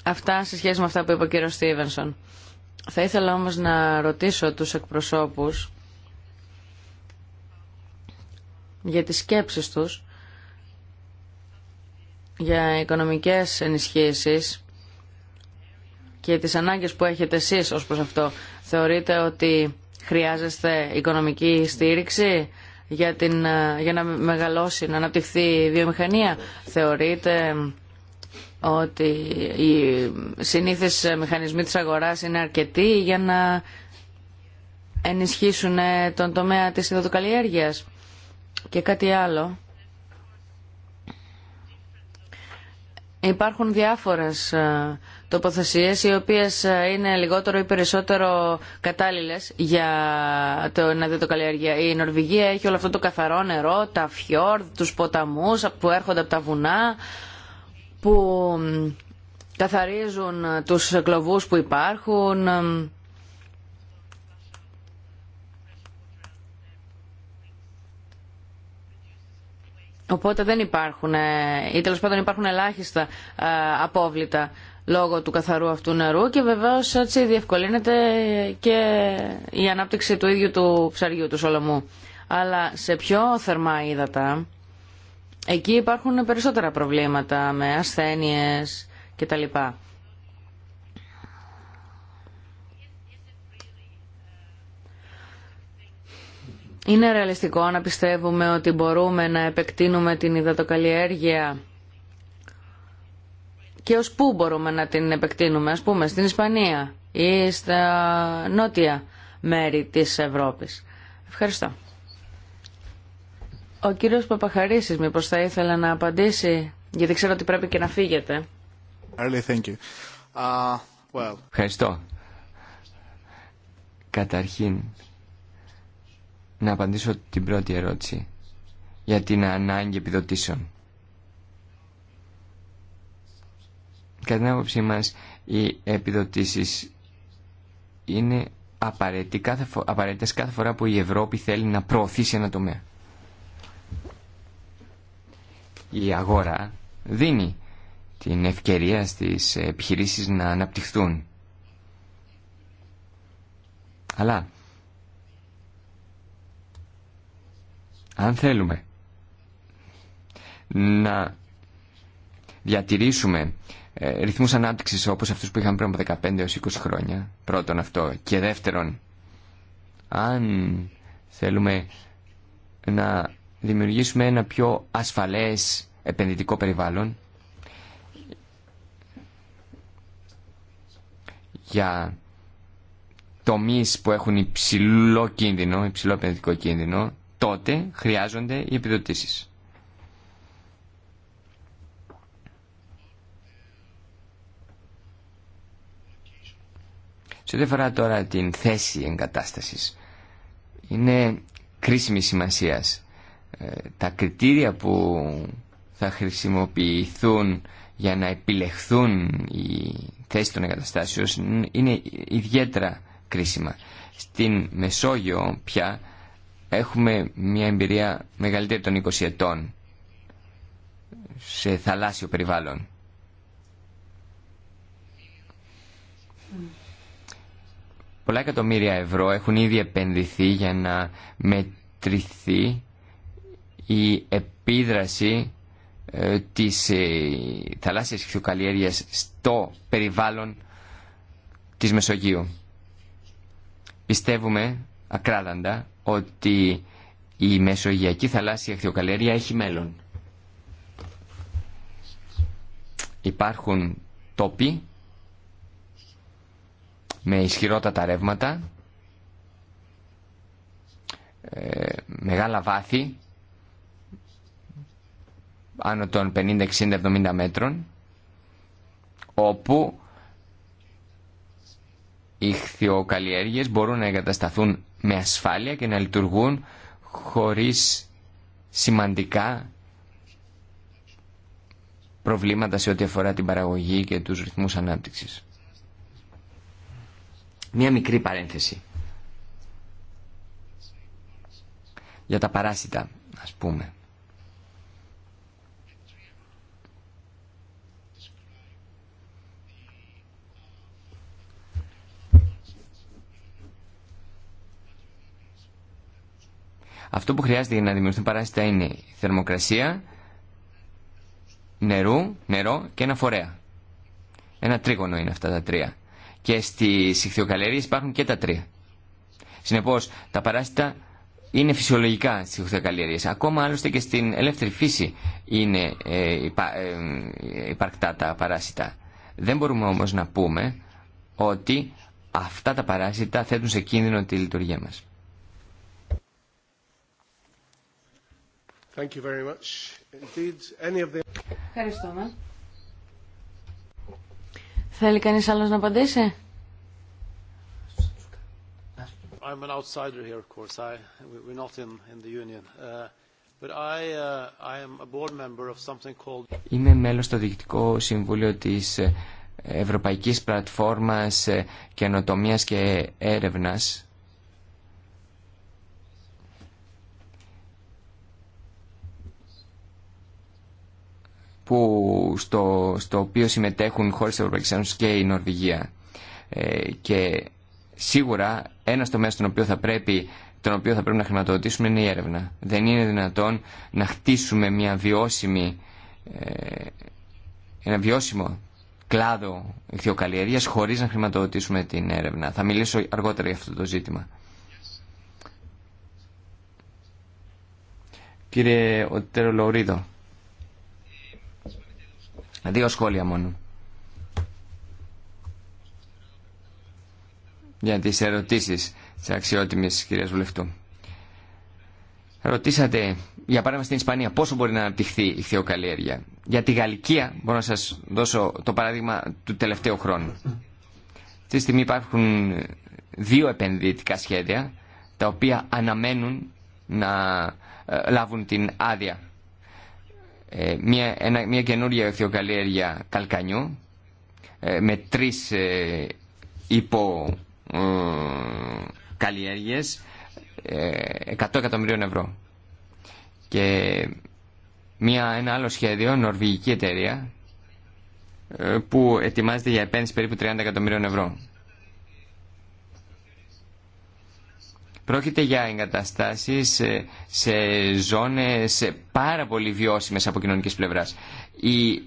Αυτά σε σχέση με αυτά που είπε ο κύριος Στίβενσον. Θα ήθελα όμως να ρωτήσω τους εκπροσώπους για τις σκέψεις τους για οικονομικές ενισχύσεις και τις ανάγκες που έχετε εσείς ως προς αυτό. Θεωρείτε ότι χρειάζεστε οικονομική στήριξη για, την, ε, για να μεγαλώσει, να αναπτυχθεί η βιομηχανία. Θεωρείτε ότι οι συνήθεις μηχανισμοί της αγοράς είναι αρκετοί για να ενισχύσουν τον τομέα της ιδιωτικαλλιέργειας. Και κάτι άλλο. Υπάρχουν διάφορες ε, τοποθεσίες οι οποίες ε, είναι λιγότερο ή περισσότερο κατάλληλες για το το καλλιέργεια. Η Νορβηγία έχει όλο αυτό το καθαρό νερό, τα φιόρδ, τους ποταμούς που έρχονται από τα βουνά, που καθαρίζουν τους κλοβούς που υπάρχουν Οπότε δεν υπάρχουν, ε, ή τέλο πάντων υπάρχουν ελάχιστα ε, απόβλητα λόγω του καθαρού αυτού νερού και βεβαίως έτσι διευκολύνεται και η ανάπτυξη του ίδιου του ψαριού, του σολομού. Αλλά σε πιο θερμά ύδατα, εκεί υπάρχουν περισσότερα προβλήματα με ασθένειες κτλ. Είναι ρεαλιστικό να πιστεύουμε ότι μπορούμε να επεκτείνουμε την υδατοκαλλιέργεια και ως πού μπορούμε να την επεκτείνουμε, ας πούμε, στην Ισπανία ή στα νότια μέρη της Ευρώπης. Ευχαριστώ. Ο κύριος Παπαχαρίσης μήπως θα ήθελα να απαντήσει, γιατί ξέρω ότι πρέπει και να φύγετε. Thank you. Uh, well. Ευχαριστώ. Καταρχήν, να απαντήσω την πρώτη ερώτηση για την ανάγκη επιδοτήσεων. Κατά την άποψή μας, οι επιδοτήσεις είναι απαραίτητες κάθε φορά που η Ευρώπη θέλει να προωθήσει ένα τομέα. Η αγορά δίνει την ευκαιρία στις επιχειρήσεις να αναπτυχθούν. Αλλά Αν θέλουμε να διατηρήσουμε ε, ρυθμούς ανάπτυξης όπως αυτούς που είχαμε πριν από 15 έως 20 χρόνια, πρώτον αυτό, και δεύτερον, αν θέλουμε να δημιουργήσουμε ένα πιο ασφαλές επενδυτικό περιβάλλον για τομείς που έχουν υψηλό κίνδυνο, υψηλό επενδυτικό κίνδυνο τότε χρειάζονται οι επιδοτήσεις. Σε ό,τι αφορά τώρα την θέση εγκατάστασης, είναι κρίσιμη σημασίας. Ε, τα κριτήρια που θα χρησιμοποιηθούν για να επιλεχθούν οι θέσεις των εγκαταστάσεων είναι ιδιαίτερα κρίσιμα. Στην Μεσόγειο πια έχουμε μια εμπειρία μεγαλύτερη των 20 ετών σε θαλάσσιο περιβάλλον. Πολλά εκατομμύρια ευρώ έχουν ήδη επενδυθεί για να μετρηθεί η επίδραση ε, της ε, θαλάσσιας χιοκαλλιέργειας στο περιβάλλον της Μεσογείου. Πιστεύουμε ακράδαντα ότι η μεσογειακή θαλάσσια Αχθιοκαλέρια έχει μέλλον. Υπάρχουν τόποι με ισχυρότατα ρεύματα, ε, μεγάλα βάθη, άνω των 50, 60, 70 μέτρων, όπου ηχθειοκαλλιέργειες μπορούν να εγκατασταθούν με ασφάλεια και να λειτουργούν χωρίς σημαντικά προβλήματα σε ό,τι αφορά την παραγωγή και τους ρυθμούς ανάπτυξης. Μία μικρή παρένθεση. Για τα παράσιτα, ας πούμε. Αυτό που χρειάζεται για να δημιουργηθούν παράσιτα είναι θερμοκρασία, νερού, νερό και ένα φορέα. Ένα τρίγωνο είναι αυτά τα τρία. Και στι ηχθειοκαλλιέργειες υπάρχουν και τα τρία. Συνεπώς, τα παράσιτα είναι φυσιολογικά στι ηχθειοκαλλιέργειες. Ακόμα άλλωστε και στην ελεύθερη φύση είναι ε, ε υπαρκτά τα παράσιτα. Δεν μπορούμε όμω να πούμε ότι αυτά τα παράσιτα θέτουν σε κίνδυνο τη λειτουργία μας. Thank you very much. Indeed, any of the... Ευχαριστούμε. Θέλει κανείς άλλος να απαντήσει? I'm an outsider here, of course. I, we're not in, in the union. Uh, but I, uh, I am a board member of something called... Είμαι μέλος στο Διοικητικό Συμβούλιο της ε, Ευρωπαϊκής Πλατφόρμας ε, Καινοτομίας και Έρευνας που, στο, στο οποίο συμμετέχουν χώρες της Ευρωπαϊκής Ένωσης και η Νορβηγία. Ε, και σίγουρα ένα τομέα στον οποίο θα πρέπει τον οποίο θα πρέπει να χρηματοδοτήσουμε είναι η έρευνα. Δεν είναι δυνατόν να χτίσουμε μια βιώσιμη, ε, ένα βιώσιμο κλάδο ηχθειοκαλλιέργειας χωρίς να χρηματοδοτήσουμε την έρευνα. Θα μιλήσω αργότερα για αυτό το ζήτημα. Κύριε Οτέρο Λαουρίδο, Δηλαδή, δύο σχόλια μόνο. Για τις ερωτήσεις της αξιότιμης κυρίας Βουλευτού. Ρωτήσατε, για παράδειγμα στην Ισπανία, πόσο μπορεί να αναπτυχθεί η θεοκαλλιέργεια. Για τη Γαλλικία μπορώ να σας δώσω το παράδειγμα του τελευταίου χρόνου. Αυτή τη στιγμή υπάρχουν δύο επενδυτικά σχέδια, τα οποία αναμένουν να ε, λάβουν την άδεια ε, μια, ένα, μια καινούργια ευθιοκαλλιέργεια καλκανιού ε, με τρεις ε, υπο ε, 100 ε, εκατομμυρίων ευρώ. Και μια, ένα άλλο σχέδιο, νορβηγική εταιρεία, που ετοιμάζεται για επένδυση περίπου 30 εκατομμυρίων ευρώ. Πρόκειται για εγκαταστάσεις σε ζώνες πάρα πολύ βιώσιμες από κοινωνικής πλευράς. Η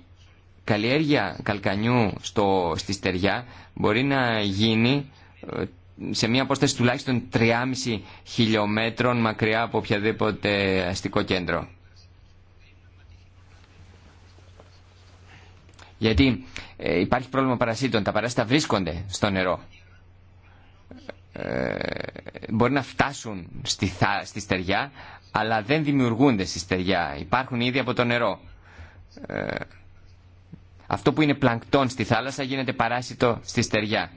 καλλιέργεια καλκανιού στο, στη στεριά μπορεί να γίνει ε, σε μια απόσταση τουλάχιστον 3,5 χιλιόμετρων μακριά από οποιαδήποτε αστικό κέντρο. Γιατί ε, υπάρχει πρόβλημα παρασίτων. Τα παράστα βρίσκονται στο νερό. Ε, μπορεί να φτάσουν στη, στη στεριά αλλά δεν δημιουργούνται στη στεριά. Υπάρχουν ήδη από το νερό. Ε, αυτό που είναι πλανκτόν στη θάλασσα γίνεται παράσιτο στη στεριά.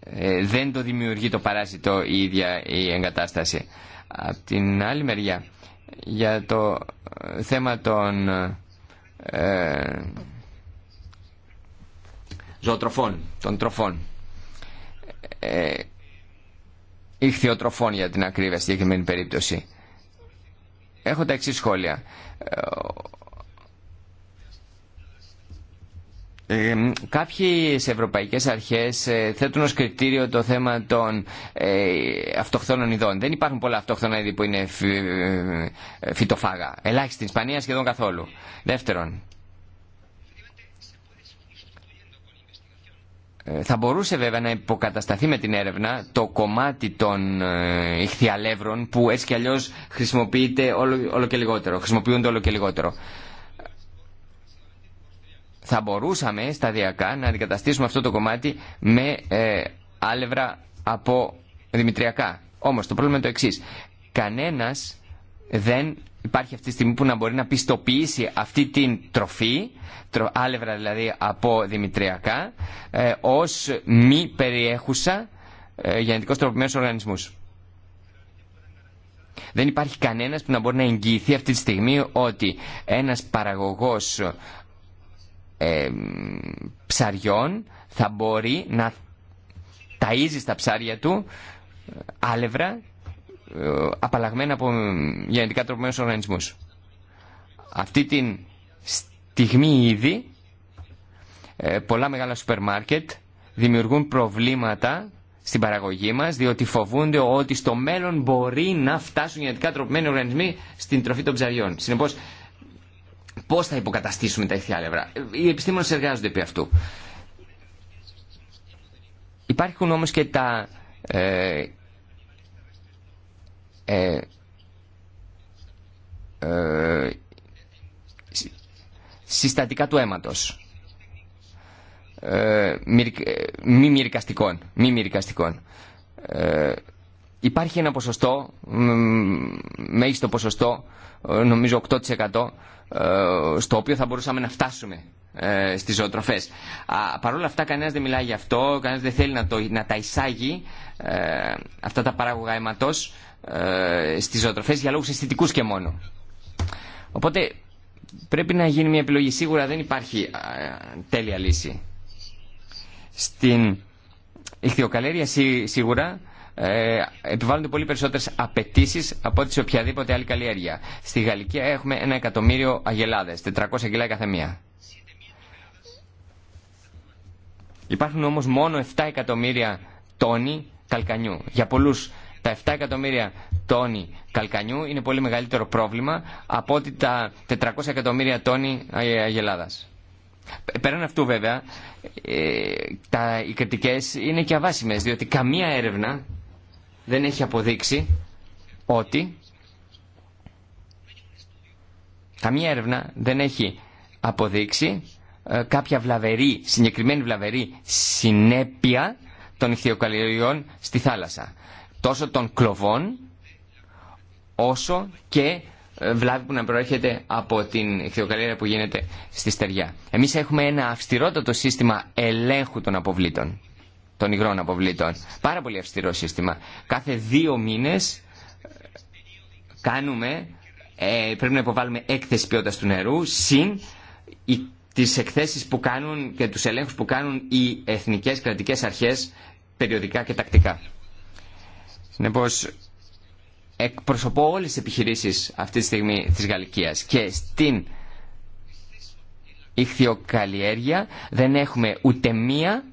Ε, δεν το δημιουργεί το παράσιτο η ίδια η εγκατάσταση. Από την άλλη μεριά, για το θέμα των ε, ζωοτροφών, των τροφών ε, ηχθειοτροφών για την ακρίβεια στη συγκεκριμένη περίπτωση. Έχω τα εξή σχόλια. Ε, ε κάποιες ευρωπαϊκές αρχές ε, θέτουν ως κριτήριο το θέμα των ε, αυτοχθόνων ειδών. Δεν υπάρχουν πολλά αυτοχθόνα είδη που είναι ε, φυτοφάγα. Ελάχιστη στην Ισπανία σχεδόν καθόλου. Δεύτερον, Ε, θα μπορούσε βέβαια να υποκατασταθεί με την έρευνα το κομμάτι των ε, ηχθιαλεύρων που έτσι κι αλλιώς όλο, όλο, και λιγότερο, χρησιμοποιούνται όλο και λιγότερο. Θα μπορούσαμε σταδιακά να αντικαταστήσουμε αυτό το κομμάτι με ε, άλευρα από δημητριακά. Όμως το πρόβλημα είναι το εξής. Κανένας δεν υπάρχει αυτή τη στιγμή που να μπορεί να πιστοποιήσει αυτή την τροφή, άλευρα δηλαδή από δημητριακά, ε, ως μη περιέχουσα ε, γενετικώς τροποποιημένους οργανισμούς. Δεν υπάρχει κανένας που να μπορεί να εγγυηθεί αυτή τη στιγμή ότι ένας παραγωγός ε, ψαριών θα μπορεί να ταΐζει στα ψάρια του άλευρα ε, απαλλαγμένα από γενετικά τροπημένους οργανισμούς. Αυτή τη στιγμή ήδη ε, πολλά μεγάλα σούπερ μάρκετ δημιουργούν προβλήματα στην παραγωγή μας διότι φοβούνται ότι στο μέλλον μπορεί να φτάσουν γενετικά τροπημένοι οργανισμοί στην τροφή των ψαριών. Συνεπώς, πώς θα υποκαταστήσουμε τα αλευρά. Οι επιστήμονες εργάζονται επί αυτού. Υπάρχουν όμως και τα ε, ε, ε, συστατικά του αίματος. Ε, ε, μη μυρικαστικών. Μη μυρικαστικών. Ε, υπάρχει ένα ποσοστό, μέγιστο ποσοστό, ε, νομίζω 8%, ε, στο οποίο θα μπορούσαμε να φτάσουμε στις ζωοτροφές. Παρ' όλα αυτά κανένας δεν μιλάει γι' αυτό, κανένας δεν θέλει να, να τα εισάγει αυτά τα παράγωγα αίματος ε, στις ζωοτροφές για λόγους αισθητικού και μόνο. Οπότε πρέπει να γίνει μια επιλογή. Σίγουρα δεν υπάρχει ε, τέλεια λύση. Στην ηχθειοκαλέρια σίγουρα ε, επιβάλλονται πολύ περισσότερε απαιτήσει από ό,τι σε οποιαδήποτε άλλη καλλιέργεια. Στη Γαλλική έχουμε ένα εκατομμύριο αγελάδε, 400 κιλά κάθε μία. Υπάρχουν όμω μόνο 7 εκατομμύρια τόνοι καλκανιού για πολλούς τα 7 εκατομμύρια τόνοι καλκανιού είναι πολύ μεγαλύτερο πρόβλημα από ότι τα 400 εκατομμύρια τόνοι ε, αγελάδας. Πέραν αυτού βέβαια, ε, τα, οι κριτικές είναι και αβάσιμες, διότι καμία έρευνα δεν έχει αποδείξει ότι... Καμία έρευνα δεν έχει αποδείξει ε, κάποια βλαβερή, συγκεκριμένη βλαβερή συνέπεια των ηχθειοκαλλιεργειών στη θάλασσα τόσο των κλοβών όσο και ε, βλάβη που να προέρχεται από την ηχθειοκαλλιέργεια που γίνεται στη στεριά. Εμείς έχουμε ένα αυστηρότατο σύστημα ελέγχου των αποβλήτων, των υγρών αποβλήτων. Πάρα πολύ αυστηρό σύστημα. Κάθε δύο μήνες ε, κάνουμε, ε, πρέπει να υποβάλουμε έκθεση ποιότητας του νερού, συν τις εκθέσεις που κάνουν και τους ελέγχους που κάνουν οι εθνικές κρατικές αρχές περιοδικά και τακτικά. Συνεπώ, εκπροσωπώ όλε τι επιχειρήσει αυτή τη στιγμή τη Γαλλικία και στην ηχθειοκαλλιέργεια δεν έχουμε ούτε μία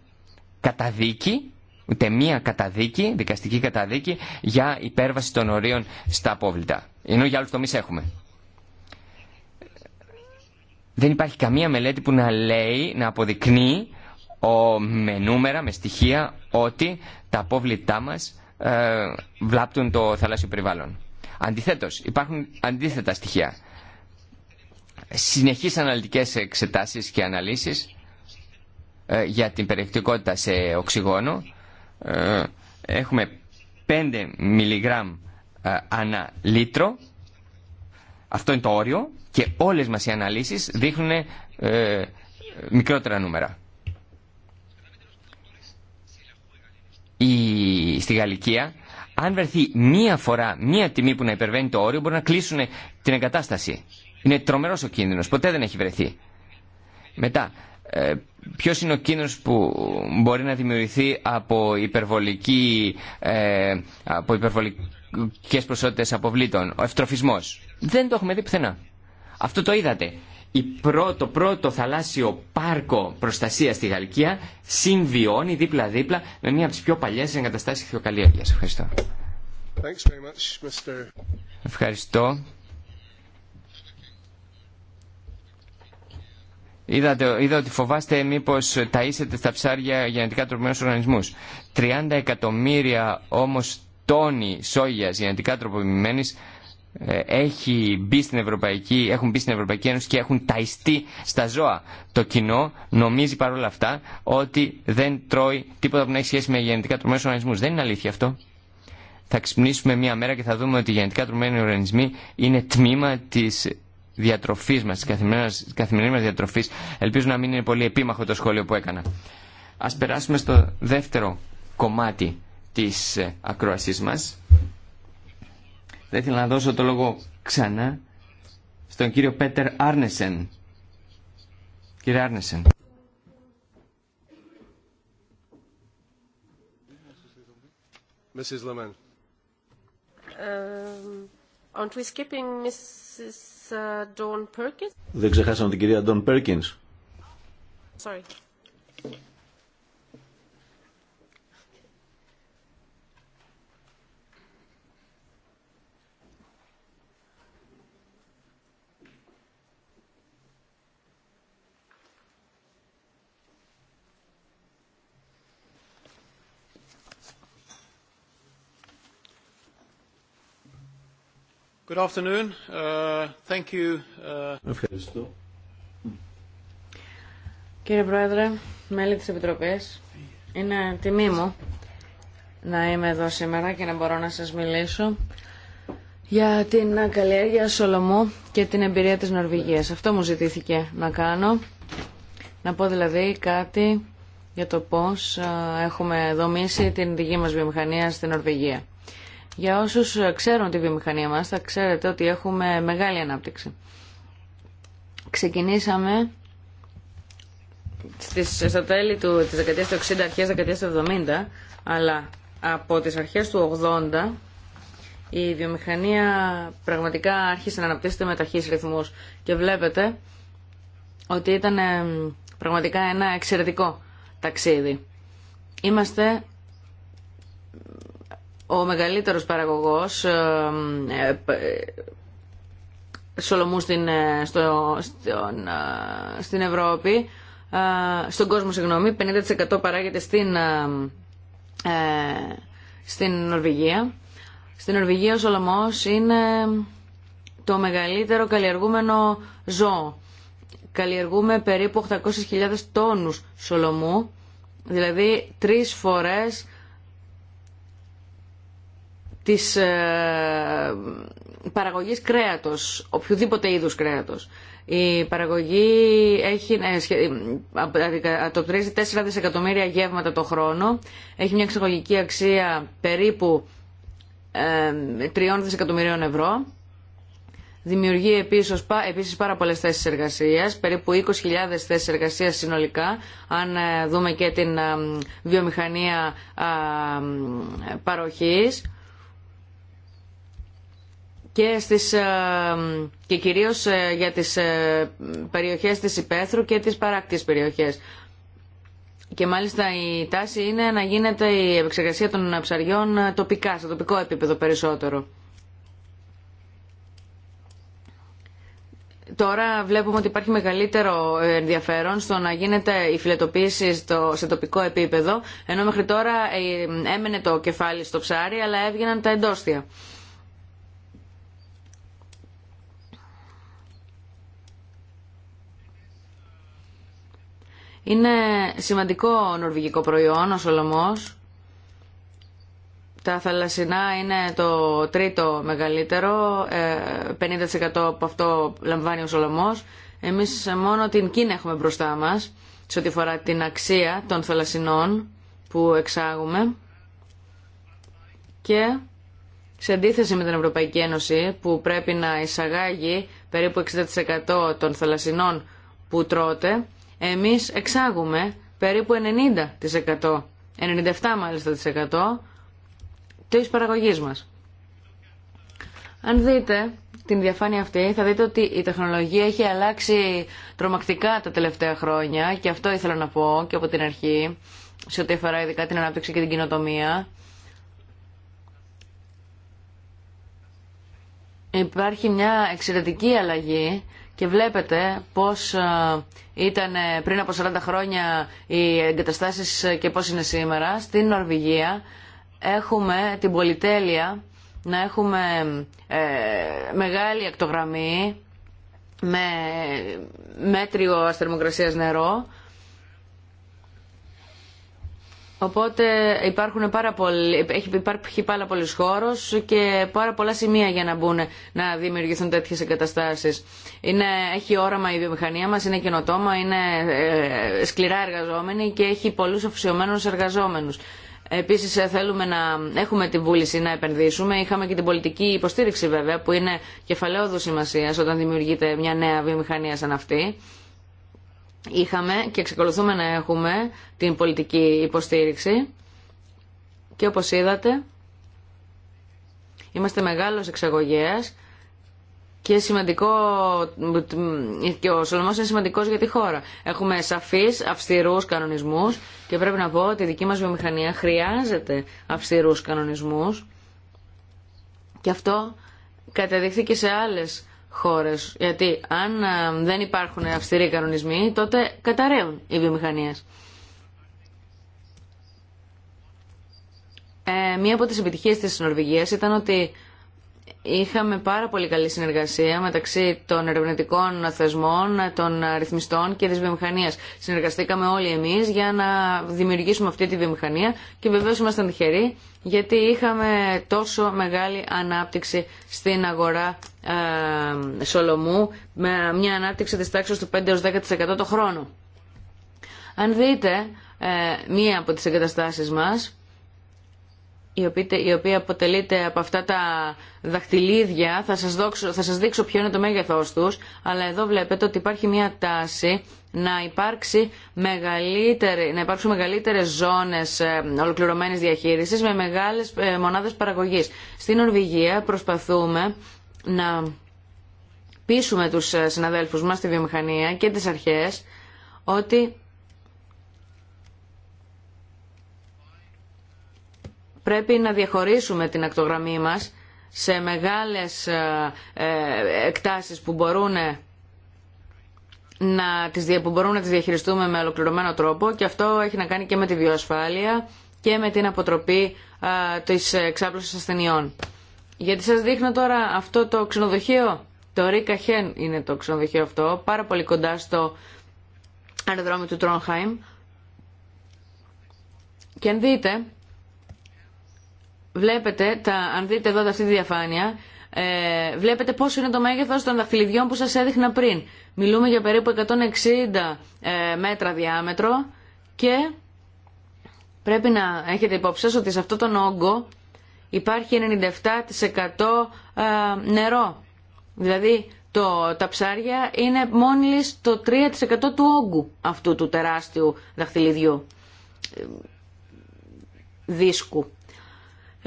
καταδίκη ούτε μία καταδίκη, δικαστική καταδίκη για υπέρβαση των ορίων στα απόβλητα. Ενώ για άλλους τομείς έχουμε. Δεν υπάρχει καμία μελέτη που να λέει, να αποδεικνύει ο, με νούμερα, με στοιχεία, ότι τα απόβλητά μας ε, βλάπτουν το θαλάσσιο περιβάλλον. Αντιθέτω, υπάρχουν αντίθετα στοιχεία. Συνεχείς αναλυτικές εξετάσεις και αναλύσεις ε, για την περιεκτικότητα σε οξυγόνο. Ε, έχουμε 5 μιλιγράμμ ανά λίτρο. Αυτό είναι το όριο και όλες μας οι αναλύσεις δείχνουν μικρότερα νούμερα στη Γαλλικία, αν βρεθεί μία φορά μία τιμή που να υπερβαίνει το όριο, μπορεί να κλείσουν την εγκατάσταση. Είναι τρομερό ο κίνδυνο. Ποτέ δεν έχει βρεθεί. Μετά, ε, ποιο είναι ο κίνδυνο που μπορεί να δημιουργηθεί από, υπερβολική, ε, από υπερβολικές αποβλήτων. Ο ευτροφισμός. Δεν το έχουμε δει πουθενά. Αυτό το είδατε η πρώτο, το πρώτο θαλάσσιο πάρκο προστασία στη Γαλλικία συμβιώνει δίπλα-δίπλα με μία από τις πιο παλιέ εγκαταστάσεις χιοκαλλιέργειας. Ευχαριστώ. Ευχαριστώ. Είδατε, είδα ότι φοβάστε μήπω ταΐσετε στα ψάρια γενετικά τροπημένου Οργανισμού. 30 εκατομμύρια όμω τόνοι σόγια γενετικά τροπημένη ε, έχει μπει στην Ευρωπαϊκή, έχουν μπει στην Ευρωπαϊκή Ένωση και έχουν ταϊστεί στα ζώα. Το κοινό νομίζει παρόλα αυτά ότι δεν τρώει τίποτα που να έχει σχέση με γενετικά τρομένους οργανισμούς. Δεν είναι αλήθεια αυτό. Θα ξυπνήσουμε μία μέρα και θα δούμε ότι οι γενετικά τρομένοι οργανισμοί είναι τμήμα της διατροφής μας, της καθημερινής διατροφής. Ελπίζω να μην είναι πολύ επίμαχο το σχόλιο που έκανα. Ας περάσουμε στο δεύτερο κομμάτι της ε, ακροασής μας θα ήθελα να δώσω το λόγο ξανά στον κύριο Πέτερ Άρνεσεν. Κύριε Άρνεσεν. Mrs. Um, ε, aren't we skipping Mrs. Ε, Dawn Perkins? Δεν ξεχάσαμε την κυρία Dawn Perkins. Sorry. Uh, uh, Κύριε Πρόεδρε, μέλη της Επιτροπής, είναι τιμή μου να είμαι εδώ σήμερα και να μπορώ να σας μιλήσω για την καλλιέργεια Σολομού και την εμπειρία της Νορβηγίας. Αυτό μου ζητήθηκε να κάνω, να πω δηλαδή κάτι για το πώς ε, έχουμε δομήσει την δική μας βιομηχανία στην Νορβηγία. Για όσους ξέρουν τη βιομηχανία μας, θα ξέρετε ότι έχουμε μεγάλη ανάπτυξη. Ξεκινήσαμε στις, στα τέλη του, της δεκαετίας του 60, αρχές δεκαετίας του 70, αλλά από τις αρχές του 80 η βιομηχανία πραγματικά άρχισε να αναπτύσσεται με ταχύς ρυθμούς και βλέπετε ότι ήταν πραγματικά ένα εξαιρετικό ταξίδι. Είμαστε ο μεγαλύτερος παραγωγός ε, ε, ε, σολομού στην, στο, στον, στην Ευρώπη, στον κόσμο συγγνώμη, 50% παράγεται στην, στην Νορβηγία. Στην Νορβηγία ο σολομός είναι το μεγαλύτερο καλλιεργούμενο ζώο. Καλλιεργούμε περίπου 800.000 τόνους σολομού, δηλαδή τρεις φορές της ε, παραγωγής κρέατος, οποιοδήποτε είδους κρέατος. Η παραγωγή έχει, 4 ε, ε, δισεκατομμύρια γεύματα το χρόνο, έχει μια εξαγωγική αξία περίπου 3 δισεκατομμυρίων ευρώ, δημιουργεί επίσης, επίσης πάρα πολλές θέσεις εργασίας, περίπου 20.000 θέσεις εργασίας συνολικά, αν δούμε και την βιομηχανία παροχής και, στις, ε, και κυρίως ε, για τις ε, περιοχές της Υπέθρου και τις παράκτης περιοχές. Και μάλιστα η τάση είναι να γίνεται η επεξεργασία των ψαριών τοπικά, σε τοπικό επίπεδο περισσότερο. Τώρα βλέπουμε ότι υπάρχει μεγαλύτερο ενδιαφέρον στο να γίνεται η φιλετοποίηση σε τοπικό επίπεδο, ενώ μέχρι τώρα έμενε το κεφάλι στο ψάρι, αλλά έβγαιναν τα εντόστια. Είναι σημαντικό νορβηγικό προϊόν ο Σολομός. Τα θαλασσινά είναι το τρίτο μεγαλύτερο, 50% ε, από αυτό λαμβάνει ο Σολομός. Εμείς μόνο την Κίνα έχουμε μπροστά μας, σε ό,τι φορά την αξία των θαλασσινών που εξάγουμε. Και σε αντίθεση με την Ευρωπαϊκή Ένωση που πρέπει να εισαγάγει περίπου 60% των θαλασσινών που τρώτε, εμείς εξάγουμε περίπου 90%, 97% μάλιστα της 100% της παραγωγής μας. Αν δείτε την διαφάνεια αυτή θα δείτε ότι η τεχνολογία έχει αλλάξει τρομακτικά τα τελευταία χρόνια και αυτό ήθελα να πω και από την αρχή σε ό,τι αφορά ειδικά την ανάπτυξη και την κοινοτομία. Υπάρχει μια εξαιρετική αλλαγή και βλέπετε πώς ε, ήταν ε, πριν από 40 χρόνια οι εγκαταστάσεις ε, και πώς είναι σήμερα. Στην Νορβηγία έχουμε την πολυτέλεια να έχουμε μεγάλη ακτογραμμή με μέτριο αστερμοκρασίας νερό Οπότε υπάρχουν πάρα έχει υπάρχει πάρα πολλή χώρος και πάρα πολλά σημεία για να μπουν να δημιουργηθούν τέτοιε εγκαταστάσει. Έχει όραμα η βιομηχανία μα, είναι καινοτόμα, είναι ε, σκληρά εργαζόμενοι και έχει πολλού αφουσιωμένους εργαζόμενου. Επίση, ε, θέλουμε να έχουμε την βούληση να επενδύσουμε. Είχαμε και την πολιτική υποστήριξη, βέβαια, που είναι κεφαλαίο σημασία όταν δημιουργείται μια νέα βιομηχανία σαν αυτή είχαμε και εξακολουθούμε να έχουμε την πολιτική υποστήριξη και όπως είδατε είμαστε μεγάλος εξαγωγέας και, σημαντικό, και ο Σολωμός είναι σημαντικός για τη χώρα. Έχουμε σαφείς, αυστηρούς κανονισμούς και πρέπει να πω ότι η δική μας βιομηχανία χρειάζεται αυστηρούς κανονισμούς και αυτό καταδείχθηκε σε άλλες χώρες. Γιατί αν ε, δεν υπάρχουν αυστηροί κανονισμοί, τότε καταραίουν οι βιομηχανίε. Ε, μία από τις επιτυχίες της Νορβηγία ήταν ότι είχαμε πάρα πολύ καλή συνεργασία μεταξύ των ερευνητικών θεσμών, των ρυθμιστών και της βιομηχανίας. Συνεργαστήκαμε όλοι εμείς για να δημιουργήσουμε αυτή τη βιομηχανία και βεβαίως ήμασταν τυχεροί γιατί είχαμε τόσο μεγάλη ανάπτυξη στην αγορά ε, Σολομού με μια ανάπτυξη της τάξης του 5-10% το χρόνο. Αν δείτε ε, μία από τις εγκαταστάσεις μας η οποία αποτελείται από αυτά τα δαχτυλίδια, θα σας, δώξω, θα σας δείξω ποιο είναι το μέγεθός τους, αλλά εδώ βλέπετε ότι υπάρχει μια τάση να, υπάρξει μεγαλύτερη, να υπάρξουν μεγαλύτερες ζώνες ε, ολοκληρωμένης διαχείρισης με μεγάλες ε, μονάδες παραγωγής. Στην Νορβηγία προσπαθούμε να πείσουμε τους ε, συναδέλφους μας στη βιομηχανία και τις αρχές ότι πρέπει να διαχωρίσουμε την ακτογραμμή μας σε μεγάλες ε, ε, εκτάσεις που μπορούν να τις, που διαχειριστούμε με ολοκληρωμένο τρόπο και αυτό έχει να κάνει και με τη βιοασφάλεια και με την αποτροπή α, της εξάπλωσης ασθενειών. Γιατί σας δείχνω τώρα αυτό το ξενοδοχείο, το Ρίκα Χέν είναι το ξενοδοχείο αυτό, πάρα πολύ κοντά στο αεροδρόμιο του Τρόνχαϊμ. Και αν δείτε, βλέπετε, τα, αν δείτε εδώ αυτή τη διαφάνεια, ε, βλέπετε πόσο είναι το μέγεθος των δαχτυλιδιών που σας έδειχνα πριν. Μιλούμε για περίπου 160 ε, μέτρα διάμετρο και πρέπει να έχετε υπόψη ότι σε αυτόν τον όγκο υπάρχει 97% ε, νερό. Δηλαδή το, τα ψάρια είναι μόλις το 3% του όγκου αυτού του τεράστιου δαχτυλιδιού ε, δίσκου.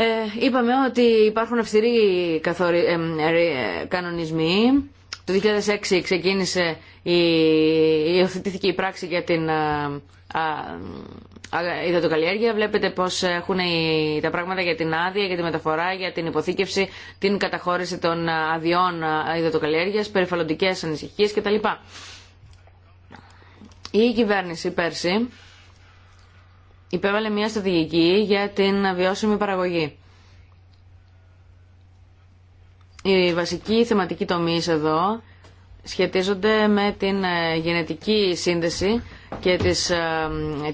Ε, είπαμε ότι υπάρχουν αυστηροί ε, ε, κανονισμοί. Το 2006 ξεκίνησε η οθετήθηκε η πράξη για την υδατοκαλλιέργεια. Βλέπετε πώς έχουν τα πράγματα για την άδεια, για τη μεταφορά, για την υποθήκευση, την καταχώρηση των αδειών υδατοκαλλιέργειας, περιφαλοντικές ανησυχίες κτλ. Η κυβέρνηση πέρσι υπέβαλε μια στρατηγική για την βιώσιμη παραγωγή. Οι βασικοί θεματικοί τομείς εδώ σχετίζονται με την ε, γενετική σύνδεση και τις, ε,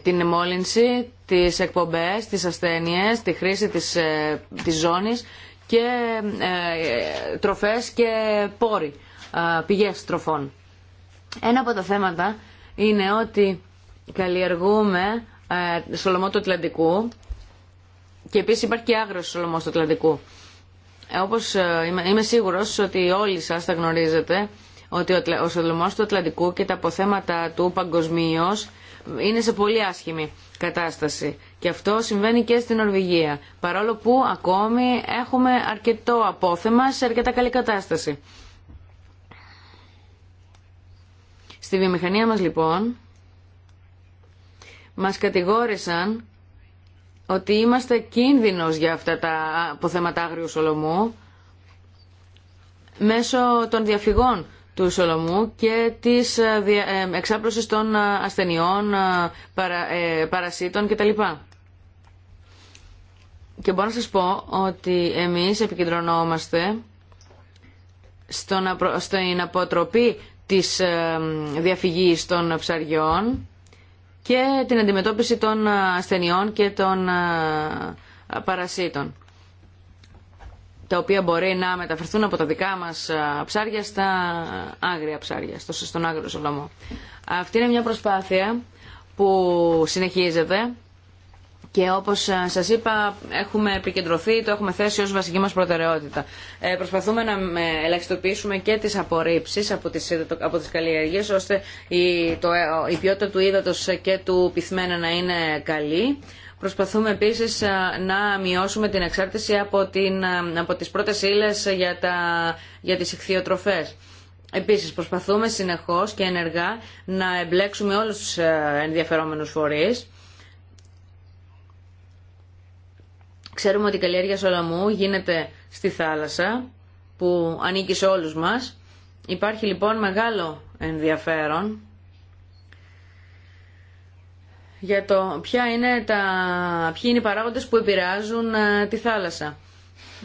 την εμόλυνση, τις εκπομπές, τις ασθένειες, τη χρήση της, ε, της ζώνης και τροφές και πόροι, πηγές τροφών. Ένα από τα θέματα είναι ότι καλλιεργούμε ε, στο λαιμό του Ατλαντικού και επίσης υπάρχει και άγρος στο λαιμό του Ατλαντικού. Ε, όπως ε, είμαι σίγουρος ότι όλοι σας θα γνωρίζετε ότι ο σολομός του Ατλαντικού και τα αποθέματα του παγκοσμίω είναι σε πολύ άσχημη κατάσταση. Και αυτό συμβαίνει και στην Νορβηγία. Παρόλο που ακόμη έχουμε αρκετό απόθεμα σε αρκετά καλή κατάσταση. Στη βιομηχανία μας λοιπόν μας κατηγόρησαν ότι είμαστε κίνδυνος για αυτά τα αποθέματα άγριου Σολομού μέσω των διαφυγών του Σολομού και της ε, ε, εξάπλωσης των ε, ασθενειών, παρα, παρασίτων κτλ. Και μπορώ να σας πω ότι εμείς επικεντρωνόμαστε στην αποτροπή της διαφυγής των ψαριών και την αντιμετώπιση των ασθενειών και των παρασίτων τα οποία μπορεί να μεταφερθούν από τα δικά μας ψάρια στα άγρια ψάρια, στον άγριο σολομό. Αυτή είναι μια προσπάθεια που συνεχίζεται και όπως ε, σας είπα, έχουμε επικεντρωθεί, το έχουμε θέσει ως βασική μας προτεραιότητα. Ε, προσπαθούμε να ε, ελαχιστοποιήσουμε και τις απορρίψεις από τις, από τις ώστε η, το, η ποιότητα του ύδατο και του πυθμένα να είναι καλή. Προσπαθούμε επίσης να μειώσουμε την εξάρτηση από, την, από τις πρώτες για, τα, για τις Επίσης προσπαθούμε συνεχώς και ενεργά να εμπλέξουμε όλους τους ενδιαφερόμενους φορείς Ξέρουμε ότι η καλλιέργεια σολαμού γίνεται στη θάλασσα που ανήκει σε όλους μας. Υπάρχει λοιπόν μεγάλο ενδιαφέρον για το ποια είναι τα, ποιοι είναι οι παράγοντες που επηρεάζουν ε, τη θάλασσα.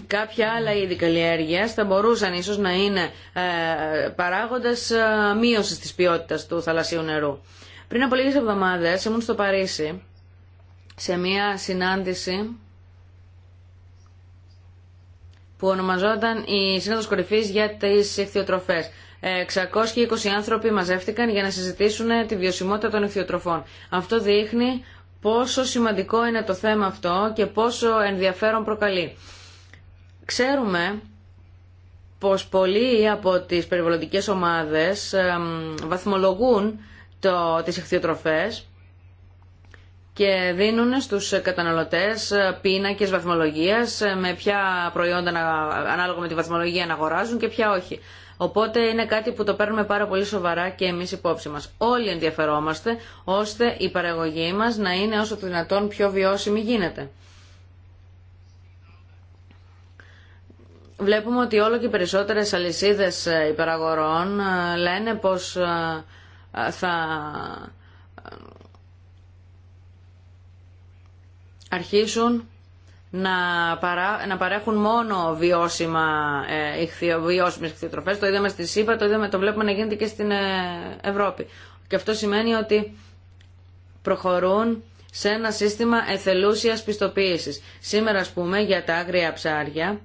Κάποια άλλα είδη καλλιέργειας θα μπορούσαν ίσως να είναι ε, παράγοντες ε, μείωσης της ποιότητας του θαλασσίου νερού. Πριν από λίγες εβδομάδες ήμουν στο Παρίσι σε μια συνάντηση που ονομαζόταν η Σύνοδος Κορυφής για τις Ιχθυοτροφές. 620 ε, άνθρωποι μαζεύτηκαν για να συζητήσουν τη βιωσιμότητα των ιχθυοτροφών. Αυτό δείχνει πόσο σημαντικό είναι το θέμα αυτό και πόσο ενδιαφέρον προκαλεί. Ξέρουμε πως πολλοί από τις περιβαλλοντικές ομάδες βαθμολογούν το, τις και δίνουν στους καταναλωτές πίνακες βαθμολογίας με ποια προϊόντα ανάλογα με τη βαθμολογία να αγοράζουν και ποια όχι. Οπότε είναι κάτι που το παίρνουμε πάρα πολύ σοβαρά και εμείς υπόψη μας. Όλοι ενδιαφερόμαστε ώστε η παραγωγή μας να είναι όσο το δυνατόν πιο βιώσιμη γίνεται. Βλέπουμε ότι όλο και περισσότερες αλυσίδες υπεραγορών ε, λένε πως ε, θα αρχίσουν να, να παρέχουν μόνο βιώσιμα ε, Το είδαμε στη ΣΥΠΑ, το, το βλέπουμε να γίνεται και στην ε, Ευρώπη. Και αυτό σημαίνει ότι προχωρούν σε ένα σύστημα εθελούσιας πιστοποίησης. Σήμερα, ας πούμε, για τα άγρια ψάρια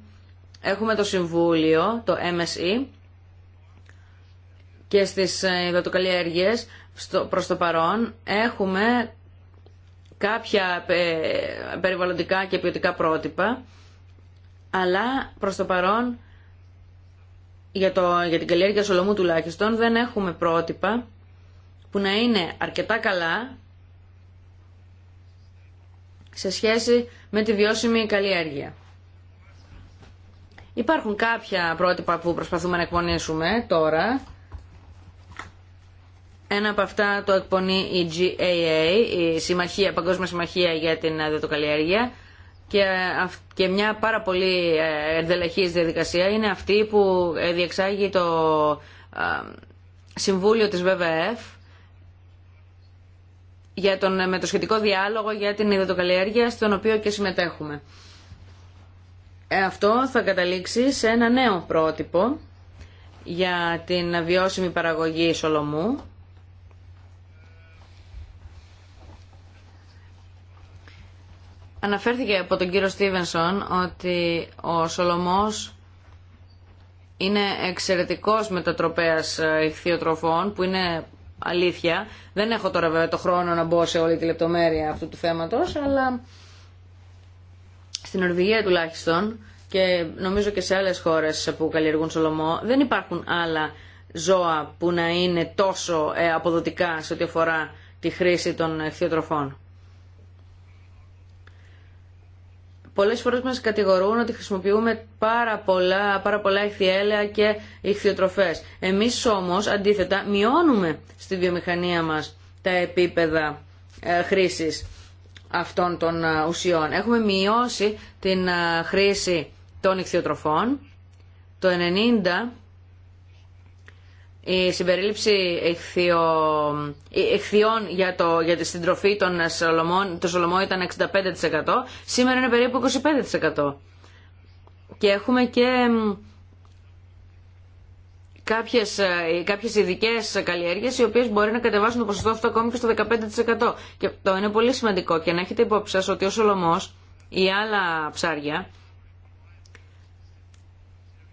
έχουμε το Συμβούλιο, το MSE, και στις ε, υδατοκαλλιέργειες προς το παρόν έχουμε κάποια ε, περιβαλλοντικά και ποιοτικά πρότυπα, αλλά προς το παρόν για, το, για την καλλιέργεια σολομού τουλάχιστον δεν έχουμε πρότυπα που να είναι αρκετά καλά σε σχέση με τη βιώσιμη καλλιέργεια. Υπάρχουν κάποια πρότυπα που προσπαθούμε να εκπονήσουμε τώρα ένα από αυτά το εκπονεί η GAA, η Παγκόσμια Συμμαχία για την Αδετοκαλλιέργεια. και, και μια πάρα πολύ ε, ενδελεχής διαδικασία είναι αυτή που ε, διεξάγει το ε, Συμβούλιο της ΒΒΕΦ για τον, με το σχετικό διάλογο για την υδατοκαλλιέργεια στον οποίο και συμμετέχουμε. αυτό θα καταλήξει σε ένα νέο πρότυπο για την βιώσιμη παραγωγή σολομού Αναφέρθηκε από τον κύριο Στίβενσον ότι ο Σολομός είναι εξαιρετικός μετατροπέας ε, ηχθείοτροφών που είναι αλήθεια. Δεν έχω τώρα βέβαια το χρόνο να μπω σε όλη τη λεπτομέρεια αυτού του θέματος, αλλά στην Ορβηγία τουλάχιστον και νομίζω και σε άλλες χώρες που καλλιεργούν σολομό δεν υπάρχουν άλλα ζώα που να είναι τόσο ε, αποδοτικά σε ό,τι αφορά τη χρήση των ηχθείοτροφών. Πολλέ φορές μας κατηγορούν ότι χρησιμοποιούμε πάρα πολλά, πάρα πολλά και ηχθιοτροφέ. Εμείς όμω, αντίθετα, μειώνουμε στη βιομηχανία μας τα επίπεδα ε, χρήση αυτών των ε, ουσιών. Έχουμε μειώσει την ε, χρήση των ηχθιοτροφών. Το 90 η συμπερίληψη εχθιών για, το... για τη συντροφή των Σολομών, το ήταν 65%, σήμερα είναι περίπου 25%. Και έχουμε και κάποιες, ε, κάποιες ειδικέ καλλιέργειες οι οποίες μπορεί να κατεβάσουν το ποσοστό αυτό ακόμη και στο 15%. Και αυτό είναι πολύ σημαντικό και να έχετε υπόψη σας ότι ο Σολομός ή άλλα ψάρια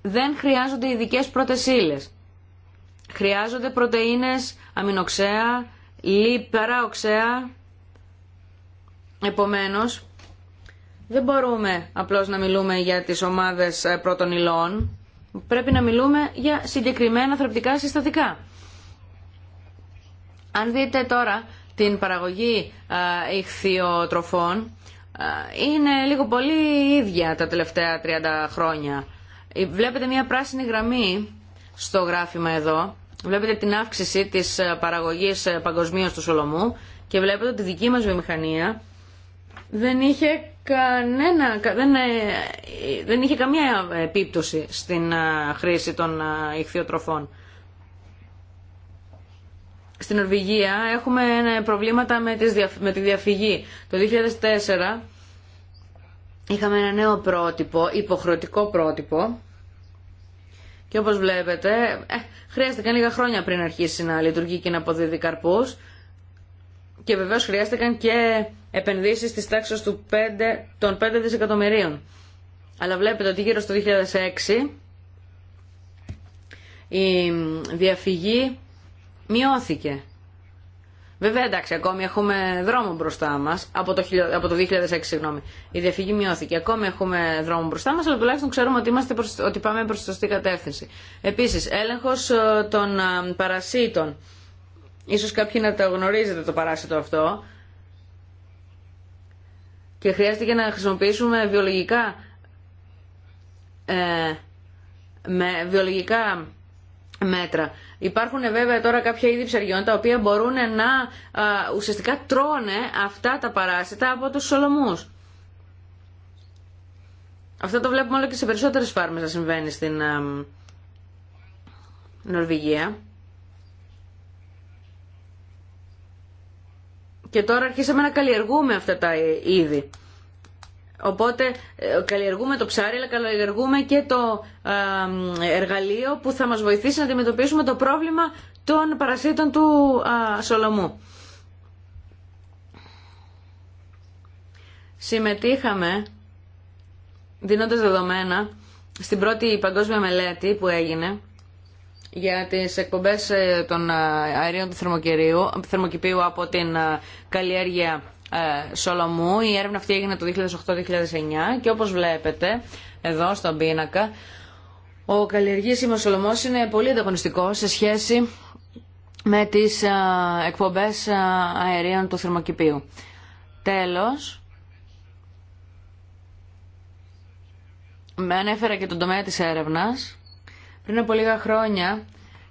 δεν χρειάζονται ειδικέ πρώτες χρειάζονται πρωτεΐνες, αμινοξέα, λίπαρα οξέα. Επομένως, δεν μπορούμε απλώς να μιλούμε για τις ομάδες ε, πρώτων υλών. Πρέπει να μιλούμε για συγκεκριμένα θρεπτικά συστατικά. Αν δείτε τώρα την παραγωγή ε, ηχθειοτροφών, ε, είναι λίγο πολύ ίδια τα τελευταία 30 χρόνια. Βλέπετε μια πράσινη γραμμή στο γράφημα εδώ. Βλέπετε την αύξηση της ε, παραγωγής ε, παγκοσμίως του Σολομού και βλέπετε ότι η δική μας βιομηχανία δεν είχε, κανένα, δεν, ε, δεν είχε καμία επίπτωση στην χρήση των ηχθειοτροφών. Στην Ορβηγία έχουμε προβλήματα με τη διαφυγή. Το 2004 είχαμε ένα νέο πρότυπο, υποχρεωτικό πρότυπο, και όπως βλέπετε, ε, χρειάστηκαν λίγα χρόνια πριν αρχίσει να λειτουργεί και να αποδίδει καρπούς. Και βεβαίως χρειάστηκαν και επενδύσεις της τάξης του 5, των 5 δισεκατομμυρίων. Αλλά βλέπετε ότι γύρω στο 2006 η διαφυγή μειώθηκε. Βέβαια, εντάξει, ακόμη έχουμε δρόμο μπροστά μα. Από, το, από το 2006, συγγνώμη. Η διαφυγή μειώθηκε. Ακόμη έχουμε δρόμο μπροστά μα, αλλά τουλάχιστον ξέρουμε ότι, είμαστε προς, ότι πάμε προ τη σωστή κατεύθυνση. Επίση, έλεγχο ε, των ε, παρασίτων. Ίσως κάποιοι να το γνωρίζετε το παράσιτο αυτό. Και χρειάστηκε να χρησιμοποιήσουμε βιολογικά, ε, με, βιολογικά μέτρα. Υπάρχουν βέβαια τώρα κάποια είδη ψαριών τα οποία μπορούν να ουσιαστικά τρώνε αυτά τα παράσιτα από τους σολομούς. Αυτό το βλέπουμε όλο και σε περισσότερες φάρμες να συμβαίνει στην Νορβηγία. Και τώρα αρχίσαμε να καλλιεργούμε αυτά τα ε, είδη. Οπότε ε, καλλιεργούμε το ψάρι, αλλά καλλιεργούμε και το εργαλείο που θα μας βοηθήσει να αντιμετωπίσουμε το πρόβλημα των παρασίτων του Σολομού. Συμμετείχαμε, δίνοντας δεδομένα, στην πρώτη παγκόσμια μελέτη που έγινε για τις εκπομπές ε, των ε, αερίων του θερμοκηπίου από την καλλιέργεια ε, Σολομού. Η έρευνα αυτή έγινε το 2008-2009 και όπως βλέπετε εδώ στον πίνακα ο καλλιεργήσιμος Σολομός είναι πολύ ανταγωνιστικό σε σχέση με τις ε, εκπομπές ε, αερίων του θερμοκηπίου. Τέλος, με ανέφερα και τον τομέα της έρευνας. Πριν από λίγα χρόνια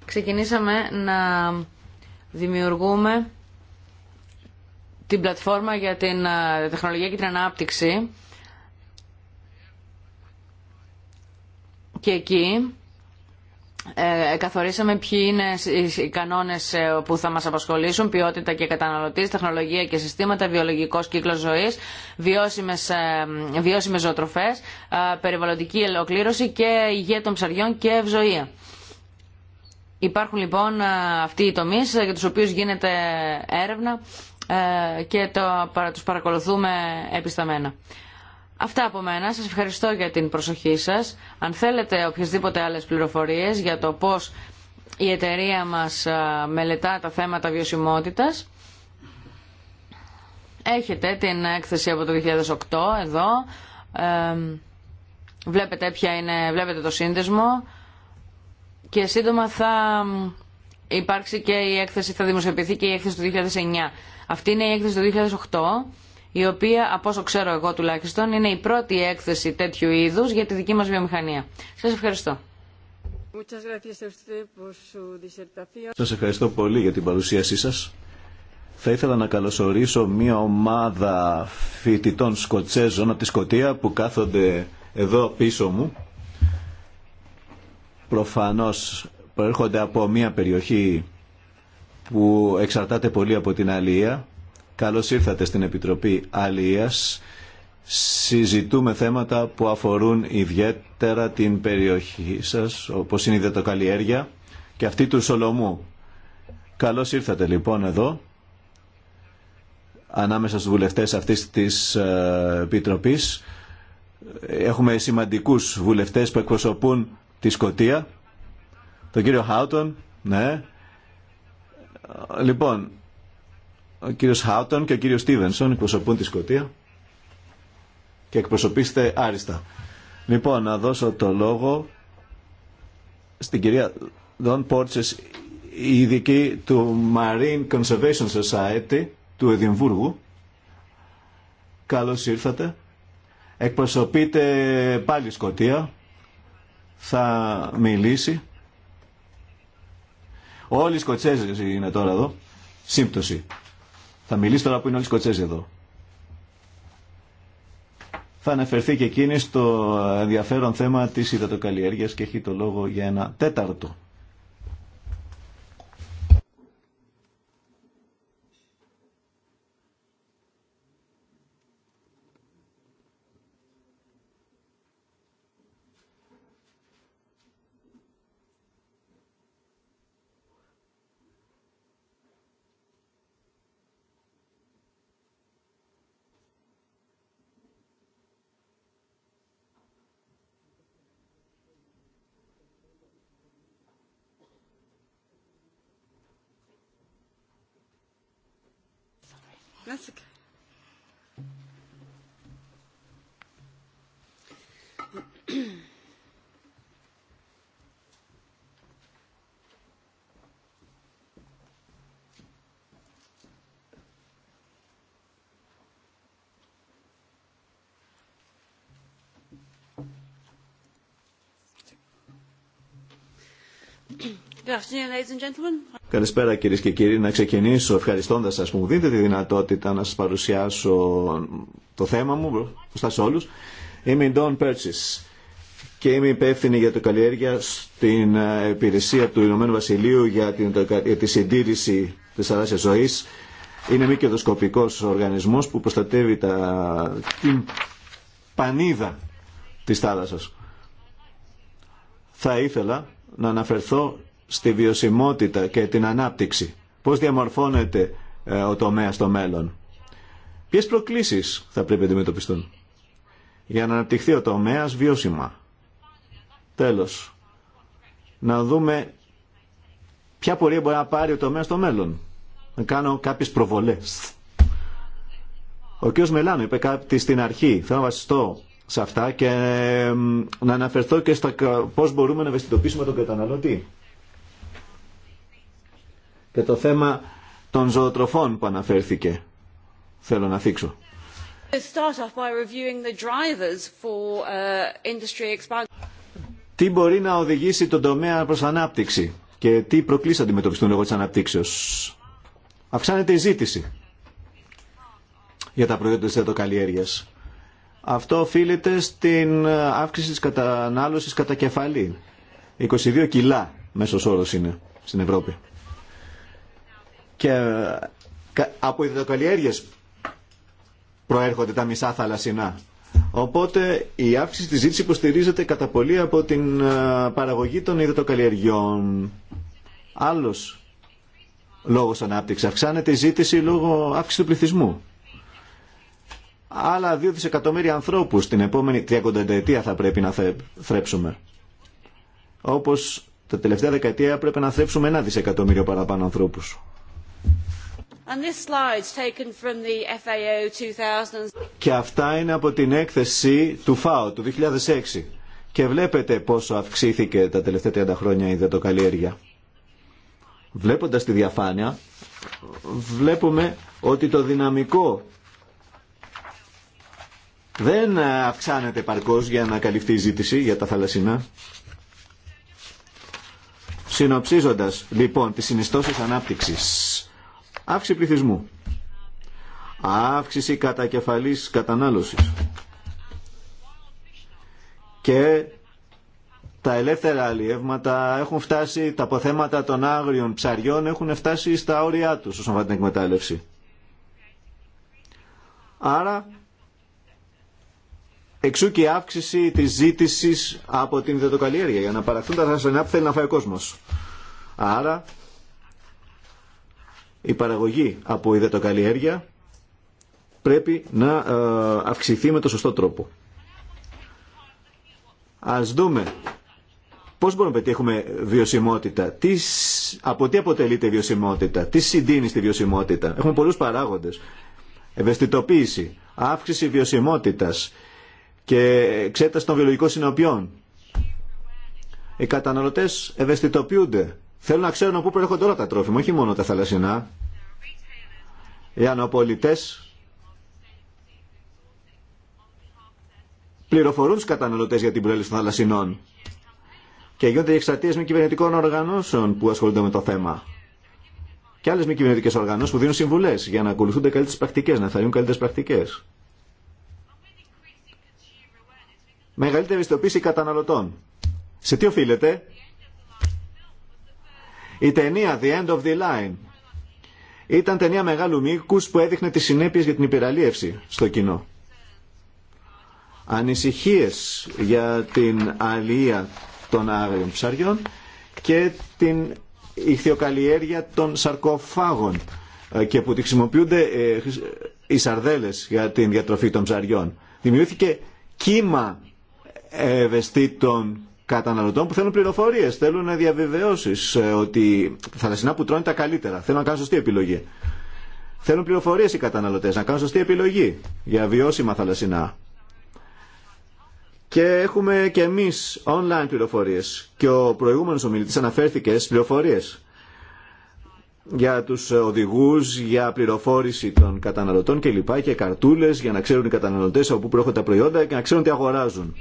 ξεκινήσαμε να δημιουργούμε την πλατφόρμα για την ε, τεχνολογία και την ανάπτυξη και εκεί ε, καθορίσαμε ποιοι είναι οι κανόνες ε, που θα μας απασχολήσουν, ποιότητα και καταναλωτής, τεχνολογία και συστήματα, βιολογικός κύκλος ζωής, βιώσιμες, ε, βιώσιμες ζωοτροφές, ε, περιβαλλοντική ελοκλήρωση και υγεία των ψαριών και ευζοία. Υπάρχουν λοιπόν αυτοί οι τομείς για τους οποίους γίνεται έρευνα ε, και το, τους παρακολουθούμε επισταμένα. Αυτά από μένα. Σας ευχαριστώ για την προσοχή σας. Αν θέλετε οποιασδήποτε άλλες πληροφορίες για το πώς η εταιρεία μας ε, μελετά τα θέματα βιωσιμότητας, έχετε την έκθεση από το 2008 εδώ. Ε, βλέπετε, ποια είναι, βλέπετε το σύνδεσμο και σύντομα θα υπάρξει και η έκθεση, θα δημοσιοποιηθεί και η έκθεση του 2009. Αυτή είναι η έκθεση του 2008 η οποία, από όσο ξέρω εγώ τουλάχιστον, είναι η πρώτη έκθεση τέτοιου είδους για τη δική μας βιομηχανία. Σας ευχαριστώ. Σας ευχαριστώ πολύ για την παρουσίασή σας. Θα ήθελα να καλωσορίσω μία ομάδα φοιτητών Σκοτσέζων από τη Σκοτία που κάθονται εδώ πίσω μου. Προφανώς προέρχονται από μία περιοχή που εξαρτάται πολύ από την αλία. Καλώς ήρθατε στην Επιτροπή Αλίας. Συζητούμε θέματα που αφορούν ιδιαίτερα την περιοχή σας, όπως είναι η δετοκαλλιέργεια και αυτή του Σολομού. Καλώς ήρθατε λοιπόν εδώ, ανάμεσα στους βουλευτές αυτής της ε, Επιτροπής. Έχουμε σημαντικούς βουλευτές που εκπροσωπούν τη Σκοτία. Τον κύριο Χάουτον, ναι, Λοιπόν, ο κύριος Χάουτον και ο κύριος Στίβενσον εκπροσωπούν τη Σκωτία και εκπροσωπήστε άριστα. Λοιπόν, να δώσω το λόγο στην κυρία Δον Πόρτσες, η ειδική του Marine Conservation Society του Εδιμβούργου. Καλώς ήρθατε. Εκπροσωπείτε πάλι σκοτία. Θα μιλήσει. Όλοι οι Σκοτσέζοι είναι τώρα εδώ. Σύμπτωση. Θα μιλήσει τώρα που είναι όλοι οι Σκοτσέζοι εδώ. Θα αναφερθεί και εκείνη στο ενδιαφέρον θέμα της υδατοκαλλιέργειας και έχει το λόγο για ένα τέταρτο Καλησπέρα κυρίε και κύριοι. Να ξεκινήσω ευχαριστώντα σα που μου δίνετε τη δυνατότητα να σα παρουσιάσω το θέμα μου μπροστά σε όλου. Είμαι η Ντόν Πέρτσις και είμαι υπεύθυνη για το καλλιέργεια στην ε, υπηρεσία του Ηνωμένου Βασιλείου για, την, για τη συντήρηση τη θαλάσσια ζωή. Είναι μη κερδοσκοπικό οργανισμό που προστατεύει τα, την πανίδα τη θάλασσα. Θα ήθελα να αναφερθώ στη βιωσιμότητα και την ανάπτυξη. Πώς διαμορφώνεται ε, ο τομέας στο μέλλον. Ποιες προκλήσεις θα πρέπει να αντιμετωπιστούν για να αναπτυχθεί ο τομέας βιώσιμα. Τέλος, να δούμε ποια πορεία μπορεί να πάρει ο τομέας στο μέλλον. Να κάνω κάποιες προβολές. Ο κ. Μελάνο είπε κάτι στην αρχή. Θέλω να βασιστώ σε αυτά και να αναφερθώ και στα πώς μπορούμε να ευαισθητοποιήσουμε τον καταναλωτή και το θέμα των ζωοτροφών που αναφέρθηκε. Θέλω να θίξω. Uh, τι μπορεί να οδηγήσει τον τομέα προς ανάπτυξη και τι προκλήσεις αντιμετωπιστούν λόγω της ανάπτυξης. Αυξάνεται η ζήτηση για τα προϊόντα της θετοκαλλιέργειας. Αυτό οφείλεται στην ε, αύξηση της κατανάλωσης κατά κεφαλή. 22 κιλά μέσος όρος είναι στην Ευρώπη και ε, από υδατοκαλλιέργειες προέρχονται τα μισά θαλασσινά. Οπότε η αύξηση της ζήτησης υποστηρίζεται κατά πολύ από την ε, παραγωγή των υδατοκαλλιεργειών. Άλλος λόγος ανάπτυξης. Αυξάνεται η ζήτηση λόγω αύξησης του πληθυσμού. Άλλα δύο δισεκατομμύρια ανθρώπους την επόμενη 30 ετία θα πρέπει να θρέψουμε. Όπως τα τελευταία δεκαετία πρέπει να θρέψουμε ένα δισεκατομμύριο παραπάνω ανθρώπους. Και αυτά είναι από την έκθεση του ΦΑΟ του 2006. Και βλέπετε πόσο αυξήθηκε τα τελευταία 30 χρόνια η δεδοκαλλιέργεια Βλέποντας τη διαφάνεια, βλέπουμε ότι το δυναμικό δεν αυξάνεται παρκώς για να καλυφθεί η ζήτηση για τα θαλασσινά. Συνοψίζοντας λοιπόν τις συνιστώσεις ανάπτυξης Αύξηση πληθυσμού. Αύξηση κατακεφαλής κατανάλωσης. Και τα ελεύθερα αλλιεύματα έχουν φτάσει, τα αποθέματα των άγριων ψαριών έχουν φτάσει στα όρια τους όσον αφορά την εκμετάλλευση. Άρα, εξού και η αύξηση της ζήτησης από την ιδετοκαλλιέργεια για να παραχθούν τα θασανιά που θέλει να φάει ο Άρα, η παραγωγή από υδατοκαλλιέργεια πρέπει να ε, αυξηθεί με το σωστό τρόπο. Ας δούμε πώς μπορούμε να πετύχουμε βιωσιμότητα, τι, από τι αποτελείται η βιωσιμότητα, τι συντείνει στη βιωσιμότητα. Έχουμε πολλούς παράγοντες. Ευαισθητοποίηση, αύξηση βιωσιμότητας και εξέταση των βιολογικών συνοπιών. Οι καταναλωτές ευαισθητοποιούνται Θέλω να ξέρουν από πού προέρχονται όλα τα τρόφιμα, όχι μόνο τα θαλασσινά. Οι αναπολιτές πληροφορούν του καταναλωτέ για την προέλευση των θαλασσινών και γίνονται εξαρτήσει με κυβερνητικών οργανώσεων που ασχολούνται με το θέμα και άλλε μη κυβερνητικέ οργανώσει που δίνουν συμβουλέ για να ακολουθούνται καλύτερε πρακτικέ, να θαρρύνουν καλύτερε πρακτικέ. Μεγαλύτερη ευαισθητοποίηση καταναλωτών. Σε τι οφείλεται, η ταινία The End of the Line ήταν ταινία μεγάλου μήκου που έδειχνε τις συνέπειες για την υπεραλίευση στο κοινό. Ανησυχίες για την αλία των άγριων ψαριών και την ηχθειοκαλλιέργεια των σαρκοφάγων ε, και που τη χρησιμοποιούνται ε, οι σαρδέλες για την διατροφή των ψαριών. Δημιουργήθηκε κύμα ευαισθήτων καταναλωτών που θέλουν πληροφορίε, θέλουν να διαβεβαιώσει ε, ότι θαλασσινά που τρώνε τα καλύτερα. Θέλουν να κάνουν σωστή επιλογή. Θέλουν πληροφορίε οι καταναλωτέ, να κάνουν σωστή επιλογή για βιώσιμα θαλασσινά. Και έχουμε και εμεί online πληροφορίε. Και ο προηγούμενο ομιλητή αναφέρθηκε στι πληροφορίε για του ε, οδηγού για πληροφόρηση των καταναλωτών κλπ. Και, και καρτούλες για να ξέρουν οι καταναλωτέ από πού προέρχονται τα προϊόντα και να ξέρουν τι αγοράζουν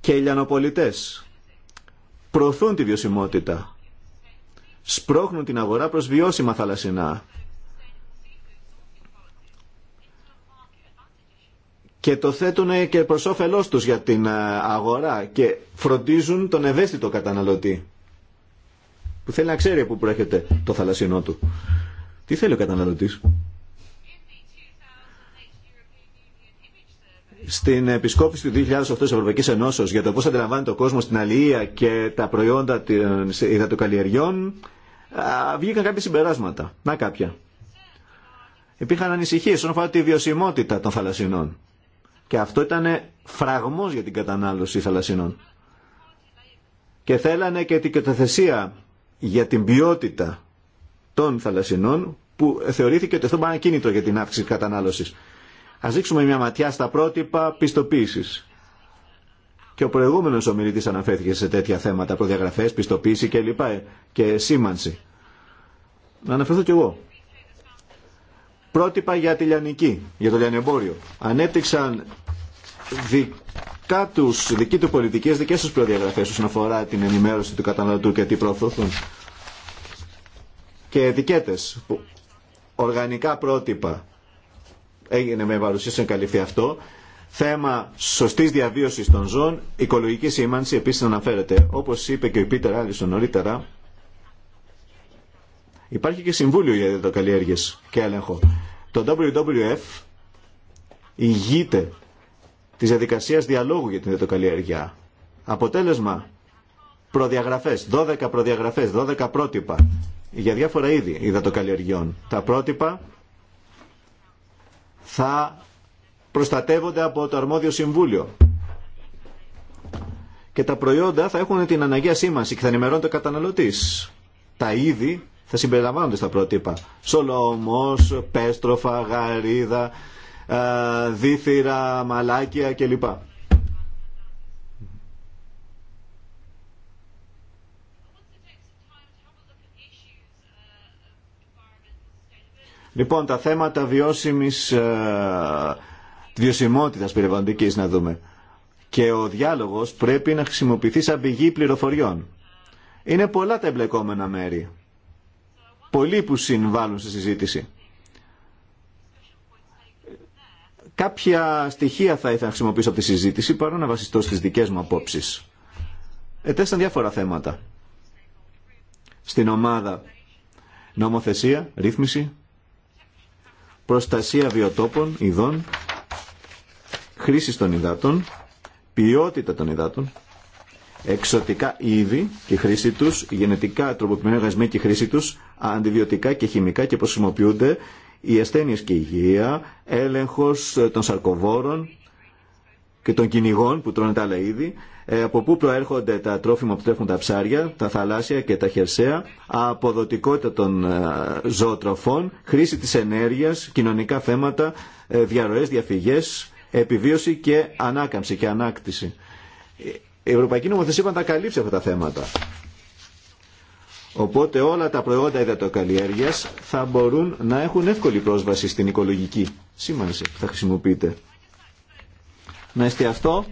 και οι λιανοπολιτές προωθούν τη βιωσιμότητα, σπρώχνουν την αγορά προς βιώσιμα θαλασσινά και το θέτουν και προς όφελός τους για την ε, αγορά και φροντίζουν τον ευαίσθητο καταναλωτή που θέλει να ξέρει που προέρχεται το θαλασσινό του. Τι θέλει ο καταναλωτής. Στην επισκόπηση του 2008 τη Ευρωπαϊκή Ενώσεω για το πώ αντιλαμβάνεται ο κόσμο την αλληλεία και τα προϊόντα των υδατοκαλλιεργιών, βγήκαν κάποια συμπεράσματα. Να κάποια. Υπήρχαν ανησυχίε όσον αφορά τη βιωσιμότητα των θαλασσινών. Και αυτό ήταν φραγμό για την κατανάλωση θαλασσινών. Και θέλανε και την καταθεσία για την ποιότητα των θαλασσινών που θεωρήθηκε ότι αυτό ήταν κίνητρο για την αύξηση κατανάλωση. Ας δείξουμε μια ματιά στα πρότυπα πιστοποίησης. Και ο προηγούμενος ομιλητής αναφέρθηκε σε τέτοια θέματα, προδιαγραφές, πιστοποίηση κλπ. και σήμανση. Να αναφερθώ κι εγώ. Πρότυπα για τη λιανική, για το λιανεμπόριο. Ανέπτυξαν δικά τους, δική του πολιτικές, δικές τους προδιαγραφές όσον αφορά την ενημέρωση του καταναλωτού και τι προωθούν. Και ετικέτες, οργανικά πρότυπα έγινε με παρουσίαση να καλυφθεί αυτό. Θέμα σωστή διαβίωση των ζώων, οικολογική σήμανση επίση αναφέρεται. Όπω είπε και ο Πίτερ Άλισον νωρίτερα, υπάρχει και συμβούλιο για διδοκαλλιέργειε και έλεγχο. Το WWF ηγείται τη διαδικασία διαλόγου για την διδοκαλλιέργεια. Αποτέλεσμα, προδιαγραφέ, 12 προδιαγραφέ, 12 πρότυπα για διάφορα είδη υδατοκαλλιεργιών. Τα πρότυπα θα προστατεύονται από το αρμόδιο συμβούλιο. Και τα προϊόντα θα έχουν την αναγκαία σήμανση και θα ενημερώνεται ο καταναλωτή. Τα είδη θα συμπεριλαμβάνονται στα πρότυπα. Σολομό, πέστροφα, γαρίδα, ε, δίθυρα, μαλάκια κλπ. Λοιπόν, τα θέματα βιώσιμης ε, βιωσιμότητας περιβαλλοντικής να δούμε. Και ο διάλογος πρέπει να χρησιμοποιηθεί σαν πηγή πληροφοριών. Είναι πολλά τα εμπλεκόμενα μέρη. Πολλοί που συμβάλλουν στη συζήτηση. Κάποια στοιχεία θα ήθελα να χρησιμοποιήσω από τη συζήτηση παρά να βασιστώ στις δικές μου απόψεις. Ετέσταν διάφορα θέματα. Στην ομάδα νομοθεσία, ρύθμιση, προστασία βιοτόπων, ειδών, χρήση των υδάτων, ποιότητα των υδάτων, εξωτικά είδη και χρήση τους, γενετικά τροποποιημένα οργανισμοί και χρήση τους, αντιβιωτικά και χημικά και χρησιμοποιούνται οι ασθένειε και η υγεία, έλεγχος των σαρκοβόρων και των κυνηγών που τρώνε τα άλλα είδη, ε, από πού προέρχονται τα τρόφιμα που τρέφουν τα ψάρια, τα θαλάσσια και τα χερσαία, αποδοτικότητα των ε, ζωοτροφών, χρήση της ενέργειας, κοινωνικά θέματα, ε, διαρροές, διαφυγές, επιβίωση και ανάκαμψη και ανάκτηση. Η Ευρωπαϊκή Νομοθεσία θα τα καλύψει αυτά τα θέματα. Οπότε όλα τα προϊόντα υδατοκαλλιέργειας θα μπορούν να έχουν εύκολη πρόσβαση στην οικολογική σήμανση που θα χρησιμοποιείται. Να εστιαστώ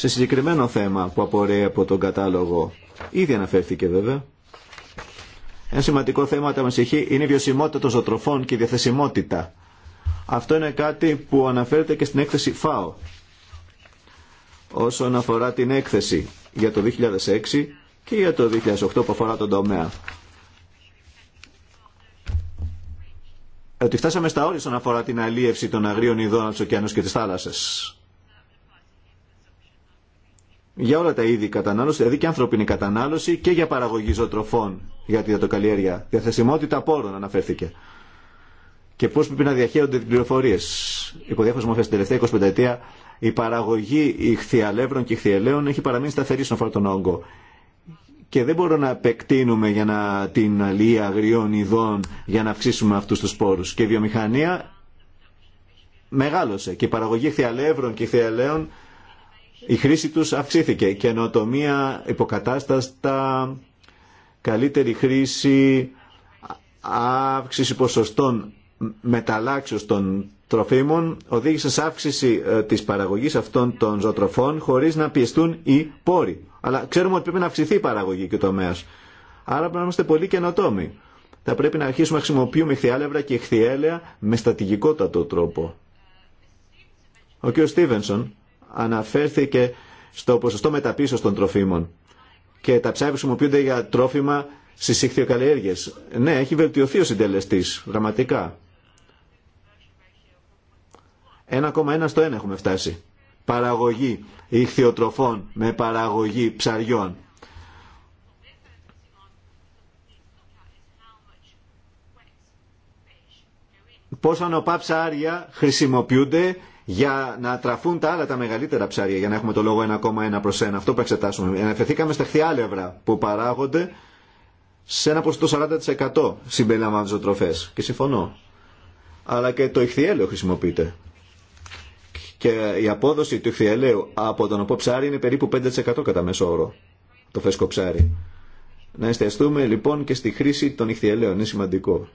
σε συγκεκριμένο θέμα που απορρέει από τον κατάλογο. Ήδη αναφέρθηκε βέβαια. Ένα σημαντικό θέμα τα μεσηχή είναι η βιωσιμότητα των ζωοτροφών και η διαθεσιμότητα. Αυτό είναι κάτι που αναφέρεται και στην έκθεση ΦΑΟ. Όσον αφορά την έκθεση για το 2006 και για το 2008 που αφορά τον τομέα. Ότι φτάσαμε στα όρια όσον αφορά την αλίευση των αγρίων ειδών από του ωκεανού και τι θάλασσε για όλα τα είδη κατανάλωση, δηλαδή και ανθρώπινη κατανάλωση και για παραγωγή ζωοτροφών για τη διδατοκαλλιέργεια. Διαθεσιμότητα πόρων αναφέρθηκε. Και πώ πρέπει να διαχέονται οι πληροφορίε. Υπό διάφορε μορφέ, την τελευταία 25 ετία η παραγωγή ηχθιαλεύρων και ηχθιελαίων έχει παραμείνει σταθερή στον αφορά τον όγκο. Και δεν μπορούμε να επεκτείνουμε για να την αλληλεία αγριών ειδών για να αυξήσουμε αυτού του πόρου. Και η βιομηχανία μεγάλωσε. Και η παραγωγή ηχθιαλεύρων και ηχθιελαίων η χρήση τους αυξήθηκε. Καινοτομία, υποκατάσταστα, καλύτερη χρήση, αύξηση ποσοστών μεταλλάξεως των τροφίμων οδήγησε σε αύξηση ε, της παραγωγής αυτών των ζωοτροφών χωρίς να πιεστούν οι πόροι. Αλλά ξέρουμε ότι πρέπει να αυξηθεί η παραγωγή και ο τομέας. Άρα πρέπει να είμαστε πολύ καινοτόμοι. Θα πρέπει να αρχίσουμε να χρησιμοποιούμε ηχθιάλευρα και χθιέλαια με στατηγικότατο τρόπο. Ο κ. Στίβενσον αναφέρθηκε στο ποσοστό μεταπίσω των τροφίμων και τα ψάρια χρησιμοποιούνται για τρόφιμα στι ηχθειοκαλλιέργειε. Ναι, έχει βελτιωθεί ο συντελεστή, δραματικά. 1,1 στο 1 έχουμε φτάσει. Παραγωγή ηχθειοτροφών με παραγωγή ψαριών. Πόσα νοπά ψάρια χρησιμοποιούνται για να τραφούν τα άλλα τα μεγαλύτερα ψάρια, για να έχουμε το λόγο 1,1 προς 1. Αυτό που εξετάσουμε. Αναφερθήκαμε στα χθιάλευρα που παράγονται σε ένα ποσοστό 40% συμπεριλαμβάνουν ζωοτροφές. Και συμφωνώ. Αλλά και το ηχθιέλαιο χρησιμοποιείται. Και η απόδοση του ηχθιέλαιου από τον οπό ψάρι είναι περίπου 5% κατά μέσο όρο. Το φρέσκο ψάρι. Να εστιαστούμε λοιπόν και στη χρήση των ηχθιέλαιων. Είναι σημαντικό.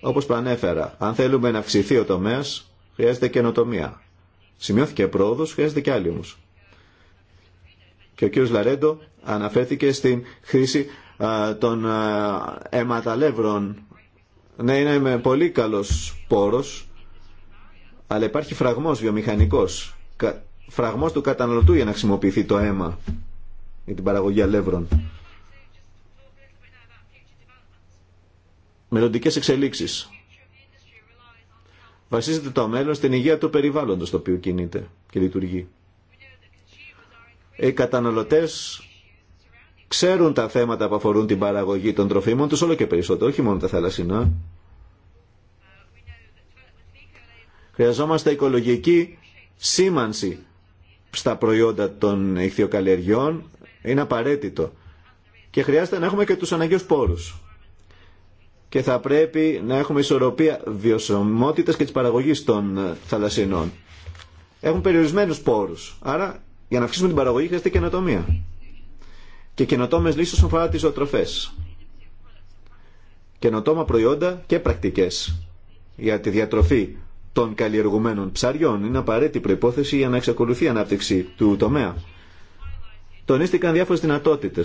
Όπως προανέφερα, αν θέλουμε να αυξηθεί ο τομέας, χρειάζεται καινοτομία. Σημειώθηκε πρόοδος, χρειάζεται και άλλη όμως. Και ο κύριος Λαρέντο αναφέρθηκε στην χρήση των αιματαλεύρων. Ναι, είναι με πολύ καλός πόρος, αλλά υπάρχει φραγμός βιομηχανικός. Φραγμός του καταναλωτού για να χρησιμοποιηθεί το αίμα για την παραγωγή αλεύρων. Μελλοντικές εξελίξεις βασίζεται το μέλλον στην υγεία του περιβάλλοντος το οποίο κινείται και λειτουργεί. Οι καταναλωτές ξέρουν τα θέματα που αφορούν την παραγωγή των τροφίμων τους όλο και περισσότερο, όχι μόνο τα θαλασσινά. Χρειαζόμαστε οικολογική σήμανση στα προϊόντα των ηχθειοκαλλιεργιών, είναι απαραίτητο. Και χρειάζεται να έχουμε και τους αναγκαίους πόρους και θα πρέπει να έχουμε ισορροπία βιωσιμότητας και της παραγωγής των ε, θαλασσινών. Έχουν περιορισμένους πόρους, άρα για να αυξήσουμε την παραγωγή χρειάζεται καινοτομία. Και καινοτόμε λύσει όσον αφορά τι ζωοτροφέ. Καινοτόμα προϊόντα και πρακτικέ για τη διατροφή των καλλιεργουμένων ψαριών είναι απαραίτητη προπόθεση για να εξακολουθεί η ανάπτυξη του τομέα. Τονίστηκαν διάφορε δυνατότητε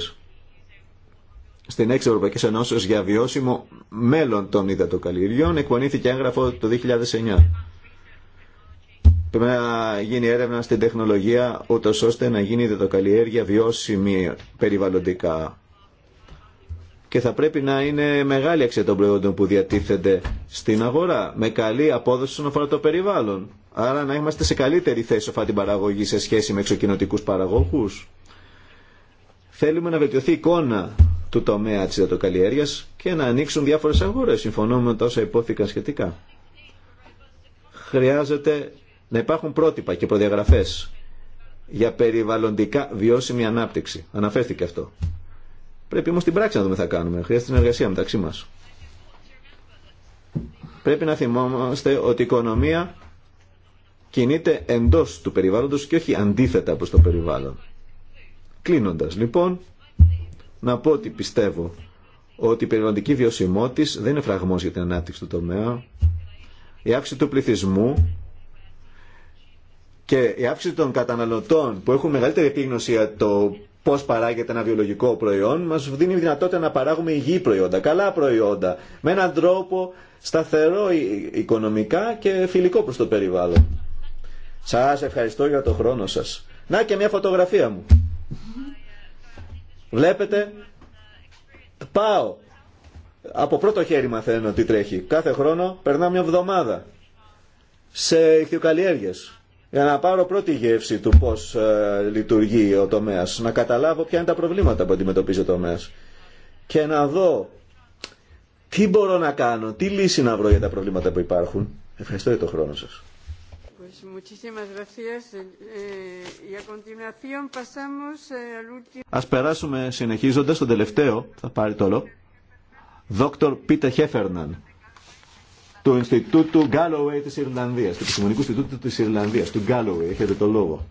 στην έξι Ευρωπαϊκή Ενώσεω για βιώσιμο μέλλον των υδατοκαλλιεργιών εκπονήθηκε έγγραφο το 2009. Πρέπει να γίνει έρευνα στην τεχνολογία, ούτω ώστε να γίνει η υδατοκαλλιέργεια βιώσιμη περιβαλλοντικά. Και θα πρέπει να είναι μεγάλη αξία των προϊόντων που διατίθενται στην αγορά, με καλή απόδοση όσον αφορά το περιβάλλον. Άρα να είμαστε σε καλύτερη θέση αυτή την παραγωγή σε σχέση με εξοκοινοτικού παραγωγού. Θέλουμε να βελτιωθεί η εικόνα του τομέα της υδατοκαλλιέργειας και να ανοίξουν διάφορες αγορές. Συμφωνώ με τα όσα υπόθηκαν σχετικά. Χρειάζεται να υπάρχουν πρότυπα και προδιαγραφές για περιβαλλοντικά βιώσιμη ανάπτυξη. Αναφέρθηκε αυτό. Πρέπει όμως την πράξη να δούμε τι θα κάνουμε. Χρειάζεται συνεργασία μεταξύ μας. Πρέπει να θυμόμαστε ότι η οικονομία κινείται εντός του περιβάλλοντος και όχι αντίθετα προς το περιβάλλον. Κλείνοντας λοιπόν, να πω ότι πιστεύω ότι η περιβαλλοντική βιωσιμότητα δεν είναι φραγμός για την ανάπτυξη του τομέα. Η αύξηση του πληθυσμού και η αύξηση των καταναλωτών που έχουν μεγαλύτερη επίγνωση για το πώ παράγεται ένα βιολογικό προϊόν, μα δίνει δυνατότητα να παράγουμε υγιή προϊόντα, καλά προϊόντα, με έναν τρόπο σταθερό οικονομικά και φιλικό προ το περιβάλλον. Σα ευχαριστώ για το χρόνο σα. Να και μια φωτογραφία μου. Βλέπετε, πάω. Από πρώτο χέρι μαθαίνω τι τρέχει. Κάθε χρόνο περνάω μια εβδομάδα σε ηχθειοκαλλιέργειες για να πάρω πρώτη γεύση του πώς ε, λειτουργεί ο τομέας, να καταλάβω ποια είναι τα προβλήματα που αντιμετωπίζει ο τομέας και να δω τι μπορώ να κάνω, τι λύση να βρω για τα προβλήματα που υπάρχουν. Ευχαριστώ για τον χρόνο σας. Pues Ας περάσουμε συνεχίζοντας τον τελευταίο, θα πάρει το όλο, Δόκτωρ Πίτερ Χέφερναν του Ινστιτούτου Galloway της Ιρλανδίας, του Επιστημονικού Ινστιτούτου της Ιρλανδίας, του Galloway, έχετε το λόγο.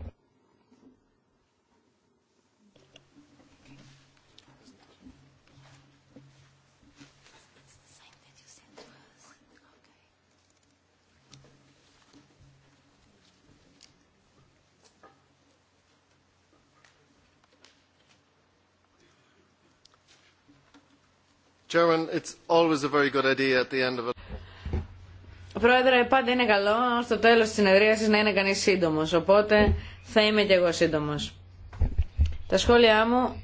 Πρόεδρε, πάντα είναι καλό στο τέλος της συνεδρίασης να είναι κανείς σύντομος, οπότε θα είμαι και εγώ σύντομος. Τα σχόλιά μου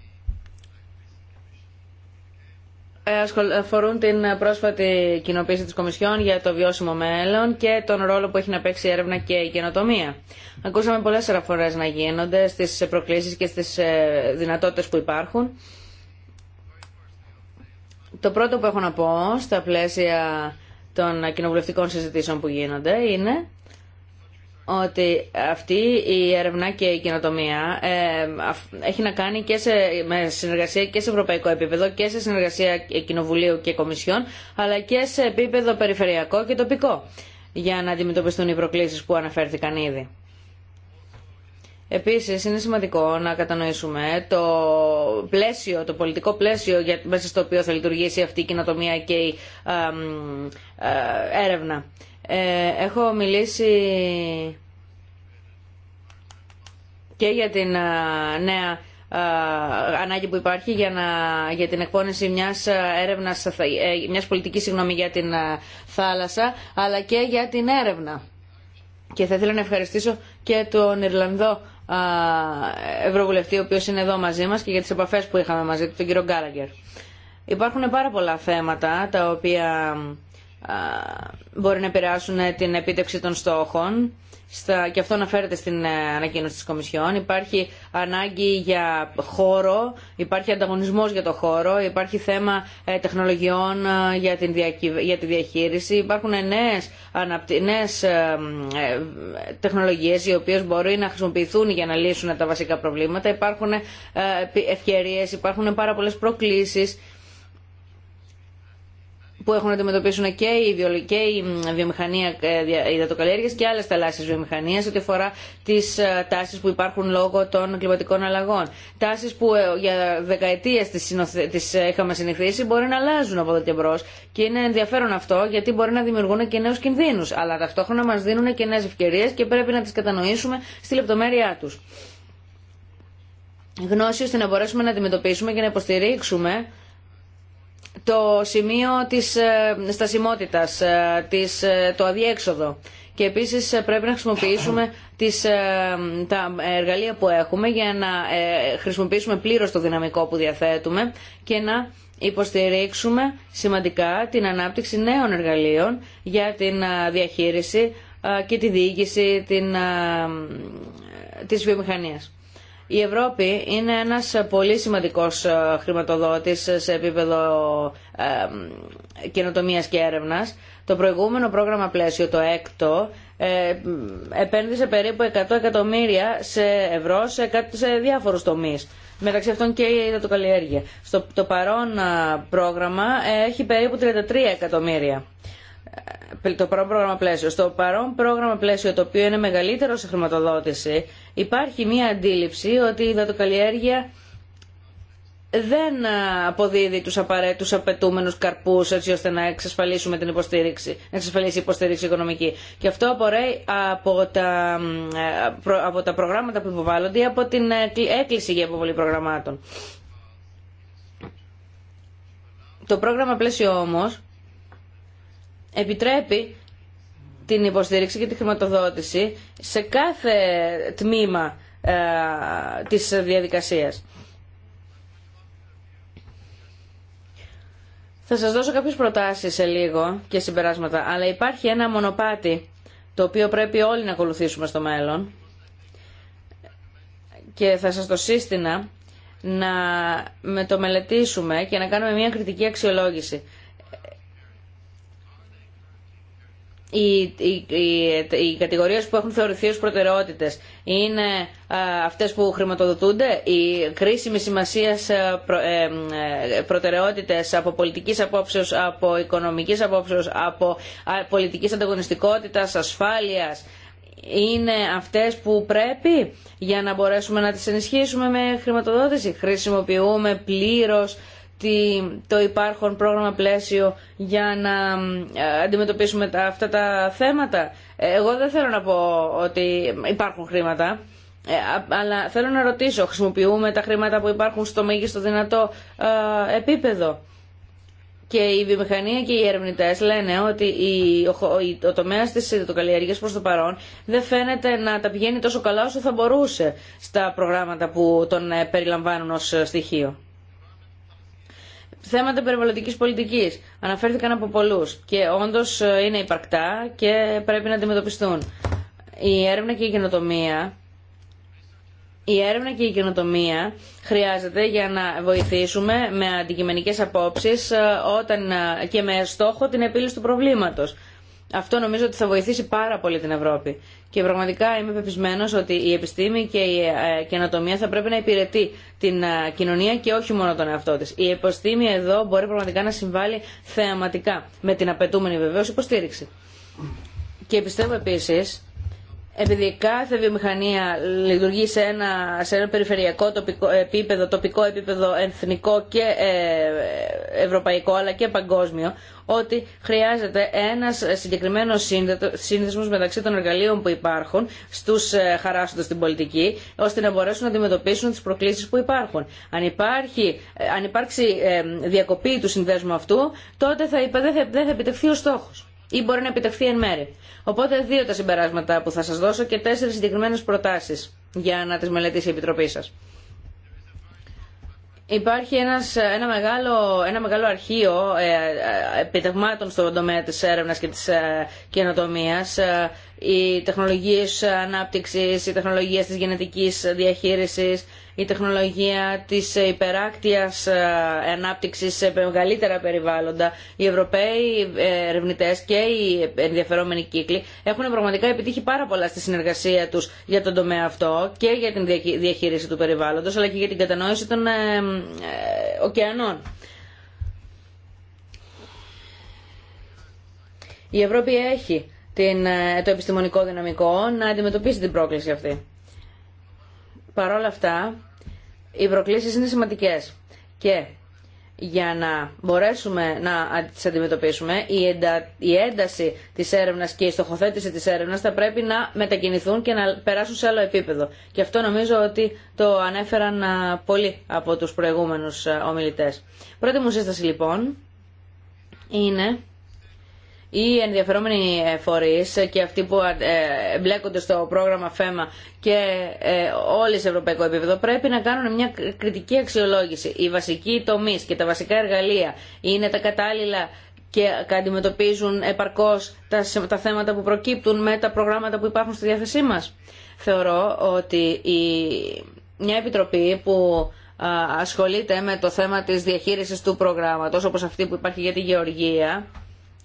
ε, αφορούν την πρόσφατη κοινοποίηση της Κομισιόν για το βιώσιμο μέλλον και τον ρόλο που έχει να παίξει η έρευνα και η καινοτομία. Ακούσαμε πολλές αναφορές να γίνονται στις προκλήσεις και στις ε, δυνατότητες που υπάρχουν το πρώτο που έχω να πω στα πλαίσια των κοινοβουλευτικών συζητήσεων που γίνονται είναι ότι αυτή η έρευνα και η κοινοτομία ε, έχει να κάνει και σε, με συνεργασία και σε ευρωπαϊκό επίπεδο και σε συνεργασία κοινοβουλίου και κομισιών αλλά και σε επίπεδο περιφερειακό και τοπικό για να αντιμετωπιστούν οι προκλήσεις που αναφέρθηκαν ήδη. Επίσης είναι σημαντικό να κατανοήσουμε το πλαίσιο, το πολιτικό πλαίσιο για, μέσα στο οποίο θα λειτουργήσει αυτή η κοινοτομία και η ε, έρευνα. Ε, έχω μιλήσει και για την ε, νέα ε, ανάγκη που υπάρχει για, να, για την εκπόνηση μιας έρευνας, μιας πολιτικής συγγνώμη, για την θάλασσα, αλλά και για την έρευνα. Και θα ήθελα να ευχαριστήσω και τον Ιρλανδό Ευρωβουλευτή, ο οποίο είναι εδώ μαζί μας και για τι επαφέ που είχαμε μαζί του, τον κύριο Γκάλαγκερ. Υπάρχουν πάρα πολλά θέματα τα οποία μπορεί να επηρεάσουν την επίτευξη των στόχων και αυτό αναφέρεται στην ε, ανακοίνωση της Κομισιόν, υπάρχει ανάγκη για χώρο, υπάρχει ανταγωνισμός για το χώρο, υπάρχει θέμα ε, τεχνολογιών ε, για, την για τη διαχείριση, υπάρχουν νέες, νέες τεχνολογίες οι οποίες μπορεί να χρησιμοποιηθούν για να λύσουν τα βασικά προβλήματα, υπάρχουν ευκαιρίες, υπάρχουν πάρα πολλές προκλήσεις που έχουν να αντιμετωπίσουν και η, βιολο, και η βιομηχανία ε, υδατοκαλλιέργειας και άλλες θαλάσσιες βιομηχανίες ό,τι αφορά τις ε, τάσεις που υπάρχουν λόγω των κλιματικών αλλαγών. Τάσει που ε, για δεκαετίες τις είχαμε συνηθίσει μπορεί να αλλάζουν από εδώ και μπρος και είναι ενδιαφέρον αυτό γιατί μπορεί να δημιουργούν και νέου κινδύνου. αλλά ταυτόχρονα μα δίνουν και νέε ευκαιρίε και πρέπει να τι κατανοήσουμε στη λεπτομέρειά τους. Γνώση ώστε να μπορέσουμε να αντιμετωπίσουμε και να υποστηρίξουμε το σημείο της ε, στασιμότητας, ε, της, ε, το αδιέξοδο. Και επίσης πρέπει να χρησιμοποιήσουμε τις, τα εργαλεία που έχουμε για να χρησιμοποιήσουμε πλήρως το δυναμικό που διαθέτουμε και να υποστηρίξουμε σημαντικά την ανάπτυξη νέων εργαλείων για την διαχείριση και τη διοίκηση την, της βιομηχανίας. Η Ευρώπη είναι ένας πολύ σημαντικός ε, χρηματοδότης σε επίπεδο ε, καινοτομίας και έρευνας. Το προηγούμενο πρόγραμμα πλαίσιο, το έκτο, ε, επένδυσε περίπου 100 εκατομμύρια σε ευρώ σε, σε διάφορους τομείς. Μεταξύ αυτών και η υδατοκαλλιέργεια. Στο το παρόν πρόγραμμα έχει περίπου 33 εκατομμύρια. Ε, το παρόν πρόγραμμα πλαίσιο. Στο παρόν πρόγραμμα πλαίσιο, το οποίο είναι μεγαλύτερο σε χρηματοδότηση, υπάρχει μία αντίληψη ότι η δατοκαλλιέργεια δεν ε, αποδίδει τους απαραίτητους απαιτούμενους καρπούς έτσι ώστε να εξασφαλίσουμε την υποστήριξη, να εξασφαλίσει η υποστήριξη οικονομική. Και αυτό απορρέει από τα, ε, από τα προγράμματα που υποβάλλονται ή από την έκκληση για υποβολή προγραμμάτων. Το πρόγραμμα πλαίσιο όμως επιτρέπει την υποστήριξη και τη χρηματοδότηση σε κάθε τμήμα ε, της διαδικασίας. Θα σας δώσω κάποιες προτάσεις σε λίγο και συμπεράσματα, αλλά υπάρχει ένα μονοπάτι το οποίο πρέπει όλοι να ακολουθήσουμε στο μέλλον και θα σας το σύστηνα να με το μελετήσουμε και να κάνουμε μια κριτική αξιολόγηση. οι, κατηγορίε κατηγορίες που έχουν θεωρηθεί ως προτεραιότητες είναι αυτές που χρηματοδοτούνται, οι κρίσιμη σημασία ε, προ, ε, ε, προτεραιότητες από πολιτικής απόψεως, από οικονομικής απόψεως, από πολιτικής ανταγωνιστικότητας, ασφάλειας, είναι αυτές που πρέπει για να μπορέσουμε να τις ενισχύσουμε με χρηματοδότηση. Χρησιμοποιούμε πλήρως το υπάρχον πρόγραμμα πλαίσιο για να ε, αντιμετωπίσουμε αυτά τα θέματα. Ε, εγώ δεν θέλω να πω ότι υπάρχουν χρήματα, ε, αλλά θέλω να ρωτήσω, χρησιμοποιούμε τα χρήματα που υπάρχουν στο μέγιστο δυνατό επίπεδο. Και η βιομηχανία και οι ερευνητέ λένε ότι η, ο, το ο τομέα τη ιδιωτοκαλλιέργεια προ το παρόν δεν φαίνεται να τα πηγαίνει τόσο καλά όσο θα μπορούσε στα προγράμματα που τον περιλαμβάνουν ω στοιχείο. Θέματα περιβαλλοντικής πολιτικής αναφέρθηκαν από πολλού. και όντω ε, είναι υπαρκτά και πρέπει να αντιμετωπιστούν. Η έρευνα και η καινοτομία η έρευνα και η καινοτομία χρειάζεται για να βοηθήσουμε με αντικειμενικές απόψεις ε, όταν ε, και με στόχο την επίλυση του προβλήματος. Αυτό νομίζω ότι θα βοηθήσει πάρα πολύ την Ευρώπη και πραγματικά είμαι πεπισμένο ότι η επιστήμη και η ε, καινοτομία θα πρέπει να υπηρετεί την ε, κοινωνία και όχι μόνο τον εαυτό τη. Η επιστήμη εδώ μπορεί πραγματικά να συμβάλλει θεαματικά με την απαιτούμενη βεβαίω υποστήριξη. Και πιστεύω επίση επειδή κάθε βιομηχανία λειτουργεί σε ένα, σε ένα περιφερειακό τοπικό επίπεδο, τοπικό επίπεδο, εθνικό και ε, ευρωπαϊκό αλλά και παγκόσμιο, ότι χρειάζεται ένας συγκεκριμένος σύνδεσμος μεταξύ των εργαλείων που υπάρχουν στους ε, χαράσοντες στην πολιτική, ώστε να μπορέσουν να αντιμετωπίσουν τις προκλήσεις που υπάρχουν. Αν, υπάρχει, ε, αν υπάρξει διακοπή του συνδέσμου αυτού, τότε θα, δεν θα επιτευχθεί ο στόχος ή μπορεί να επιτευχθεί εν μέρη. Οπότε δύο τα συμπεράσματα που θα σας δώσω και τέσσερις συγκεκριμένε προτάσεις για να τις μελετήσει η Επιτροπή σας. Υπάρχει ένας, ένα, μεγάλο, ένα μεγάλο αρχείο ε, ε, επιτευγμάτων στον τομέα της έρευνας και της ε, καινοτομίας. Ε, οι τεχνολογίες ανάπτυξης, η τεχνολογίες της γενετικής διαχείρισης, η τεχνολογία της υπεράκτιας ε, ανάπτυξης σε μεγαλύτερα περιβάλλοντα. Οι Ευρωπαίοι ε, ερευνητέ και οι ενδιαφερόμενοι κύκλοι έχουν πραγματικά επιτύχει πάρα πολλά στη συνεργασία τους για τον τομέα αυτό και για την διαχείριση του περιβάλλοντος αλλά και για την κατανόηση των ε, ωκεανών. Η Ευρώπη έχει την, ε, το επιστημονικό δυναμικό να αντιμετωπίσει την πρόκληση αυτή. Παρ' όλα αυτά, οι προκλήσεις είναι σημαντικές και για να μπορέσουμε να τις αντιμετωπίσουμε, η, η ένταση της έρευνας και η στοχοθέτηση της έρευνας θα πρέπει να μετακινηθούν και να περάσουν σε άλλο επίπεδο. Και αυτό νομίζω ότι το ανέφεραν πολλοί από τους προηγούμενους ομιλητές. Πρώτη μου σύσταση λοιπόν είναι οι ενδιαφερόμενοι ε, φορεί και αυτοί που ε, μπλέκονται στο πρόγραμμα ΦΕΜΑ και ε, όλοι σε ευρωπαϊκό επίπεδο πρέπει να κάνουν μια κριτική αξιολόγηση. Οι βασικοί τομεί και τα βασικά εργαλεία είναι τα κατάλληλα και αντιμετωπίζουν επαρκώς τα θέματα που προκύπτουν με τα προγράμματα που υπάρχουν στη διάθεσή μας. Θεωρώ ότι μια επιτροπή που ασχολείται με το θέμα της διαχείρισης του προγράμματος όπως αυτή που υπάρχει για τη γεωργία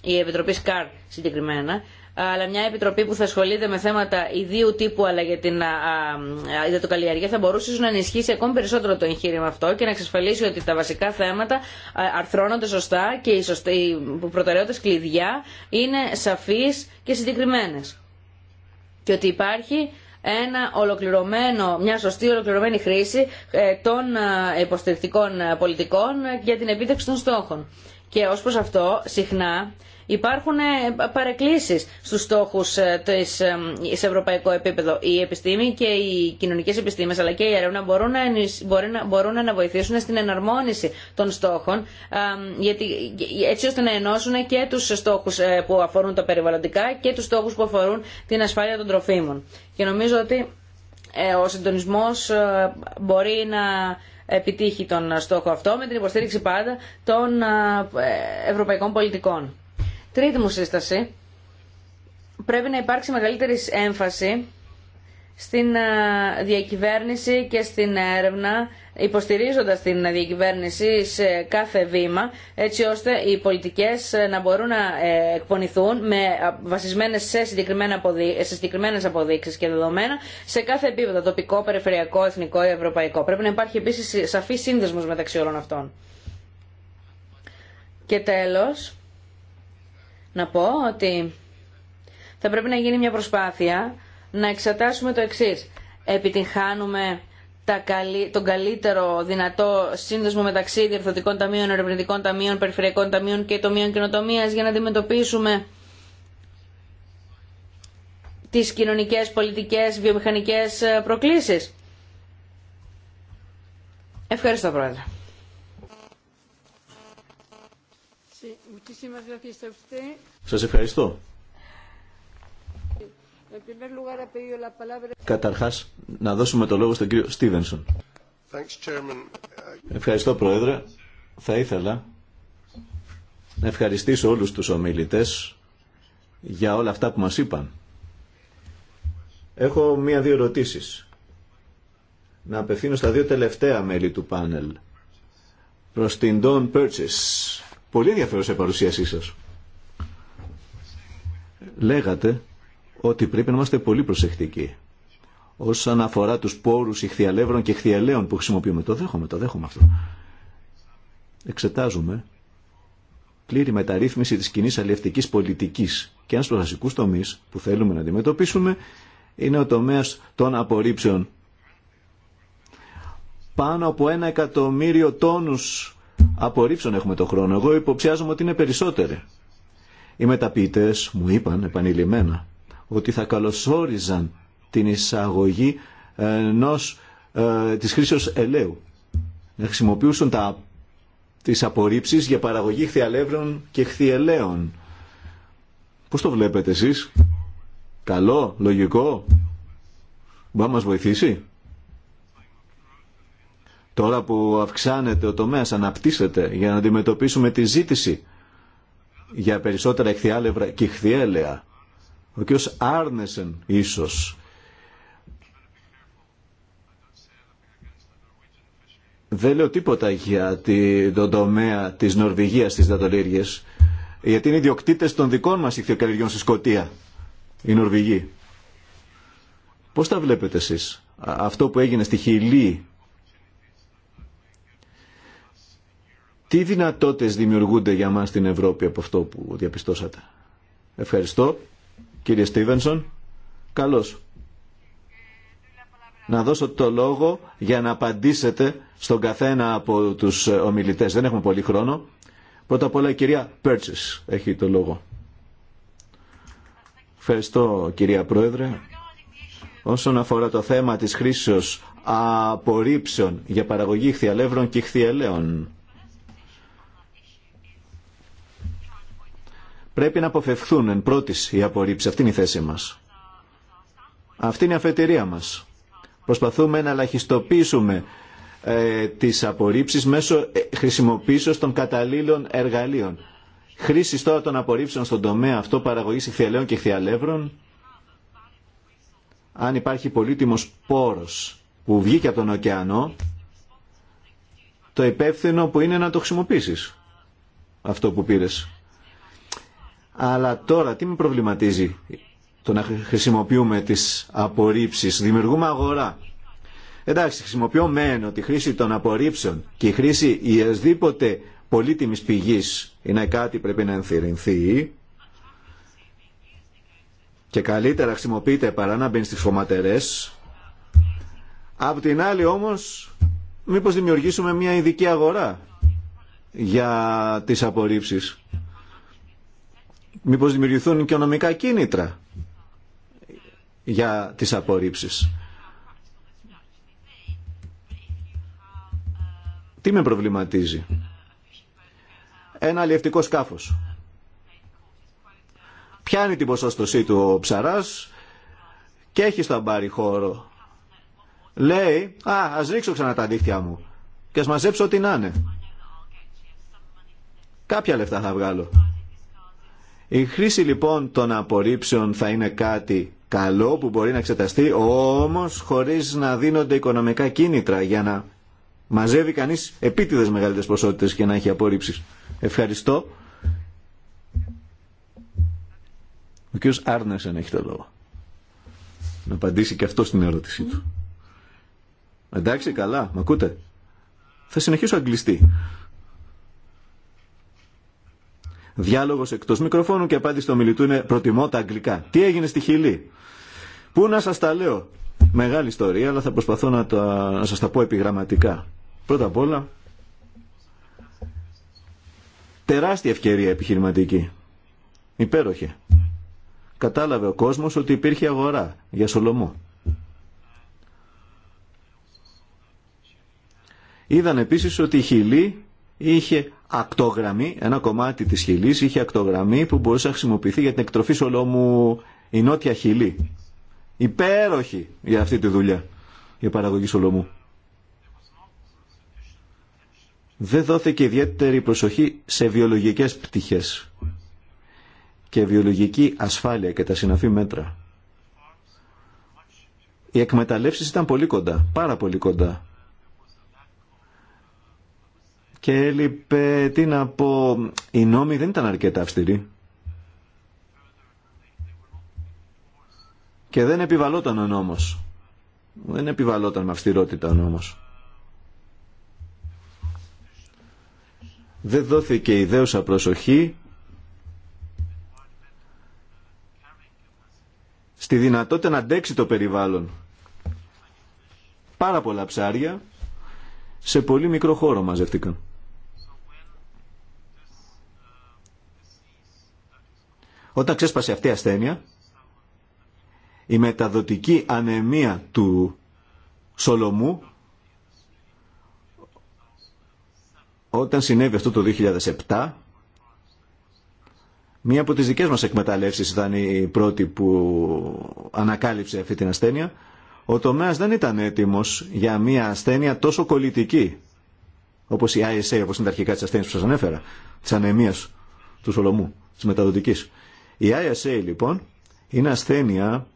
η Επιτροπή ΣΚΑΡ συγκεκριμένα, αλλά μια επιτροπή που θα ασχολείται με θέματα ιδίου τύπου αλλά για την υδατοκαλλιέργεια θα μπορούσε να ενισχύσει ακόμη περισσότερο το εγχείρημα αυτό και να εξασφαλίσει ότι τα βασικά θέματα αρθρώνονται σωστά και οι, προτεραιότητε κλειδιά είναι σαφείς και συγκεκριμένες. Και ότι υπάρχει ένα ολοκληρωμένο, μια σωστή ολοκληρωμένη χρήση ε, των υποστηρικτικών πολιτικών για την επίτευξη των στόχων. Και ως προς αυτό, συχνά υπάρχουν ε, παρεκκλήσεις στους στόχους ε, της, ε, σε ευρωπαϊκό επίπεδο. Η επιστήμη και οι κοινωνικές επιστήμες αλλά και η έρευνα μπορούν να, μπορεί να, μπορούν να βοηθήσουν στην εναρμόνιση των στόχων γιατί, έτσι ώστε να ενώσουν και τους στόχους που αφορούν τα περιβαλλοντικά και τους στόχους που αφορούν την ασφάλεια των τροφίμων. Και νομίζω ότι ο συντονισμός μπορεί να επιτύχει τον στόχο αυτό με την υποστήριξη πάντα των ευρωπαϊκών πολιτικών. Τρίτη μου σύσταση. Πρέπει να υπάρξει μεγαλύτερη έμφαση στην διακυβέρνηση και στην έρευνα υποστηρίζοντας την διακυβέρνηση σε κάθε βήμα έτσι ώστε οι πολιτικές να μπορούν να ε, εκπονηθούν με βασισμένες σε, συγκεκριμένα σε συγκεκριμένες αποδείξεις και δεδομένα σε κάθε επίπεδο, τοπικό, περιφερειακό, εθνικό ή ευρωπαϊκό. Πρέπει να υπάρχει επίσης σαφή σύνδεσμος μεταξύ όλων αυτών. Και τέλος, να πω ότι θα πρέπει να γίνει μια προσπάθεια να εξετάσουμε το εξής. Επιτυγχάνουμε τον καλύτερο δυνατό σύνδεσμο μεταξύ διευθυντικών ταμείων, ερευνητικών ταμείων, περιφερειακών ταμείων και τομείων κοινοτομία για να αντιμετωπίσουμε τι κοινωνικέ πολιτικέ βιομηχανικέ ε, προκλήσει. Ευχαριστώ, Πρόεδρε. Σας ευχαριστώ. Καταρχάς, να δώσουμε το λόγο στον κύριο Στίβενσον. Ευχαριστώ, Πρόεδρε. Θα ήθελα να ευχαριστήσω όλους τους ομιλητές για όλα αυτά που μας είπαν. Έχω μία-δύο ερωτήσει. Να απευθύνω στα δύο τελευταία μέλη του πάνελ. Προς την Don Purchase. Πολύ ενδιαφέρουσα παρουσίασή σας. Λέγατε ότι πρέπει να είμαστε πολύ προσεκτικοί όσον αφορά τους πόρους ηχθιαλεύρων και ηχθιαλέων που χρησιμοποιούμε. Το δέχομαι, το δέχομαι αυτό. Εξετάζουμε πλήρη μεταρρύθμιση της κοινή αλληλευτικής πολιτικής και ένας από βασικούς τομείς που θέλουμε να αντιμετωπίσουμε είναι ο τομέας των απορρίψεων. Πάνω από ένα εκατομμύριο τόνους απορρίψεων έχουμε το χρόνο. Εγώ υποψιάζομαι ότι είναι περισσότεροι. Οι μεταποιητές μου είπαν επανειλημμένα ότι θα καλωσόριζαν την εισαγωγή ενός, ε, της χρήσεως ελαίου. Να χρησιμοποιούσαν τα, τις απορρίψεις για παραγωγή χθιαλεύρων και χθιελαίων. Πώς το βλέπετε εσείς? Καλό, λογικό. Μπορεί να μας βοηθήσει. Τώρα που αυξάνεται ο τομέας, αναπτύσσεται για να αντιμετωπίσουμε τη ζήτηση για περισσότερα εχθιάλευρα και χθιέλεα. Ο κ. Άρνεσεν ίσως. Δεν λέω τίποτα για τον τομέα της Νορβηγίας της δατολίργειας, γιατί είναι ιδιοκτήτες των δικών μας ηχθειοκαλλιεργιών στη Σκωτία, οι Νορβηγοί. Πώς τα βλέπετε εσείς, αυτό που έγινε στη Χιλή, τι δυνατότητες δημιουργούνται για μας στην Ευρώπη από αυτό που διαπιστώσατε. Ευχαριστώ. Κύριε Στίβενσον, καλώς. Να δώσω το λόγο για να απαντήσετε στον καθένα από τους ομιλητές. Δεν έχουμε πολύ χρόνο. Πρώτα απ' όλα η κυρία Πέρτσις έχει το λόγο. Ευχαριστώ κυρία Πρόεδρε. Όσον αφορά το θέμα της χρήσεως απορρίψεων για παραγωγή χθιαλεύρων και χθιαλέων Πρέπει να αποφευχθούν εν πρώτης οι απορρίψεις. Αυτή είναι η θέση μας. Αυτή είναι η αφετηρία μας. Προσπαθούμε να λαχιστοποιήσουμε ε, τις απορρίψεις μέσω ε, χρησιμοποίησης των καταλήλων εργαλείων. Χρήση τώρα των απορρίψεων στον τομέα αυτό παραγωγής ηχθιαλέων και ηχθιαλεύρων. Αν υπάρχει πολύτιμος πόρος που βγήκε από τον ωκεανό, το υπεύθυνο που είναι να το χρησιμοποιήσεις αυτό που πήρες. Αλλά τώρα τι με προβληματίζει το να χρησιμοποιούμε τις απορρίψεις. Δημιουργούμε αγορά. Εντάξει, χρησιμοποιώ μεν ότι η χρήση των απορρίψεων και η χρήση ιεσδήποτε πολύτιμης πηγής είναι κάτι πρέπει να ενθυρυνθεί και καλύτερα χρησιμοποιείται παρά να μπαίνει στις φωματερές. Απ' την άλλη όμως, μήπως δημιουργήσουμε μια ειδική αγορά για τις απορρίψεις μήπως δημιουργηθούν και ονομικά κίνητρα για τις απορρίψεις. Τι με προβληματίζει. Ένα αλλιευτικό σκάφος. Πιάνει την ποσόστοσή του ο ψαράς και έχει στον πάρει χώρο. Λέει, α, ας ρίξω ξανά τα δίχτυα μου και ας μαζέψω ό,τι να είναι. Κάποια λεφτά θα βγάλω. Η χρήση λοιπόν των απορρίψεων θα είναι κάτι καλό που μπορεί να εξεταστεί, όμως χωρίς να δίνονται οικονομικά κίνητρα για να μαζεύει κανείς επίτηδες μεγαλύτερες ποσότητες και να έχει απορρίψεις. Ευχαριστώ. Ο κ. Άρνεσεν έχει το λόγο. Να απαντήσει και αυτό στην ερώτησή του. Εντάξει, καλά, με ακούτε. Θα συνεχίσω αγγλιστή. Διάλογο εκτό μικροφώνου και απάντηση στο μιλητού είναι προτιμώ τα αγγλικά. Τι έγινε στη Χιλή. Πού να σα τα λέω. Μεγάλη ιστορία, αλλά θα προσπαθώ να, τα, σας τα πω επιγραμματικά. Πρώτα απ' όλα, τεράστια ευκαιρία επιχειρηματική. Υπέροχε. Κατάλαβε ο κόσμος ότι υπήρχε αγορά για Σολομό. Είδαν επίσης ότι η Χιλή είχε ακτογραμμή, ένα κομμάτι της χειλή είχε ακτογραμμή που μπορούσε να χρησιμοποιηθεί για την εκτροφή σολόμου η νότια χιλή. Υπέροχη για αυτή τη δουλειά, για παραγωγή σολομού. Δεν δόθηκε ιδιαίτερη προσοχή σε βιολογικές πτυχές και βιολογική ασφάλεια και τα συναφή μέτρα. Οι εκμεταλλεύσεις ήταν πολύ κοντά, πάρα πολύ κοντά και έλειπε, τι να πω, οι νόμοι δεν ήταν αρκετά αυστηροί. Και δεν επιβαλόταν ο νόμος. Δεν επιβαλόταν με αυστηρότητα ο νόμος. Δεν δόθηκε ιδέουσα προσοχή στη δυνατότητα να αντέξει το περιβάλλον. Πάρα πολλά ψάρια σε πολύ μικρό χώρο μαζεύτηκαν. Όταν ξέσπασε αυτή η ασθένεια, η μεταδοτική ανεμία του Σολομού, όταν συνέβη αυτό το 2007, μία από τις δικές μας εκμεταλλεύσεις ήταν η πρώτη που ανακάλυψε αυτή την ασθένεια, ο τομέας δεν ήταν έτοιμος για μία ασθένεια τόσο κολλητική, όπως η ISA, όπως είναι τα αρχικά της ασθένειας που σας ανέφερα, της ανεμίας του Σολομού, της μεταδοτικής. Η ISA λοιπόν είναι ασθένεια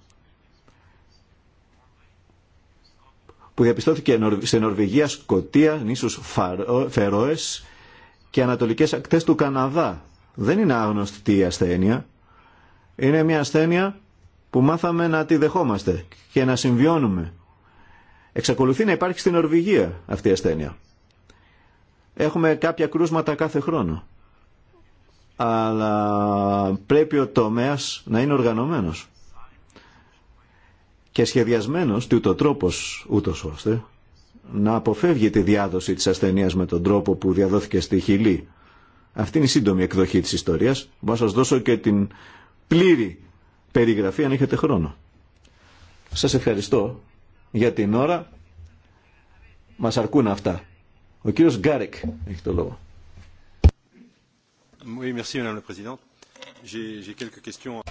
που διαπιστώθηκε σε Νορβηγία, Σκοτία, νήσους Φερόες και ανατολικές ακτές του Καναδά. Δεν είναι άγνωστη η ασθένεια. Είναι μια ασθένεια που μάθαμε να τη δεχόμαστε και να συμβιώνουμε. Εξακολουθεί να υπάρχει στην Νορβηγία αυτή η ασθένεια. Έχουμε κάποια κρούσματα κάθε χρόνο αλλά πρέπει ο τομέας να είναι οργανωμένος και σχεδιασμένος το τρόπος ούτως ώστε να αποφεύγει τη διάδοση της ασθενείας με τον τρόπο που διαδόθηκε στη Χιλή. Αυτή είναι η σύντομη εκδοχή της ιστορίας. Μπορώ να σας δώσω και την πλήρη περιγραφή αν έχετε χρόνο. Σας ευχαριστώ για την ώρα. Μας αρκούν αυτά. Ο κύριος Γκάρεκ έχει το λόγο.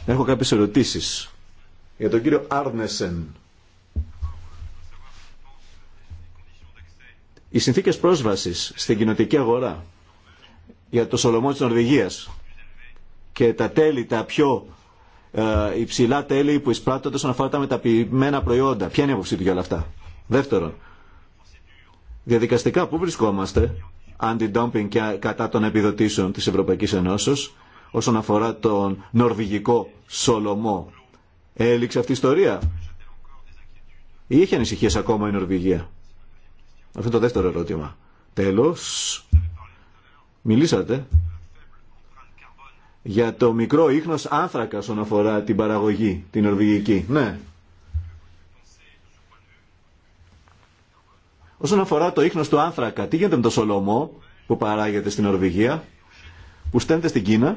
Έχω κάποιες ερωτήσεις για τον κύριο Άρνεσεν. Οι συνθήκες πρόσβασης στην κοινοτική αγορά για το Σολομό της Νορβηγίας και τα τέλη, τα πιο ε, υψηλά τέλη που εισπράττονται όσον αφορά τα μεταποιημένα προϊόντα. Ποια είναι η άποψή του για όλα αυτά. Δεύτερον, διαδικαστικά πού βρισκόμαστε αντι και κατά των επιδοτήσεων της Ευρωπαϊκής Ενώσεως όσον αφορά τον νορβηγικό Σολομό. Έληξε αυτή η ιστορία ή έχει ανησυχίες ακόμα η ειχε ανησυχιες ακομα Αυτό είναι το δεύτερο ερώτημα. Τέλος, μιλήσατε για το μικρό ίχνος άνθρακα όσον αφορά την παραγωγή, την νορβηγική. Ναι. Όσον αφορά το ίχνος του άνθρακα, τι γίνεται με το σολομό που παράγεται στην Ορβηγία, που στέλνεται στην Κίνα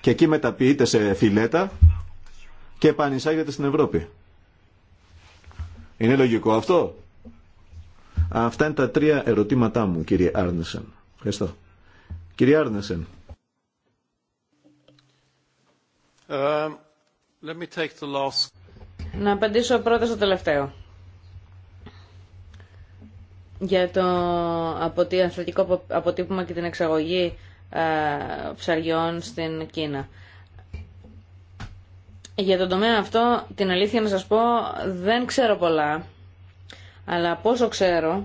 και εκεί μεταποιείται σε φιλέτα και επανεισάγεται στην Ευρώπη. Είναι λογικό αυτό. Αυτά είναι τα τρία ερωτήματά μου, κύριε Άρνεσεν. Ευχαριστώ. Κύριε Άρνεσεν. Um, let me take the last... Να απαντήσω πρώτα στο τελευταίο για το ανθρωπικό αποτύπωμα και την εξαγωγή ε, ψαριών στην Κίνα. Για τον τομέα αυτό, την αλήθεια να σας πω, δεν ξέρω πολλά, αλλά πόσο ξέρω,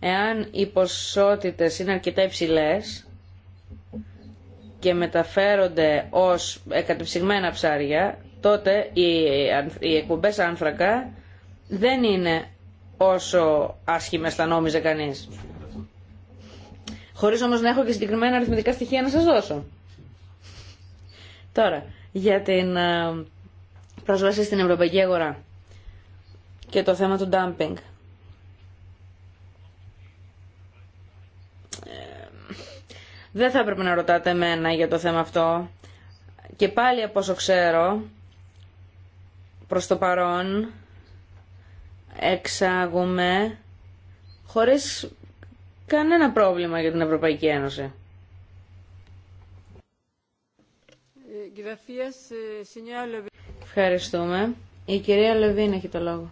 εάν οι ποσότητες είναι αρκετά υψηλές και μεταφέρονται ως εκατεψυγμένα ψάρια, τότε οι εκπομπές άνθρακα δεν είναι όσο άσχημες τα νόμιζε κανεί. Χωρίς όμως να έχω και συγκεκριμένα αριθμητικά στοιχεία να σας δώσω. Τώρα, για την ε, πρόσβαση στην ευρωπαϊκή αγορά και το θέμα του dumping. Ε, δεν θα έπρεπε να ρωτάτε εμένα για το θέμα αυτό. Και πάλι από όσο ξέρω, προς το παρόν, εξάγουμε χωρίς κανένα πρόβλημα για την Ευρωπαϊκή Ένωση. Ευχαριστούμε. Η κυρία Λεβίν έχει το λόγο.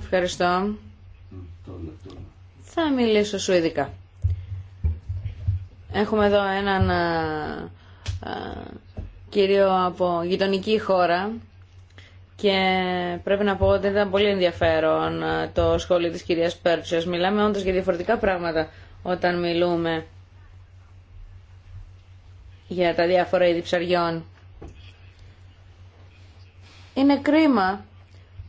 Ευχαριστώ. Θα μιλήσω σου ειδικά. Έχουμε εδώ έναν ε, ε, κύριο από γειτονική χώρα και πρέπει να πω ότι ήταν πολύ ενδιαφέρον ε, το σχόλιο της κυρίας Πέρτσιος. Μιλάμε όντως για διαφορετικά πράγματα όταν μιλούμε για τα διάφορα είδη ψαριών. Είναι κρίμα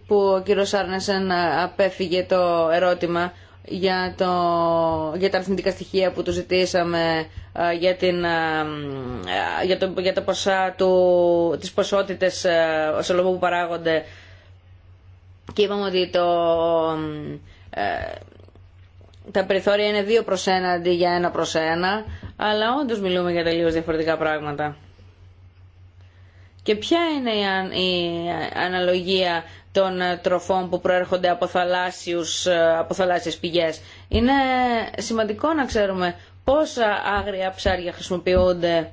που ο κύριος Άρνεσεν ε, απέφυγε το ερώτημα για, το, για τα αριθμητικά στοιχεία που του ζητήσαμε ε, για, την, ε, ε, για, το, για ποσά του, τις ποσότητες λόγω που παράγονται και είπαμε ότι το, τα περιθώρια είναι δύο προς ένα αντί για ένα προς ένα αλλά όντως μιλούμε για τελείως διαφορετικά πράγματα. Και ποια είναι η, αναλογία των ε, τροφών που προέρχονται από, θαλάσσιους, ε, από θαλάσσιες πηγές. Είναι σημαντικό να ξέρουμε πόσα άγρια ψάρια χρησιμοποιούνται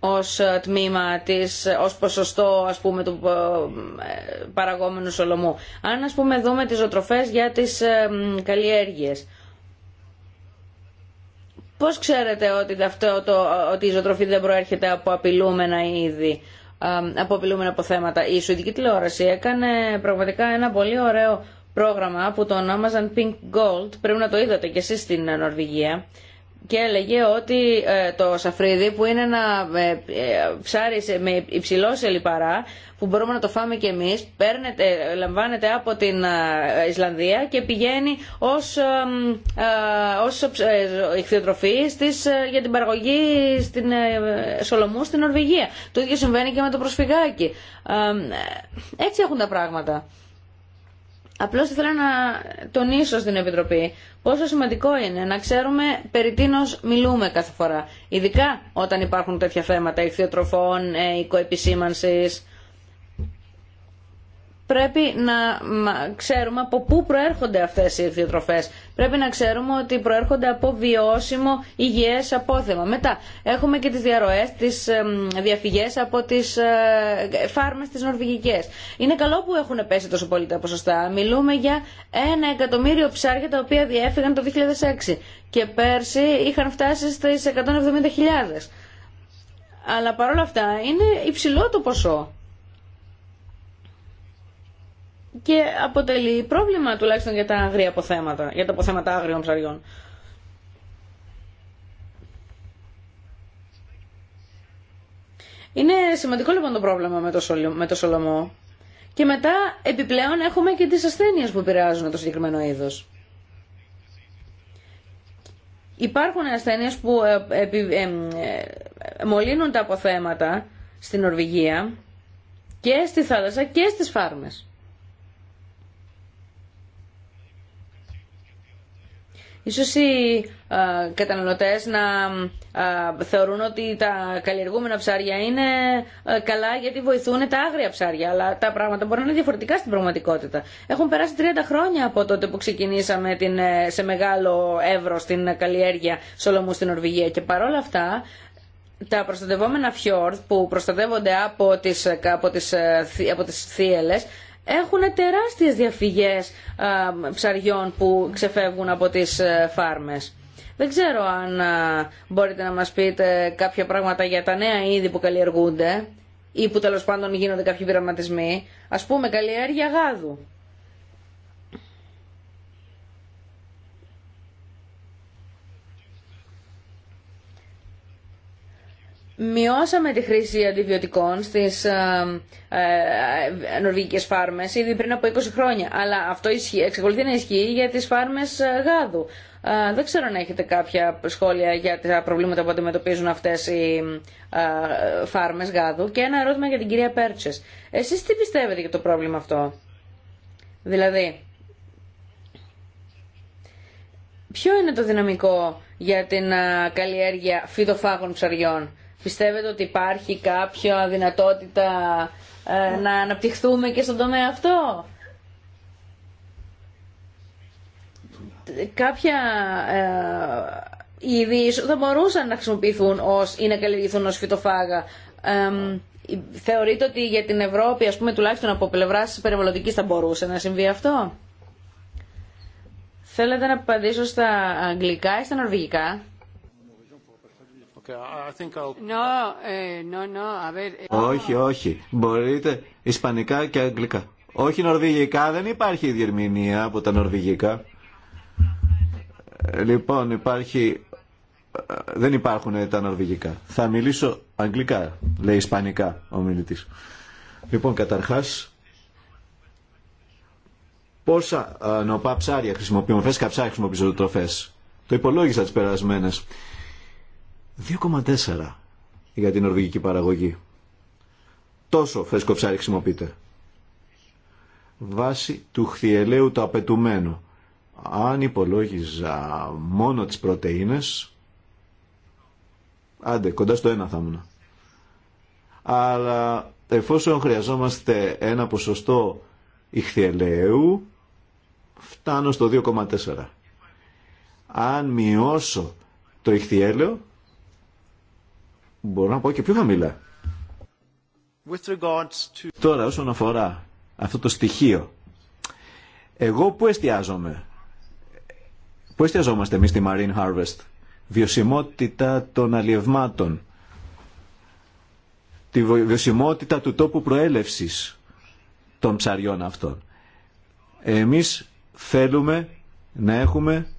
ως ε, τμήμα της, ως ποσοστό ας πούμε του παραγόμενου σολομού. Αν ας πούμε δούμε τις ζωτροφές για τις καλλιέργειες. Πώς ξέρετε ότι, αυτό το, ότι η ζωτροφή δεν προέρχεται από απειλούμενα είδη από θέματα. Η Σουηδική τηλεόραση έκανε πραγματικά ένα πολύ ωραίο πρόγραμμα που το ονόμαζαν Pink Gold. Πρέπει να το είδατε κι εσείς στην Νορβηγία και έλεγε ότι ε, το σαφρίδι που είναι ένα ε, ε, ψάρι με υψηλό σε που μπορούμε να το φάμε και εμείς λαμβάνεται από την Ισλανδία και πηγαίνει ως, ως ηχθειοτροφή για την παραγωγή στην, σολομού στην Νορβηγία. Το ίδιο συμβαίνει και με το προσφυγάκι. Έτσι έχουν τα πράγματα. Απλώς θέλω να τονίσω στην Επιτροπή πόσο σημαντικό είναι να ξέρουμε περί τίνος μιλούμε κάθε φορά. Ειδικά όταν υπάρχουν τέτοια θέματα ηχθειοτροφών, οικοεπισήμανσης, ε, πρέπει να ξέρουμε από πού προέρχονται αυτές οι διατροφές. Πρέπει να ξέρουμε ότι προέρχονται από βιώσιμο υγιές απόθεμα. Μετά έχουμε και τις διαρροές, τις ε, διαφυγές από τις ε, φάρμες τις νορβηγικές. Είναι καλό που έχουν πέσει τόσο πολύ τα ποσοστά. Μιλούμε για ένα εκατομμύριο ψάρια τα οποία διέφυγαν το 2006 και πέρσι είχαν φτάσει στις 170.000. Αλλά παρόλα αυτά είναι υψηλό το ποσό και αποτελεί πρόβλημα τουλάχιστον για τα αγρία αποθέματα, για τα αποθέματα άγριων ψαριών. Είναι σημαντικό λοιπόν το πρόβλημα με το, σολο, με το σολομό. Και μετά επιπλέον έχουμε και τις ασθένειες που επηρεάζουν το συγκεκριμένο είδος. Υπάρχουν ασθένειες που ε, ε, ε, μολύνουν τα αποθέματα στην Ορβηγία και στη θάλασσα και στις φάρμες. Ίσως οι καταναλωτές να θεωρούν ότι τα καλλιεργούμενα ψάρια είναι καλά γιατί βοηθούν τα άγρια ψάρια, αλλά τα πράγματα μπορεί να είναι διαφορετικά στην πραγματικότητα. Έχουν περάσει 30 χρόνια από τότε που ξεκινήσαμε την, ε, σε μεγάλο εύρο στην καλλιέργεια Σολομού στην Ορβηγία και παρόλα αυτά τα προστατευόμενα φιόρτ που προστατεύονται από τις, ε, από τις, ε, από τις έχουν τεράστιες διαφυγές ψαριών που ξεφεύγουν από τις ε, φάρμες. Δεν ξέρω αν μπορείτε να μας πείτε κάποια πράγματα για τα νέα είδη που καλλιεργούνται ή που τέλος πάντων γίνονται κάποιοι πειραματισμοί. Ας πούμε καλλιέργεια γάδου. Μειώσαμε τη χρήση αντιβιωτικών στις ε, ε φάρμες ήδη πριν από 20 χρόνια. Αλλά αυτό ισχύει, εξακολουθεί να ισχύει για τις φάρμες ε, γάδου. Ε, δεν ξέρω αν έχετε κάποια σχόλια για τα προβλήματα που αντιμετωπίζουν αυτές οι φάρμες γάδου. Και ένα ερώτημα για την κυρία Πέρτσες. Εσείς τι πιστεύετε για το πρόβλημα αυτό. Δηλαδή, ποιο είναι το δυναμικό για την καλλιέργεια φυτοφάγων ψαριών Πιστεύετε ότι υπάρχει κάποια δυνατότητα ε, να αναπτυχθούμε και στον τομέα αυτό. Κάποια ε, είδη θα μπορούσαν να χρησιμοποιηθούν ως, ή να καλλιεργηθούν ως φυτοφάγα. Ε, θεωρείτε ότι για την Ευρώπη, ας πούμε, τουλάχιστον από πλευρά περιβαλλοντικής θα μπορούσε να συμβεί αυτό. Θέλετε να απαντήσω στα αγγλικά ή στα νορβηγικά. Όχι, όχι. Μπορείτε ισπανικά και αγγλικά. Όχι νορβηγικά, δεν υπάρχει διερμηνία από τα νορβηγικά. Ε, λοιπόν, υπάρχει... Ε, δεν υπάρχουν τα νορβηγικά. Θα μιλήσω αγγλικά, λέει ισπανικά ο μιλητής. Λοιπόν, καταρχάς, πόσα ε, νοπά ψάρια χρησιμοποιούμε, φέσκα ψάρια χρησιμοποιούμε Το υπολόγισα τις περασμένες. 2,4 για την ορβηγική παραγωγή. Τόσο φρέσκο ψάρι χρησιμοποιείται. Βάση του χθιελαίου το απαιτουμένο. Αν υπολόγιζα μόνο τις πρωτεΐνες, άντε κοντά στο ένα θα ήμουν. Αλλά εφόσον χρειαζόμαστε ένα ποσοστό ηχθιελαίου, φτάνω στο 2,4. Αν μειώσω το ηχθιέλαιο, Μπορώ να πω και πιο χαμηλά. Τώρα όσον αφορά αυτό το στοιχείο, εγώ που εστιάζομαι, που εστιαζόμαστε εμείς στη Marine Harvest, βιωσιμότητα των αλλιευμάτων, τη βιωσιμότητα του τόπου προέλευσης των ψαριών αυτών. Εμείς θέλουμε να έχουμε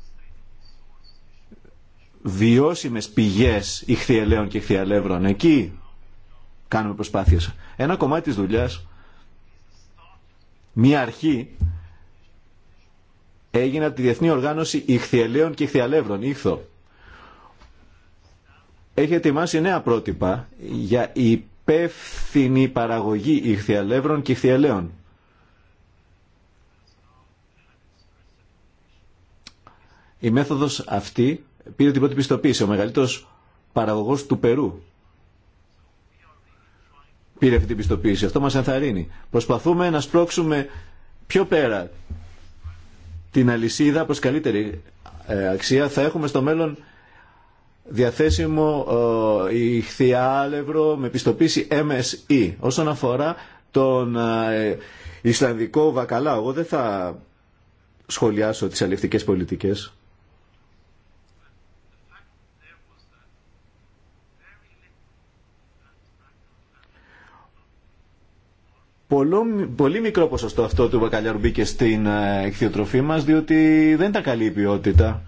βιώσιμες πηγές ηχθιελαίων και ηχθιαλεύρων. Εκεί κάνουμε προσπάθειες. Ένα κομμάτι της δουλειάς, μία αρχή, έγινε από τη Διεθνή Οργάνωση Ηχθιαλέων και Ηχθιαλεύρων, Ήχθο. Έχει ετοιμάσει νέα πρότυπα για υπεύθυνη παραγωγή ηχθιαλεύρων και ηχθιαλέων. Η μέθοδος αυτή πήρε την πρώτη πιστοποίηση. Ο μεγαλύτερο παραγωγός του Περού πήρε αυτή την πιστοποίηση. Αυτό μας ενθαρρύνει. Προσπαθούμε να σπρώξουμε πιο πέρα την αλυσίδα προς καλύτερη ε, αξία. Θα έχουμε στο μέλλον διαθέσιμο ε, ηχθιάλευρο με πιστοποίηση MSE. Όσον αφορά τον ε, Ισλανδικό βακαλάο, εγώ δεν θα σχολιάσω τις αλληλευτικές πολιτικές. Πολύ, πολύ μικρό ποσοστό αυτό του μπακαλιάρου μπήκε στην ε, εκθειοτροφή μας διότι δεν ήταν καλή η ποιότητα.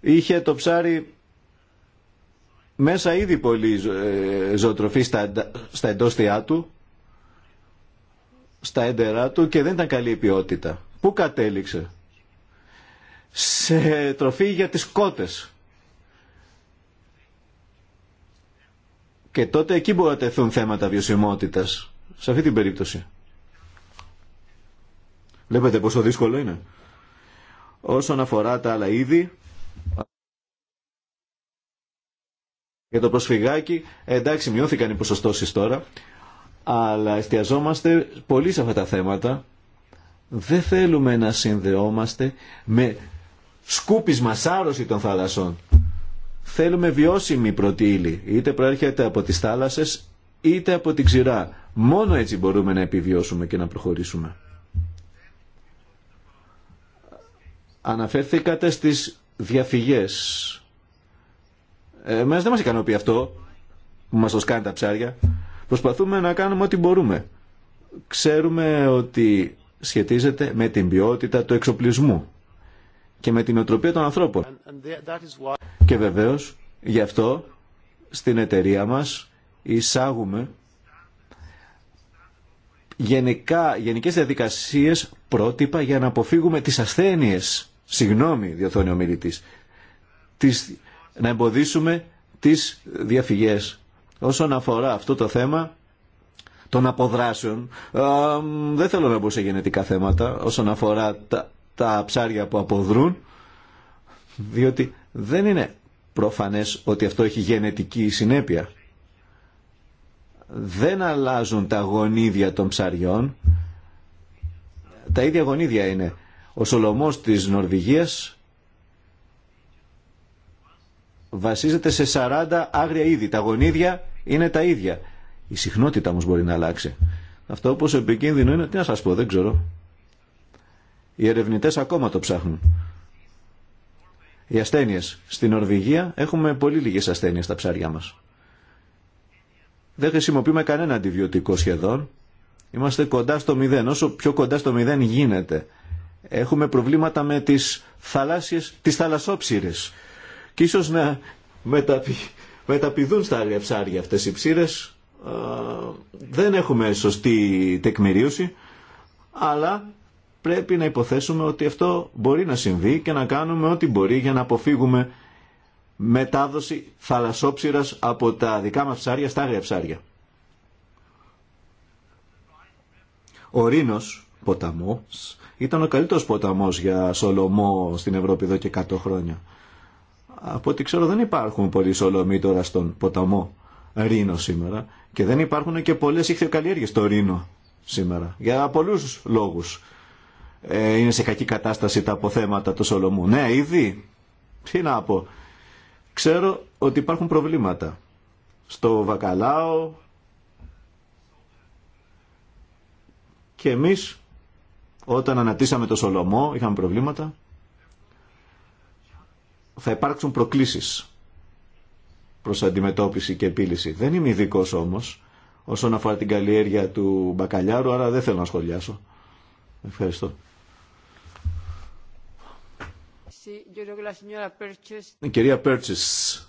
Είχε το ψάρι μέσα ήδη πολύ ε, ζωοτροφή στα, στα εντόστια του, στα έντερά του και δεν ήταν καλή η ποιότητα. Πού κατέληξε? Σε τροφή για τις κότες. Και τότε εκεί μπορεί να τεθούν θέματα βιωσιμότητα. σε αυτή την περίπτωση. Βλέπετε πόσο δύσκολο είναι. Όσον αφορά τα άλλα είδη, για το προσφυγάκι, εντάξει μειώθηκαν οι ποσοστώσεις τώρα, αλλά εστιαζόμαστε πολύ σε αυτά τα θέματα. Δεν θέλουμε να συνδεόμαστε με σκούπισμα, σάρωση των θαλασσών. Θέλουμε βιώσιμη πρώτη ύλη, είτε προέρχεται από τις θάλασσες, είτε από την ξηρά. Μόνο έτσι μπορούμε να επιβιώσουμε και να προχωρήσουμε. Αναφέρθηκατε στις διαφυγές. Εμένας δεν μας ικανοποιεί αυτό που μας το σκάνει τα ψάρια. Προσπαθούμε να κάνουμε ό,τι μπορούμε. Ξέρουμε ότι σχετίζεται με την ποιότητα του εξοπλισμού και με την οτροπία των ανθρώπων. Και βεβαίως γι' αυτό στην εταιρεία μας εισάγουμε γενικά, γενικές διαδικασίες πρότυπα για να αποφύγουμε τις ασθένειες, συγγνώμη διότι ο να εμποδίσουμε τις διαφυγές. Όσον αφορά αυτό το θέμα των αποδράσεων, δεν θέλω να μπω σε γενετικά θέματα, όσον αφορά τα, τα ψάρια που αποδρούν, διότι δεν είναι προφανές ότι αυτό έχει γενετική συνέπεια. Δεν αλλάζουν τα γονίδια των ψαριών, τα ίδια γονίδια είναι. Ο Σολομός της Νορβηγίας βασίζεται σε 40 άγρια είδη. Τα γονίδια είναι τα ίδια. Η συχνότητα όμως μπορεί να αλλάξει. Αυτό όπως επικίνδυνο είναι, τι να σας πω, δεν ξέρω. Οι ερευνητές ακόμα το ψάχνουν. Οι ασθένειες. Στην Νορβηγία έχουμε πολύ λίγες ασθένειες στα ψάρια μας. Δεν χρησιμοποιούμε κανένα αντιβιωτικό σχεδόν. Είμαστε κοντά στο μηδέν. Όσο πιο κοντά στο μηδέν γίνεται. Έχουμε προβλήματα με τις θαλάσσιες, τις θαλασσόψυρες. Και ίσως να μεταπη... μεταπηδούν στα άλλα ψάρια αυτές οι ψήρες. δεν έχουμε σωστή τεκμηρίωση. Αλλά πρέπει να υποθέσουμε ότι αυτό μπορεί να συμβεί και να κάνουμε ό,τι μπορεί για να αποφύγουμε μετάδοση θαλασσόψυρας από τα δικά μας ψάρια στα άγρια ψάρια. Ο Ρήνος ποταμός ήταν ο καλύτερος ποταμός για Σολομό στην Ευρώπη εδώ και 100 χρόνια. Από ό,τι ξέρω δεν υπάρχουν πολλοί Σολομοί τώρα στον ποταμό Ρήνο σήμερα και δεν υπάρχουν και πολλές ηχθειοκαλλιέργειες στο Ρήνο σήμερα για πολλούς λόγους ε, είναι σε κακή κατάσταση τα αποθέματα του Σολομού. Ναι, ήδη. Τι να πω. Ξέρω ότι υπάρχουν προβλήματα. Στο Βακαλάο και εμείς όταν ανατήσαμε το Σολομό είχαμε προβλήματα. Θα υπάρξουν προκλήσεις προς αντιμετώπιση και επίλυση. Δεν είμαι ειδικό όμως όσον αφορά την καλλιέργεια του μπακαλιάρου, άρα δεν θέλω να σχολιάσω. Ευχαριστώ. Η κυρία Πέρτσες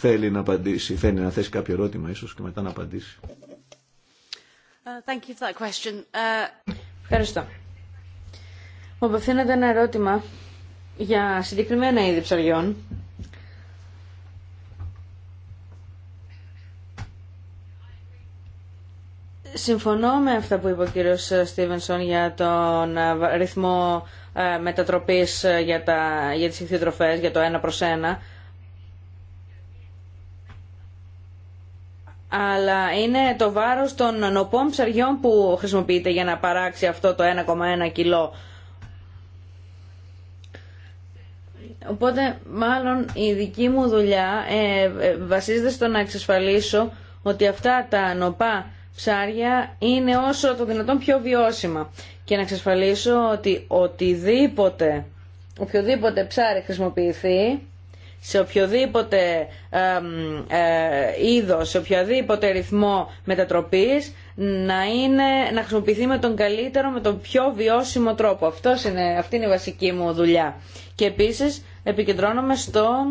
θέλει να απαντήσει, θέλει να θέσει κάποιο ερώτημα ίσως και μετά να απαντήσει. Ε, ε, Ευχαριστώ. Μου απευθύνεται ένα ερώτημα για συγκεκριμένα είδη ψαριών Συμφωνώ με αυτά που είπε ο κύριος ε, Στίβενσον για τον ε, ρυθμό ε, μετατροπής για, τα, για τις για το ένα προς ένα. αλλά είναι το βάρος των νοπών ψαριών που χρησιμοποιείται για να παράξει αυτό το 1,1 κιλό. Οπότε μάλλον η δική μου δουλειά βασίζεται στο να εξασφαλίσω ότι αυτά τα νοπά ψάρια είναι όσο το δυνατόν πιο βιώσιμα και να εξασφαλίσω ότι οτιδήποτε, οποιοδήποτε ψάρι χρησιμοποιηθεί σε οποιοδήποτε ε, ε, είδος, σε οποιοδήποτε ρυθμό μετατροπής να, είναι, να χρησιμοποιηθεί με τον καλύτερο, με τον πιο βιώσιμο τρόπο. Αυτός είναι, αυτή είναι η βασική μου δουλειά. Και επίσης επικεντρώνομαι στο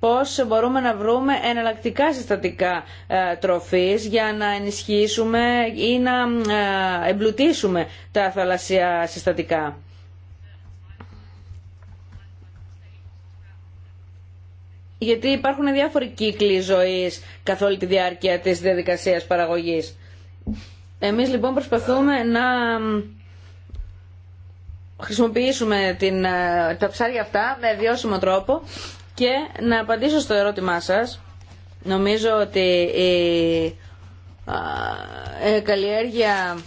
πώς μπορούμε να βρούμε εναλλακτικά συστατικά ε, τροφής για να ενισχύσουμε ή να ε, εμπλουτίσουμε τα θαλασσιά συστατικά. Γιατί υπάρχουν διάφοροι κύκλοι ζωής καθ' όλη τη διάρκεια της διαδικασίας παραγωγής. Εμείς λοιπόν προσπαθούμε να χρησιμοποιήσουμε την, ε, τα ψάρια αυτά με βιώσιμο τρόπο και να απαντήσω στο ερώτημά σας. Νομίζω ότι η ε, καλλιέργεια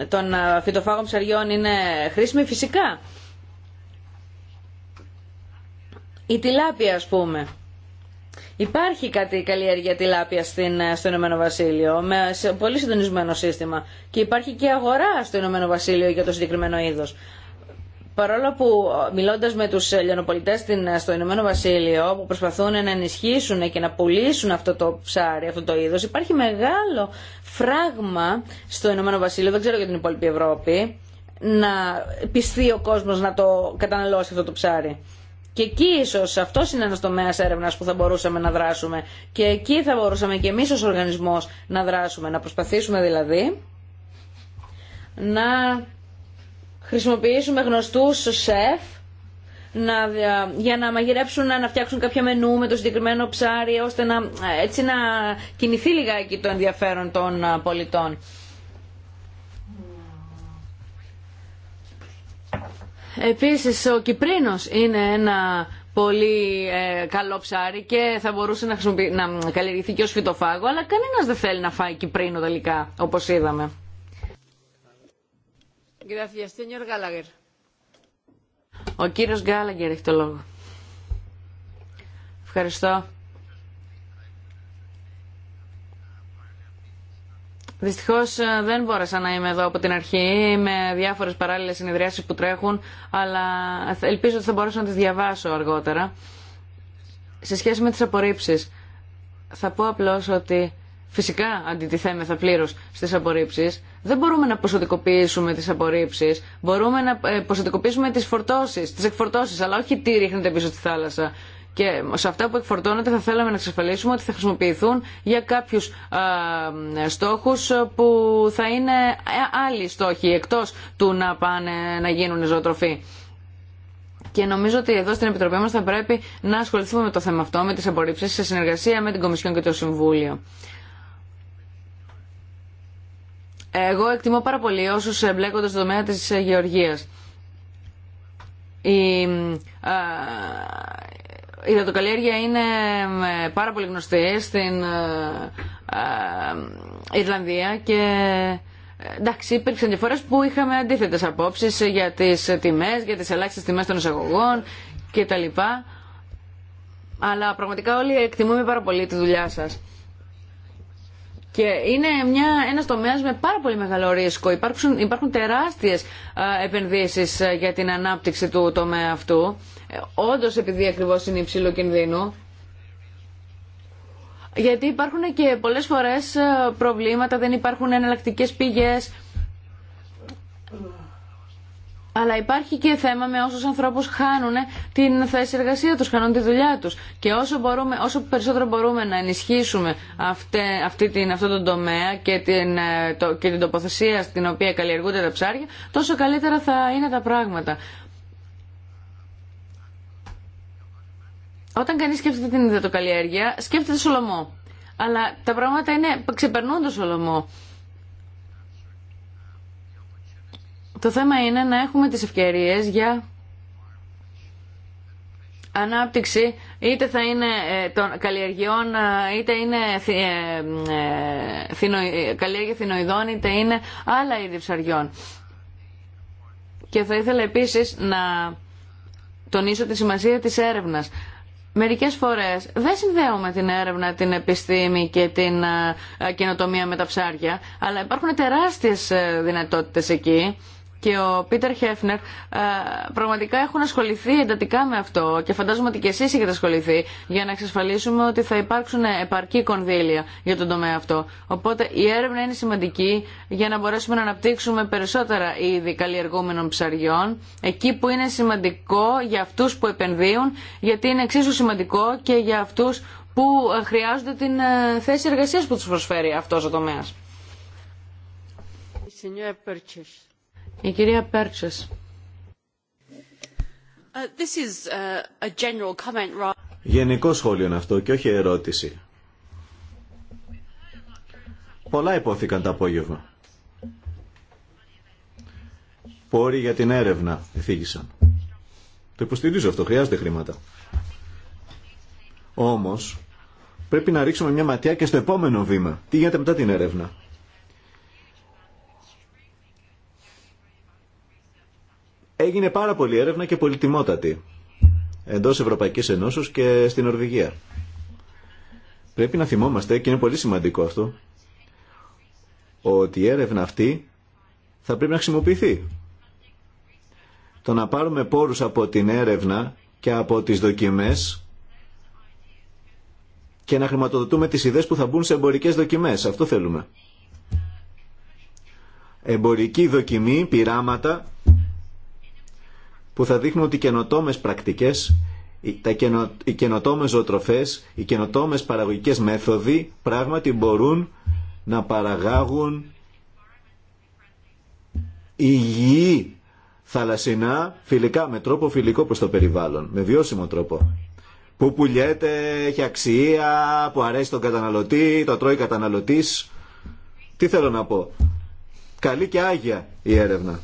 ε, των φυτοφάγων ψαριών είναι χρήσιμη φυσικά. Η τηλάπια ας πούμε. Υπάρχει κάτι καλλιέργεια τηλάπια στην, ε, στο Ηνωμένο Βασίλειο με σε πολύ συντονισμένο σύστημα και υπάρχει και αγορά στο Ηνωμένο Βασίλειο για το συγκεκριμένο είδος. Παρόλο που μιλώντα με του λιανοπολιτέ στο Ηνωμένο Βασίλειο που προσπαθούν να ενισχύσουν και να πουλήσουν αυτό το ψάρι, αυτό το είδο, υπάρχει μεγάλο φράγμα στο Ηνωμένο Βασίλειο, δεν ξέρω για την υπόλοιπη Ευρώπη, να πιστεί ο κόσμο να το καταναλώσει αυτό το ψάρι. Και εκεί ίσω αυτό είναι ένα τομέα έρευνα που θα μπορούσαμε να δράσουμε. Και εκεί θα μπορούσαμε και εμεί ω οργανισμό να δράσουμε, να προσπαθήσουμε δηλαδή να χρησιμοποιήσουμε γνωστούς σεφ να, για να μαγειρέψουν, να, να φτιάξουν κάποια μενού με το συγκεκριμένο ψάρι, ώστε να, έτσι να κινηθεί λιγάκι το ενδιαφέρον των πολιτών. Επίσης, ο Κυπρίνος είναι ένα πολύ ε, καλό ψάρι και θα μπορούσε να, να καλλιεργηθεί και ως φυτοφάγο, αλλά κανένας δεν θέλει να φάει Κυπρίνο τελικά, όπως είδαμε. Ο κύριος Γκάλαγκερ έχει το λόγο. Ευχαριστώ. Δυστυχώ ε, δεν μπόρεσα να είμαι εδώ από την αρχή με διάφορε παράλληλε συνεδριάσει που τρέχουν, αλλά ελπίζω ότι θα μπορέσω να τι διαβάσω αργότερα. Σε σχέση με τι απορρίψει, θα πω απλώ ότι Φυσικά αντιτιθέμεθα πλήρω στι απορρίψει. Δεν μπορούμε να ποσοτικοποιήσουμε τι απορρίψει. Μπορούμε να ε, ποσοτικοποιήσουμε τι φορτώσει, τι εκφορτώσει, αλλά όχι τι ρίχνεται πίσω στη θάλασσα. Και σε αυτά που εκφορτώνονται θα θέλαμε να εξασφαλίσουμε ότι θα χρησιμοποιηθούν για κάποιου στόχου που θα είναι ε, άλλοι στόχοι εκτό του να πάνε να γίνουν ζωοτροφή. Και νομίζω ότι εδώ στην Επιτροπή μα θα πρέπει να ασχοληθούμε με το θέμα αυτό, με τι απορρίψει, σε συνεργασία με την Κομισιόν και το Συμβούλιο. Εγώ εκτιμώ πάρα πολύ όσου εμπλέκονται στο τομέα της γεωργίας. Η, είναι πάρα πολύ γνωστή στην α, Ιρλανδία και εντάξει υπήρξαν διαφορέ που είχαμε αντίθετε απόψεις για τι τιμέ, για τι ελάχιστε τιμέ των εισαγωγών κτλ. Αλλά πραγματικά όλοι εκτιμούμε πάρα πολύ τη δουλειά σας. Και είναι μια, ένας τομέας με πάρα πολύ μεγάλο ρίσκο. Υπάρχουν, υπάρχουν τεράστιες επενδύσεις για την ανάπτυξη του τομέα αυτού. Ε, όντως επειδή ακριβώς είναι υψηλού κινδύνου. Γιατί υπάρχουν και πολλές φορές προβλήματα, δεν υπάρχουν εναλλακτικές πηγές. Αλλά υπάρχει και θέμα με όσους ανθρώπους χάνουν ε, την θέση εργασία τους, χάνουν τη δουλειά τους. Και όσο, μπορούμε, όσο περισσότερο μπορούμε να ενισχύσουμε αυτή, αυτή την, αυτό τον τομέα και την, ε, το, και την τοποθεσία στην οποία καλλιεργούνται τα ψάρια, τόσο καλύτερα θα είναι τα πράγματα. Όταν κανείς σκέφτεται την ιδιωτοκαλλιέργεια, σκέφτεται σολομό. Αλλά τα πράγματα ξεπερνούν το σολομό. Το θέμα είναι να έχουμε τις ευκαιρίες για ανάπτυξη είτε θα είναι ε, των καλλιεργειών ε, είτε είναι ε, καλλιέργεια θηνοειδών είτε είναι άλλα είδη ψαριών. Και θα ήθελα επίσης να τονίσω τη σημασία της έρευνας. Μερικές φορές δεν συνδέουμε την έρευνα, την επιστήμη και την καινοτομία με τα ψάρια, αλλά υπάρχουν τεράστιες δυνατότητες εκεί και ο Πίτερ Χέφνερ ε, πραγματικά έχουν ασχοληθεί εντατικά με αυτό και φαντάζομαι ότι και εσείς έχετε ασχοληθεί για να εξασφαλίσουμε ότι θα υπάρξουν επαρκή κονδύλια για τον τομέα αυτό. Οπότε η έρευνα είναι σημαντική για να μπορέσουμε να αναπτύξουμε περισσότερα είδη καλλιεργούμενων ψαριών εκεί που είναι σημαντικό για αυτούς που επενδύουν γιατί είναι εξίσου σημαντικό και για αυτούς που ε, χρειάζονται την ε, θέση εργασίας που τους προσφέρει αυτός ο τομέας. Η κυρία Πέρτσες. Uh, uh, Γενικό σχόλιο είναι αυτό και όχι ερώτηση. Πολλά υπόθηκαν το απόγευμα. Πόροι για την έρευνα εθίγησαν. Το υποστηρίζω αυτό, χρειάζονται χρήματα. Όμως, πρέπει να ρίξουμε μια ματιά και στο επόμενο βήμα. Τι γίνεται μετά την έρευνα. Έγινε πάρα πολύ έρευνα και πολυτιμότατη εντός Ευρωπαϊκής Ενώσεως και στην Ορβηγία. Πρέπει να θυμόμαστε, και είναι πολύ σημαντικό αυτό, ότι η έρευνα αυτή θα πρέπει να χρησιμοποιηθεί. Το να πάρουμε πόρους από την έρευνα και από τις δοκιμές και να χρηματοδοτούμε τις ιδέες που θα μπουν σε εμπορικές δοκιμές. Αυτό θέλουμε. Εμπορική δοκιμή, πειράματα που θα δείχνουν ότι οι καινοτόμες πρακτικές, οι καινοτόμες ζωοτροφές, οι καινοτόμες παραγωγικές μέθοδοι πράγματι μπορούν να παραγάγουν υγιή θαλασσινά φιλικά με τρόπο φιλικό προς το περιβάλλον, με βιώσιμο τρόπο. Που πουλιέται, έχει αξία, που αρέσει τον καταναλωτή, το τρώει καταναλωτής. Τι θέλω να πω. Καλή και άγια η έρευνα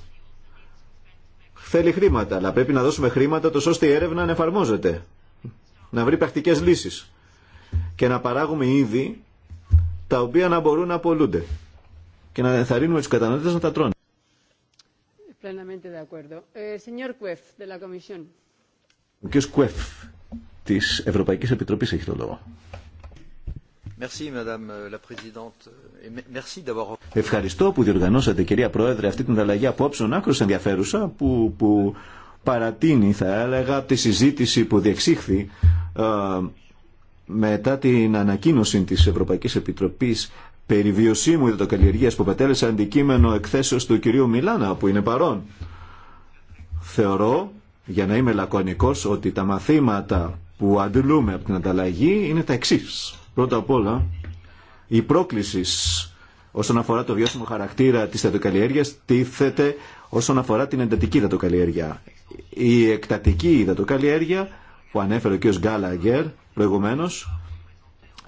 θέλει χρήματα, αλλά πρέπει να δώσουμε χρήματα τόσο ώστε η έρευνα να εφαρμόζεται, να βρει πρακτικές λύσεις και να παράγουμε είδη τα οποία να μπορούν να απολούνται και να ενθαρρύνουμε του καταναλωτές να τα τρώνε. Eh, Ο κ. Κουεφ τη Ευρωπαϊκή Επιτροπή, έχει το λόγο. Ευχαριστώ που διοργανώσατε κυρία Πρόεδρε αυτή την ανταλλαγή απόψεων άκρως ενδιαφέρουσα που, που παρατείνει θα έλεγα τη συζήτηση που διεξήχθη ε, μετά την ανακοίνωση της Ευρωπαϊκής Επιτροπής περί βιωσίμου που πετέλεσε αντικείμενο εκθέσεως του κυρίου Μιλάνα που είναι παρόν. Θεωρώ, για να είμαι λακωνικός, ότι τα μαθήματα που αντιλούμε από την ανταλλαγή είναι τα εξής. Πρώτα απ' όλα, η πρόκληση όσον αφορά το βιώσιμο χαρακτήρα της υδατοκαλλιέργειας τίθεται όσον αφορά την εντατική υδατοκαλλιέργεια. Η εκτατική υδατοκαλλιέργεια που ανέφερε ο κ. Γκάλαγκερ προηγουμένως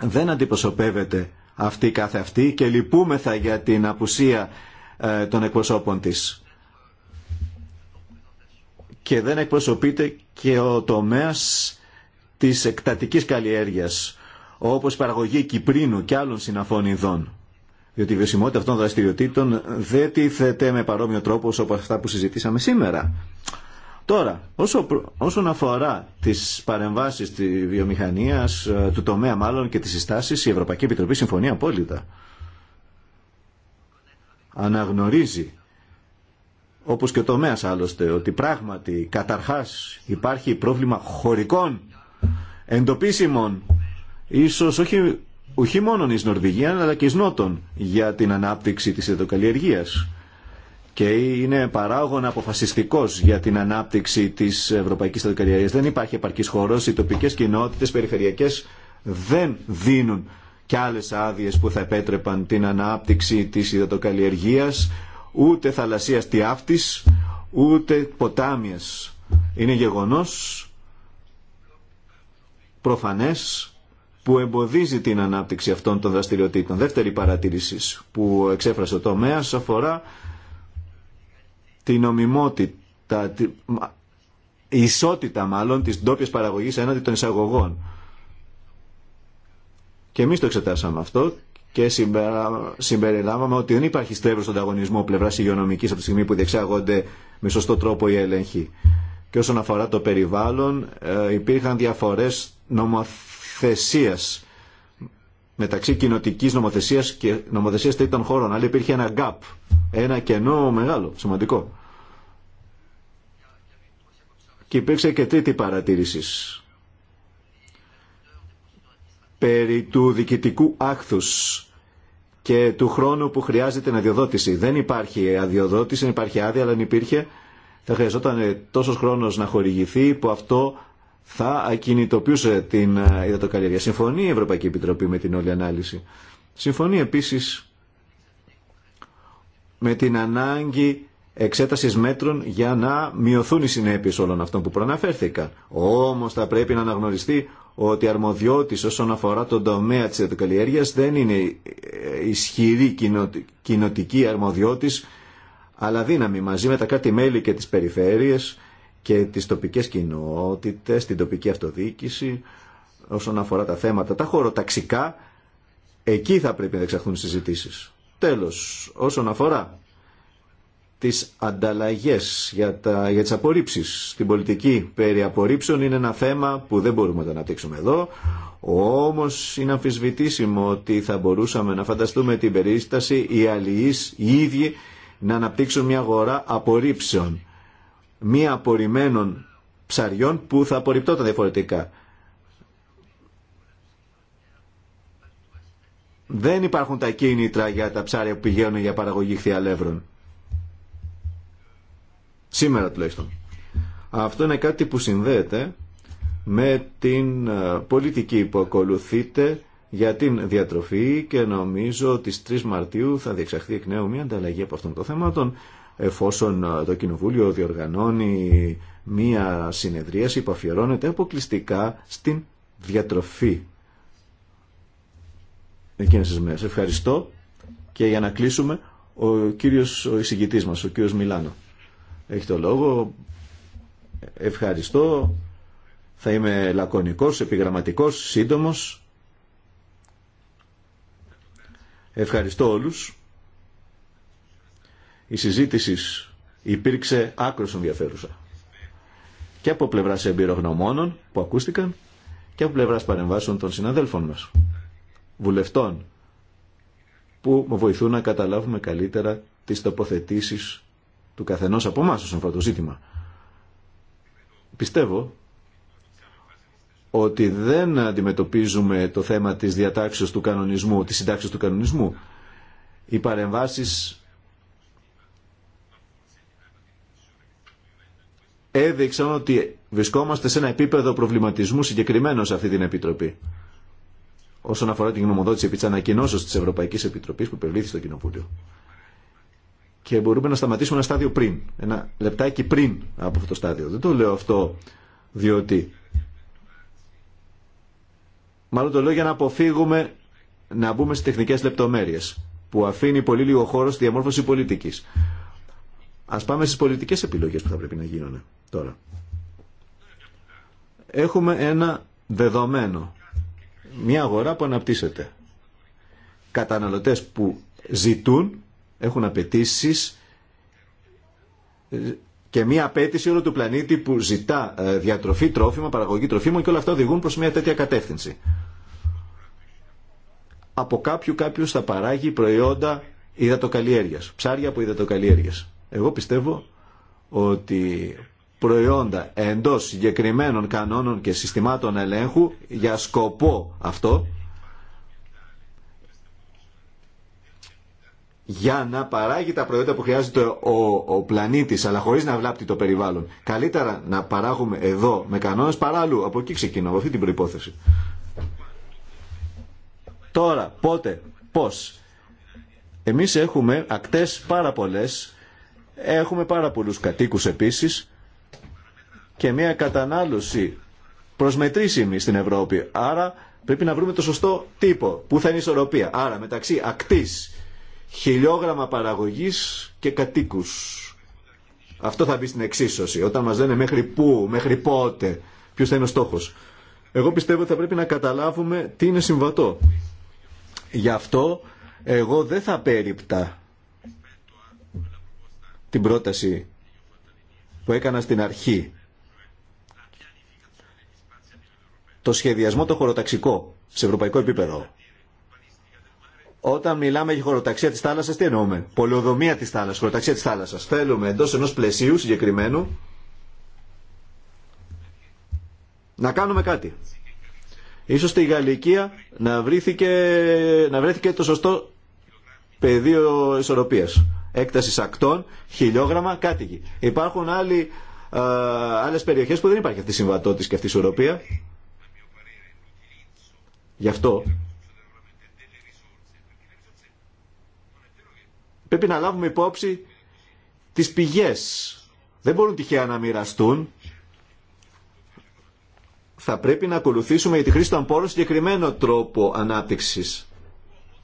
δεν αντιπροσωπεύεται αυτή κάθε αυτή και λυπούμεθα για την απουσία ε, των εκπροσώπων της. Και δεν εκπροσωπείται και ο τομέας της εκτατικής καλλιέργειας όπως παραγωγή κυπρίνου και άλλων συναφών ειδών. Διότι η βιωσιμότητα αυτών των δραστηριοτήτων δεν τίθεται με παρόμοιο τρόπο όπως αυτά που συζητήσαμε σήμερα. Τώρα, όσο, όσον αφορά τις παρεμβάσεις της βιομηχανίας, ε, του τομέα μάλλον και τις συστάσεις, η Ευρωπαϊκή Επιτροπή συμφωνεί απόλυτα. Αναγνωρίζει, όπως και ο τομέας άλλωστε, ότι πράγματι καταρχάς υπάρχει πρόβλημα χωρικών εντοπίσιμων ίσως όχι, όχι μόνο εις Νορβηγία αλλά και εις Νότων για την ανάπτυξη της ειδοκαλλιεργίας και είναι παράγον αποφασιστικό για την ανάπτυξη τη ευρωπαϊκή θετοκαλλιέργεια. Δεν υπάρχει επαρκή χώρο. Οι τοπικέ κοινότητε, περιφερειακέ δεν δίνουν και άλλε άδειε που θα επέτρεπαν την ανάπτυξη τη ειδοκαλλιεργία, ούτε θαλασσία τιάφτη, ούτε ποτάμια. Είναι γεγονό προφανές που εμποδίζει την ανάπτυξη αυτών των δραστηριοτήτων. Δεύτερη παρατήρηση που εξέφρασε ο τομέα αφορά την νομιμότητα, η ισότητα μάλλον της ντόπια παραγωγής έναντι των εισαγωγών. Και εμείς το εξετάσαμε αυτό και συμπεριλάβαμε ότι δεν υπάρχει στρέβλος στον ανταγωνισμό πλευράς υγειονομικής από τη στιγμή που διεξάγονται με σωστό τρόπο οι έλεγχοι. Και όσον αφορά το περιβάλλον, ε, υπήρχαν διαφορές νομοθετικές θεσίας μεταξύ κοινοτική νομοθεσίας και νομοθεσίας τρίτων χώρων. Αλλά υπήρχε ένα gap, ένα κενό μεγάλο, σημαντικό. Και υπήρξε και τρίτη παρατήρηση. Περί του διοικητικού άχθους και του χρόνου που χρειάζεται την αδειοδότηση. Δεν υπάρχει αδειοδότηση, δεν υπάρχει άδεια, αλλά αν υπήρχε θα χρειαζόταν τόσος χρόνος να χορηγηθεί που αυτό θα ακινητοποιούσε την ε, υδατοκαλλιέργεια. Συμφωνεί η Ευρωπαϊκή Επιτροπή με την όλη ανάλυση. Συμφωνεί επίσης με την ανάγκη εξέτασης μέτρων για να μειωθούν οι συνέπειες όλων αυτών που προαναφέρθηκαν. Όμως θα πρέπει να αναγνωριστεί ότι η αρμοδιότης όσον αφορά τον τομέα της ιατροκαλλιέργειας δεν είναι ε, ισχυρή κοινοτική αρμοδιότης αλλά δύναμη μαζί με τα κάτι μέλη και τις περιφέρειες και τις τοπικές κοινότητες, την τοπική αυτοδιοίκηση όσον αφορά τα θέματα τα χωροταξικά εκεί θα πρέπει να εξαχθούν συζητήσεις. Τέλος, όσον αφορά τις ανταλλαγές για, τα, για τις απορρίψεις. Την πολιτική περί απορρίψεων είναι ένα θέμα που δεν μπορούμε να το αναπτύξουμε εδώ, όμως είναι αμφισβητήσιμο ότι θα μπορούσαμε να φανταστούμε την περίσταση οι αλληλείς οι ίδιοι να αναπτύξουν μια αγορά απορρίψεων μία απορριμμένων ψαριών που θα τα διαφορετικά. Δεν υπάρχουν τα κίνητρα για τα ψάρια που πηγαίνουν για παραγωγή χθιαλεύρων. Σήμερα τουλάχιστον. Αυτό είναι κάτι που συνδέεται με την ε, πολιτική που ακολουθείτε για την διατροφή και νομίζω ότι στις 3 Μαρτίου θα διεξαχθεί εκ νέου μια ανταλλαγή από αυτών των θεμάτων εφόσον ε, το Κοινοβούλιο διοργανώνει μία συνεδρίαση που αφιερώνεται αποκλειστικά στην διατροφή εκείνες τις μέρες. Ευχαριστώ και για να κλείσουμε ο κύριος ο εισηγητής μας, ο κύριος Μιλάνο. Έχει το λόγο. Ευχαριστώ. Θα είμαι λακωνικός, επιγραμματικός, σύντομος. Ευχαριστώ όλους η συζήτηση υπήρξε άκρως ενδιαφέρουσα. Και από πλευράς εμπειρογνωμόνων που ακούστηκαν και από πλευράς παρεμβάσεων των συναδέλφων μας, βουλευτών, που με βοηθούν να καταλάβουμε καλύτερα τις τοποθετήσεις του καθενός από εμάς όσον αφορά το ζήτημα. Πιστεύω ότι δεν αντιμετωπίζουμε το θέμα της διατάξεως του κανονισμού, της συντάξεως του κανονισμού. Οι παρεμβάσεις έδειξαν ότι βρισκόμαστε σε ένα επίπεδο προβληματισμού συγκεκριμένο σε αυτή την Επιτροπή. Όσον αφορά την γνωμοδότηση επί τη ανακοινώσεω τη Ευρωπαϊκή Επιτροπή που υπερβλήθη στο Κοινοβούλιο. Και μπορούμε να σταματήσουμε ένα στάδιο πριν, ένα λεπτάκι πριν από αυτό το στάδιο. Δεν το λέω αυτό διότι. Μάλλον το λέω για να αποφύγουμε να μπούμε στι τεχνικέ λεπτομέρειε που αφήνει πολύ λίγο χώρο στη διαμόρφωση πολιτική. Ας πάμε στις πολιτικές επιλογές που θα πρέπει να γίνονται τώρα. Έχουμε ένα δεδομένο. Μια αγορά που αναπτύσσεται. Καταναλωτές που ζητούν, έχουν απαιτήσει και μια απέτηση όλου του πλανήτη που ζητά ε, διατροφή, τρόφιμα, παραγωγή τροφίμων και όλα αυτά οδηγούν προς μια τέτοια κατεύθυνση. Από κάποιου κάποιος θα παράγει προϊόντα υδατοκαλλιέργεια. ψάρια από υδατοκαλλιέργεια. Εγώ πιστεύω ότι προϊόντα εντός συγκεκριμένων κανόνων και συστημάτων ελέγχου για σκοπό αυτό για να παράγει τα προϊόντα που χρειάζεται ο, ο πλανήτης αλλά χωρίς να βλάπτει το περιβάλλον. Καλύτερα να παράγουμε εδώ με κανόνες παρά Από εκεί ξεκινώ, αυτή την προϋπόθεση. Τώρα, πότε, πώς. Εμείς έχουμε ακτές πάρα πολλές Έχουμε πάρα πολλούς κατοίκους επίσης και μια κατανάλωση προσμετρήσιμη στην Ευρώπη. Άρα πρέπει να βρούμε το σωστό τύπο που θα είναι η ισορροπία. Άρα μεταξύ ακτής, χιλιόγραμμα παραγωγής και κατοίκους. Αυτό θα μπει στην εξίσωση. Όταν μας λένε μέχρι πού, μέχρι πότε, Ποιο θα είναι ο στόχος. Εγώ πιστεύω ότι θα πρέπει να καταλάβουμε τι είναι συμβατό. Γι' αυτό εγώ δεν θα περίπτα την πρόταση που έκανα στην αρχή. Το σχεδιασμό το χωροταξικό σε ευρωπαϊκό επίπεδο. Όταν μιλάμε για χωροταξία της θάλασσας, τι εννοούμε. Πολεοδομία της θάλασσας, χωροταξία της θάλασσας. Θέλουμε εντός ενός πλαισίου συγκεκριμένου να κάνουμε κάτι. Ίσως στη Γαλλικία να βρέθηκε, να βρέθηκε το σωστό πεδίο ισορροπίας έκταση ακτών, χιλιόγραμμα, κάτοικοι. Υπάρχουν άλλοι, ε, άλλες περιοχές που δεν υπάρχει αυτή η συμβατότητα και αυτή η ισορροπία. Γι' αυτό πρέπει να λάβουμε υπόψη τις πηγές. Δεν μπορούν τυχαία να μοιραστούν. Θα πρέπει να ακολουθήσουμε για τη χρήση των πόρων συγκεκριμένο τρόπο ανάπτυξης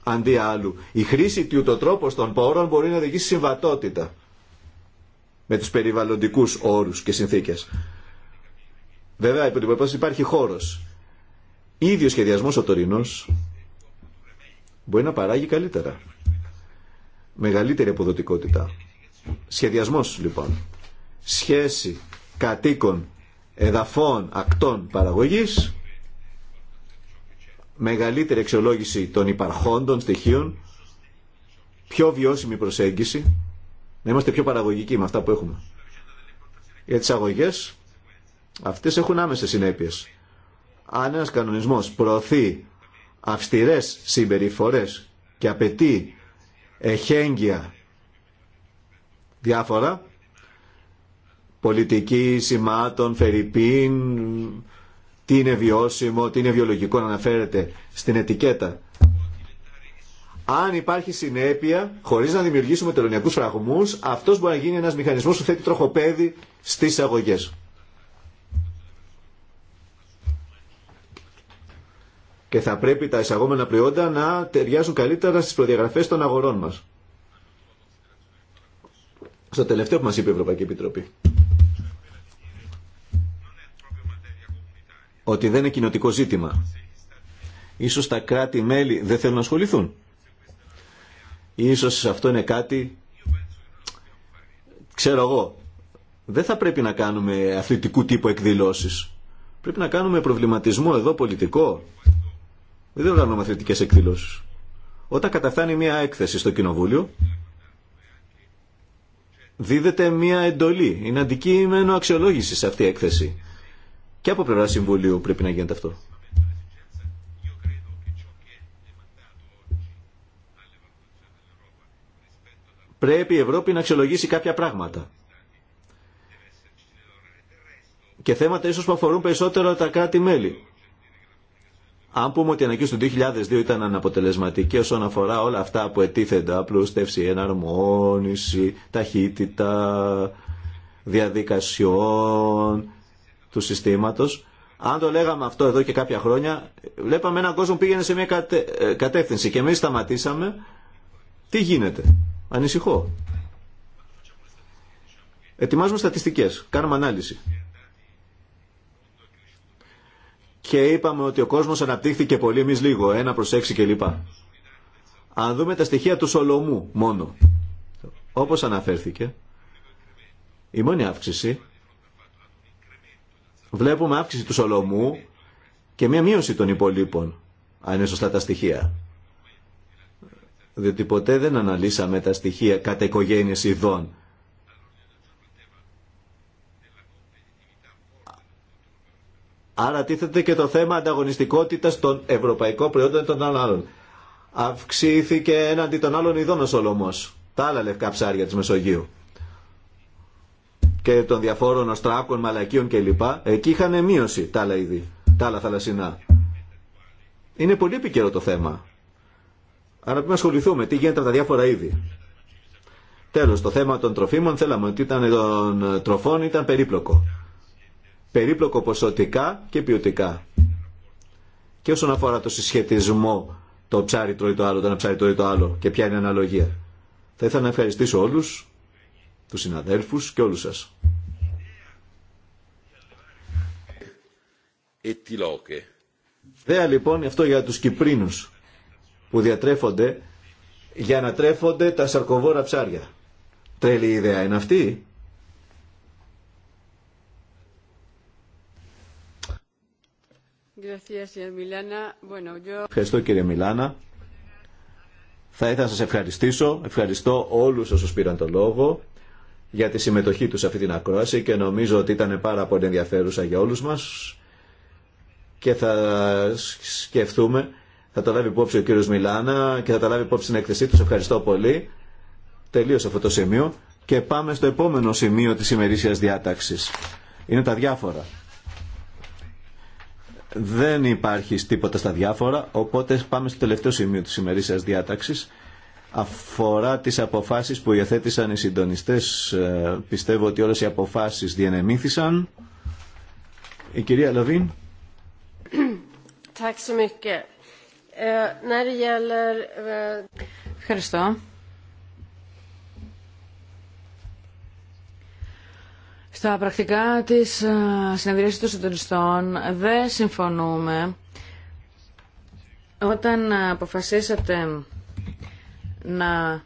αντί άλλου. Η χρήση του το τρόπο των πόρων μπορεί να οδηγήσει συμβατότητα με τους περιβαλλοντικούς όρους και συνθήκες. Βέβαια, υπό την προπόθεση υπάρχει χώρος. Ήδη σχεδιασμός ο τωρινός μπορεί να παράγει καλύτερα. Μεγαλύτερη αποδοτικότητα. Σχεδιασμός, λοιπόν. Σχέση κατοίκων, εδαφών, ακτών παραγωγής μεγαλύτερη αξιολόγηση των υπαρχόντων στοιχείων, πιο βιώσιμη προσέγγιση, να είμαστε πιο παραγωγικοί με αυτά που έχουμε. Για τις αγωγές, αυτές έχουν άμεσες συνέπειες. Αν ένας κανονισμός προωθεί αυστηρές συμπεριφορές και απαιτεί εχέγγυα διάφορα, πολιτική, σημάτων, φερρυπίν, τι είναι βιώσιμο, τι είναι βιολογικό να αναφέρεται στην ετικέτα. Αν υπάρχει συνέπεια, χωρίς να δημιουργήσουμε τελωνιακούς φραγμούς, αυτός μπορεί να γίνει ένας μηχανισμός που θέτει τροχοπέδι στις αγωγές. Και θα πρέπει τα εισαγόμενα προϊόντα να ταιριάζουν καλύτερα στις προδιαγραφές των αγορών μας. Στο τελευταίο που μας είπε η Ευρωπαϊκή Επιτροπή. ότι δεν είναι κοινοτικό ζήτημα. Ίσως τα κράτη-μέλη δεν θέλουν να ασχοληθούν. Ίσως αυτό είναι κάτι, ξέρω εγώ, δεν θα πρέπει να κάνουμε αθλητικού τύπου εκδηλώσεις. Πρέπει να κάνουμε προβληματισμό εδώ πολιτικό. Δεν βγάλουμε αθλητικές εκδηλώσεις. Όταν καταφτάνει μια έκθεση στο κοινοβούλιο, δίδεται μια εντολή. Είναι αντικείμενο σε αυτή η έκθεση. Και από πλευρά Συμβουλίου πρέπει να γίνεται αυτό. Πρέπει η Ευρώπη να αξιολογήσει κάποια πράγματα. Και θέματα ίσως που αφορούν περισσότερο τα κράτη-μέλη. Αν πούμε ότι η ανακοίνωση του 2002 ήταν αναποτελεσματική όσον αφορά όλα αυτά που ετίθενται, απλούστευση, εναρμόνιση, ταχύτητα, διαδικασιών, του συστήματος. Αν το λέγαμε αυτό εδώ και κάποια χρόνια, βλέπαμε έναν κόσμο πήγαινε σε μια κατε... Ε, κατεύθυνση και εμείς σταματήσαμε. Τι γίνεται. Ανησυχώ. Ετοιμάζουμε στατιστικές, κάνουμε ανάλυση. Και είπαμε ότι ο κόσμος αναπτύχθηκε πολύ, εμείς λίγο, ένα προς έξι κλπ. Αν δούμε τα στοιχεία του Σολομού μόνο, όπως αναφέρθηκε, η μόνη αύξηση βλέπουμε αύξηση του Σολομού και μία μείωση των υπολείπων, αν είναι σωστά τα στοιχεία. Διότι ποτέ δεν αναλύσαμε τα στοιχεία κατά οικογένειες ειδών. Άρα τίθεται και το θέμα ανταγωνιστικότητας των ευρωπαϊκών προϊόντων των άλλων. Αυξήθηκε έναντι των άλλων ειδών ο Σολομός, τα άλλα λευκά ψάρια της Μεσογείου και των διαφόρων οστράκων, μαλακίων κλπ. Εκεί είχαν μείωση τα άλλα είδη, τα άλλα θαλασσινά. Είναι πολύ επικαιρό το θέμα. Άρα πρέπει να ασχοληθούμε τι γίνεται από τα διάφορα είδη. Τέλος, το θέμα των τροφίμων θέλαμε ότι ήταν των τροφών ήταν περίπλοκο. Περίπλοκο ποσοτικά και ποιοτικά. Και όσον αφορά το συσχετισμό το ψάρι τρώει το άλλο, το ένα ψάρι τρώει το άλλο και ποια είναι η αναλογία. Θα ήθελα να ευχαριστήσω όλους τους συναδέλφους και όλους σας. Δέα λοιπόν αυτό για τους Κυπρίνους που διατρέφονται για να τρέφονται τα σαρκοβόρα ψάρια. Τρέλη ιδέα είναι αυτή. Ευχαριστώ κύριε Μιλάνα. Θα ήθελα να σας ευχαριστήσω. Ευχαριστώ όλους όσους πήραν το λόγο για τη συμμετοχή του σε αυτή την ακρόαση και νομίζω ότι ήταν πάρα πολύ ενδιαφέρουσα για όλους μας και θα σκεφτούμε, θα τα λάβει υπόψη ο κύριος Μιλάνα και θα τα λάβει υπόψη την έκθεσή του. Ευχαριστώ πολύ. Τελείωσε αυτό το σημείο και πάμε στο επόμενο σημείο της ημερήσιας διάταξης. Είναι τα διάφορα. Δεν υπάρχει τίποτα στα διάφορα, οπότε πάμε στο τελευταίο σημείο της ημερήσιας διάταξης αφορά τις αποφάσεις που υιοθέτησαν οι συντονιστές. Ε, πιστεύω ότι όλες οι αποφάσεις διενεμήθησαν. Η κυρία Λαβίν. Ε, ε, Ευχαριστώ. Στα πρακτικά της συνεδρίασης των συντονιστών δεν συμφωνούμε. Όταν αποφασίσατε να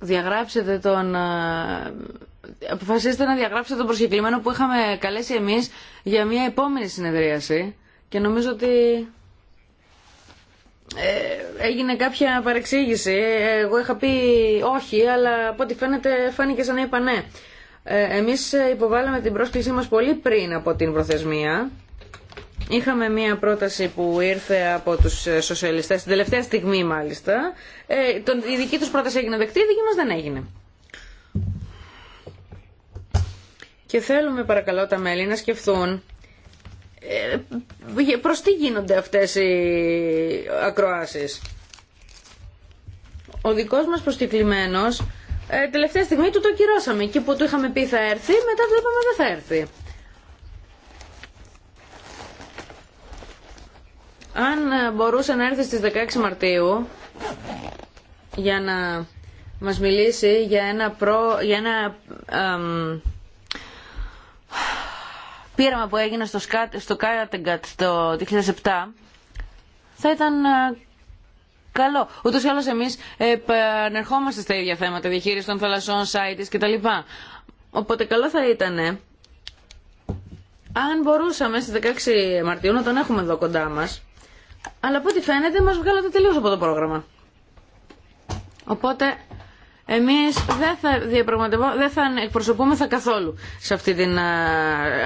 διαγράψετε τον ε, Αποφασίστε να διαγράψετε τον προσκεκλημένο που είχαμε καλέσει εμείς για μια επόμενη συνεδρίαση και νομίζω ότι ε, έγινε κάποια παρεξήγηση. Εγώ είχα πει όχι, αλλά από ό,τι φαίνεται φάνηκε σαν να είπα ναι. Ε, εμείς υποβάλαμε την πρόσκλησή μας πολύ πριν από την προθεσμία Είχαμε μία πρόταση που ήρθε από τους ε, σοσιαλιστές, την τελευταία στιγμή μάλιστα. Ε, τον, η δική του πρόταση έγινε δεκτή, η δική μας δεν έγινε. Και θέλουμε παρακαλώ τα μέλη να σκεφτούν ε, τι γίνονται αυτέ οι ακροασει. Ο δικός μας προσκεκλημένο, ε, τελευταία στιγμή του το κυρώσαμε και που του είχαμε πει θα έρθει, μετά βλέπαμε δεν θα έρθει. αν μπορούσε να έρθει στις 16 Μαρτίου για να μας μιλήσει για ένα, προ, για ένα πείραμα που έγινε στο, Σκάτ, στο Κάτεγκατ το 2007, θα ήταν ε, καλό. Ούτως ή άλλως εμείς επανερχόμαστε στα ίδια θέματα, διαχείριση των θαλασσών, σάιτης κτλ. Οπότε καλό θα ήταν αν μπορούσαμε στις 16 Μαρτίου να τον έχουμε εδώ κοντά μας αλλά από ό,τι φαίνεται μας βγάλατε τελείως από το πρόγραμμα. Οπότε εμείς δεν θα δεν θα εκπροσωπούμεθα καθόλου σε αυτή την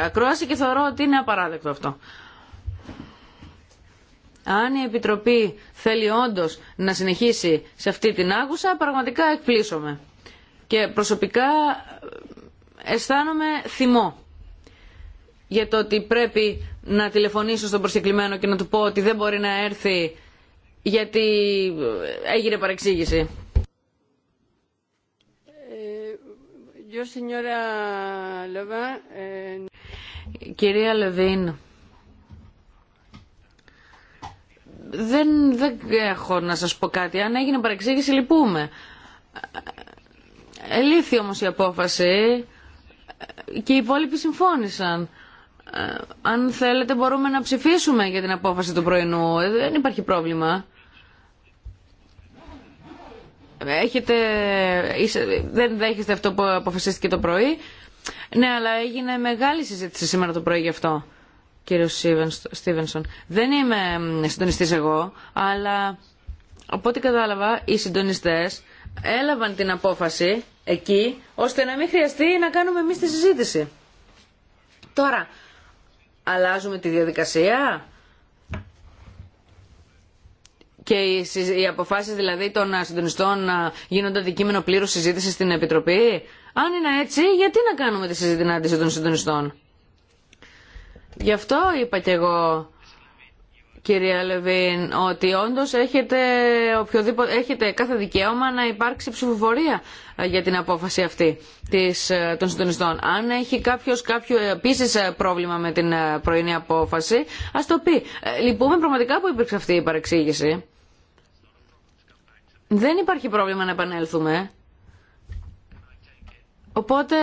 ακρόαση και θεωρώ ότι είναι απαράδεκτο αυτό. Αν η Επιτροπή θέλει όντω να συνεχίσει σε αυτή την άγουσα, πραγματικά εκπλήσωμαι. Και προσωπικά ε, αισθάνομαι θυμό για το ότι πρέπει να τηλεφωνήσω στον προσκεκλημένο και να του πω ότι δεν μπορεί να έρθει γιατί έγινε παρεξήγηση. Κυρία Λεβίν, δεν, δεν έχω να σας πω κάτι. Αν έγινε παρεξήγηση λυπούμε. Ελήθη όμως η απόφαση και οι υπόλοιποι συμφώνησαν. Ε, αν θέλετε μπορούμε να ψηφίσουμε για την απόφαση του πρωινού. Ε, δεν υπάρχει πρόβλημα. Έχετε, δεν δέχεστε αυτό που αποφασίστηκε το πρωί. Ναι, αλλά έγινε μεγάλη συζήτηση σήμερα το πρωί γι' αυτό, κύριο Στίβενσον. Δεν είμαι συντονιστής εγώ, αλλά από ό,τι κατάλαβα οι συντονιστές έλαβαν την απόφαση εκεί, ώστε να μην χρειαστεί να κάνουμε εμείς τη συζήτηση. Τώρα, αλλάζουμε τη διαδικασία και οι αποφάσεις δηλαδή των ε, συντονιστών ε, γίνονται αντικείμενο πλήρους συζήτηση στην Επιτροπή. Αν είναι έτσι, γιατί να κάνουμε τη συζήτηση των συντονιστών. Γι' αυτό είπα και εγώ κυρία Λεβίν, ότι όντως έχετε, έχετε κάθε δικαίωμα να υπάρξει ψηφοφορία ε, για την απόφαση αυτή της, ε, των συντονιστών. Αν έχει κάποιος κάποιο επίση ε, πρόβλημα με την πρωινή απόφαση, ας το πει. Λυπούμε πραγματικά που υπήρξε αυτή η παρεξήγηση. Δεν υπάρχει πρόβλημα να επανέλθουμε. Οπότε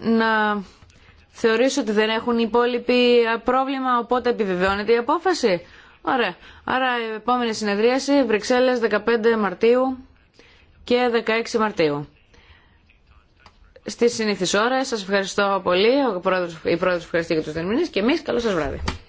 να θεωρήσω ότι δεν έχουν υπόλοιπη πρόβλημα, οπότε επιβεβαιώνεται η απόφαση. Ωραία. Άρα η επόμενη συνεδρίαση Βρυξέλλες 15 Μαρτίου και 16 Μαρτίου. Στις συνήθεις ώρες σας ευχαριστώ πολύ. Ο πρόεδρος, η πρόεδρος ευχαριστεί και τους δερμηνείς και εμείς καλό σας βράδυ.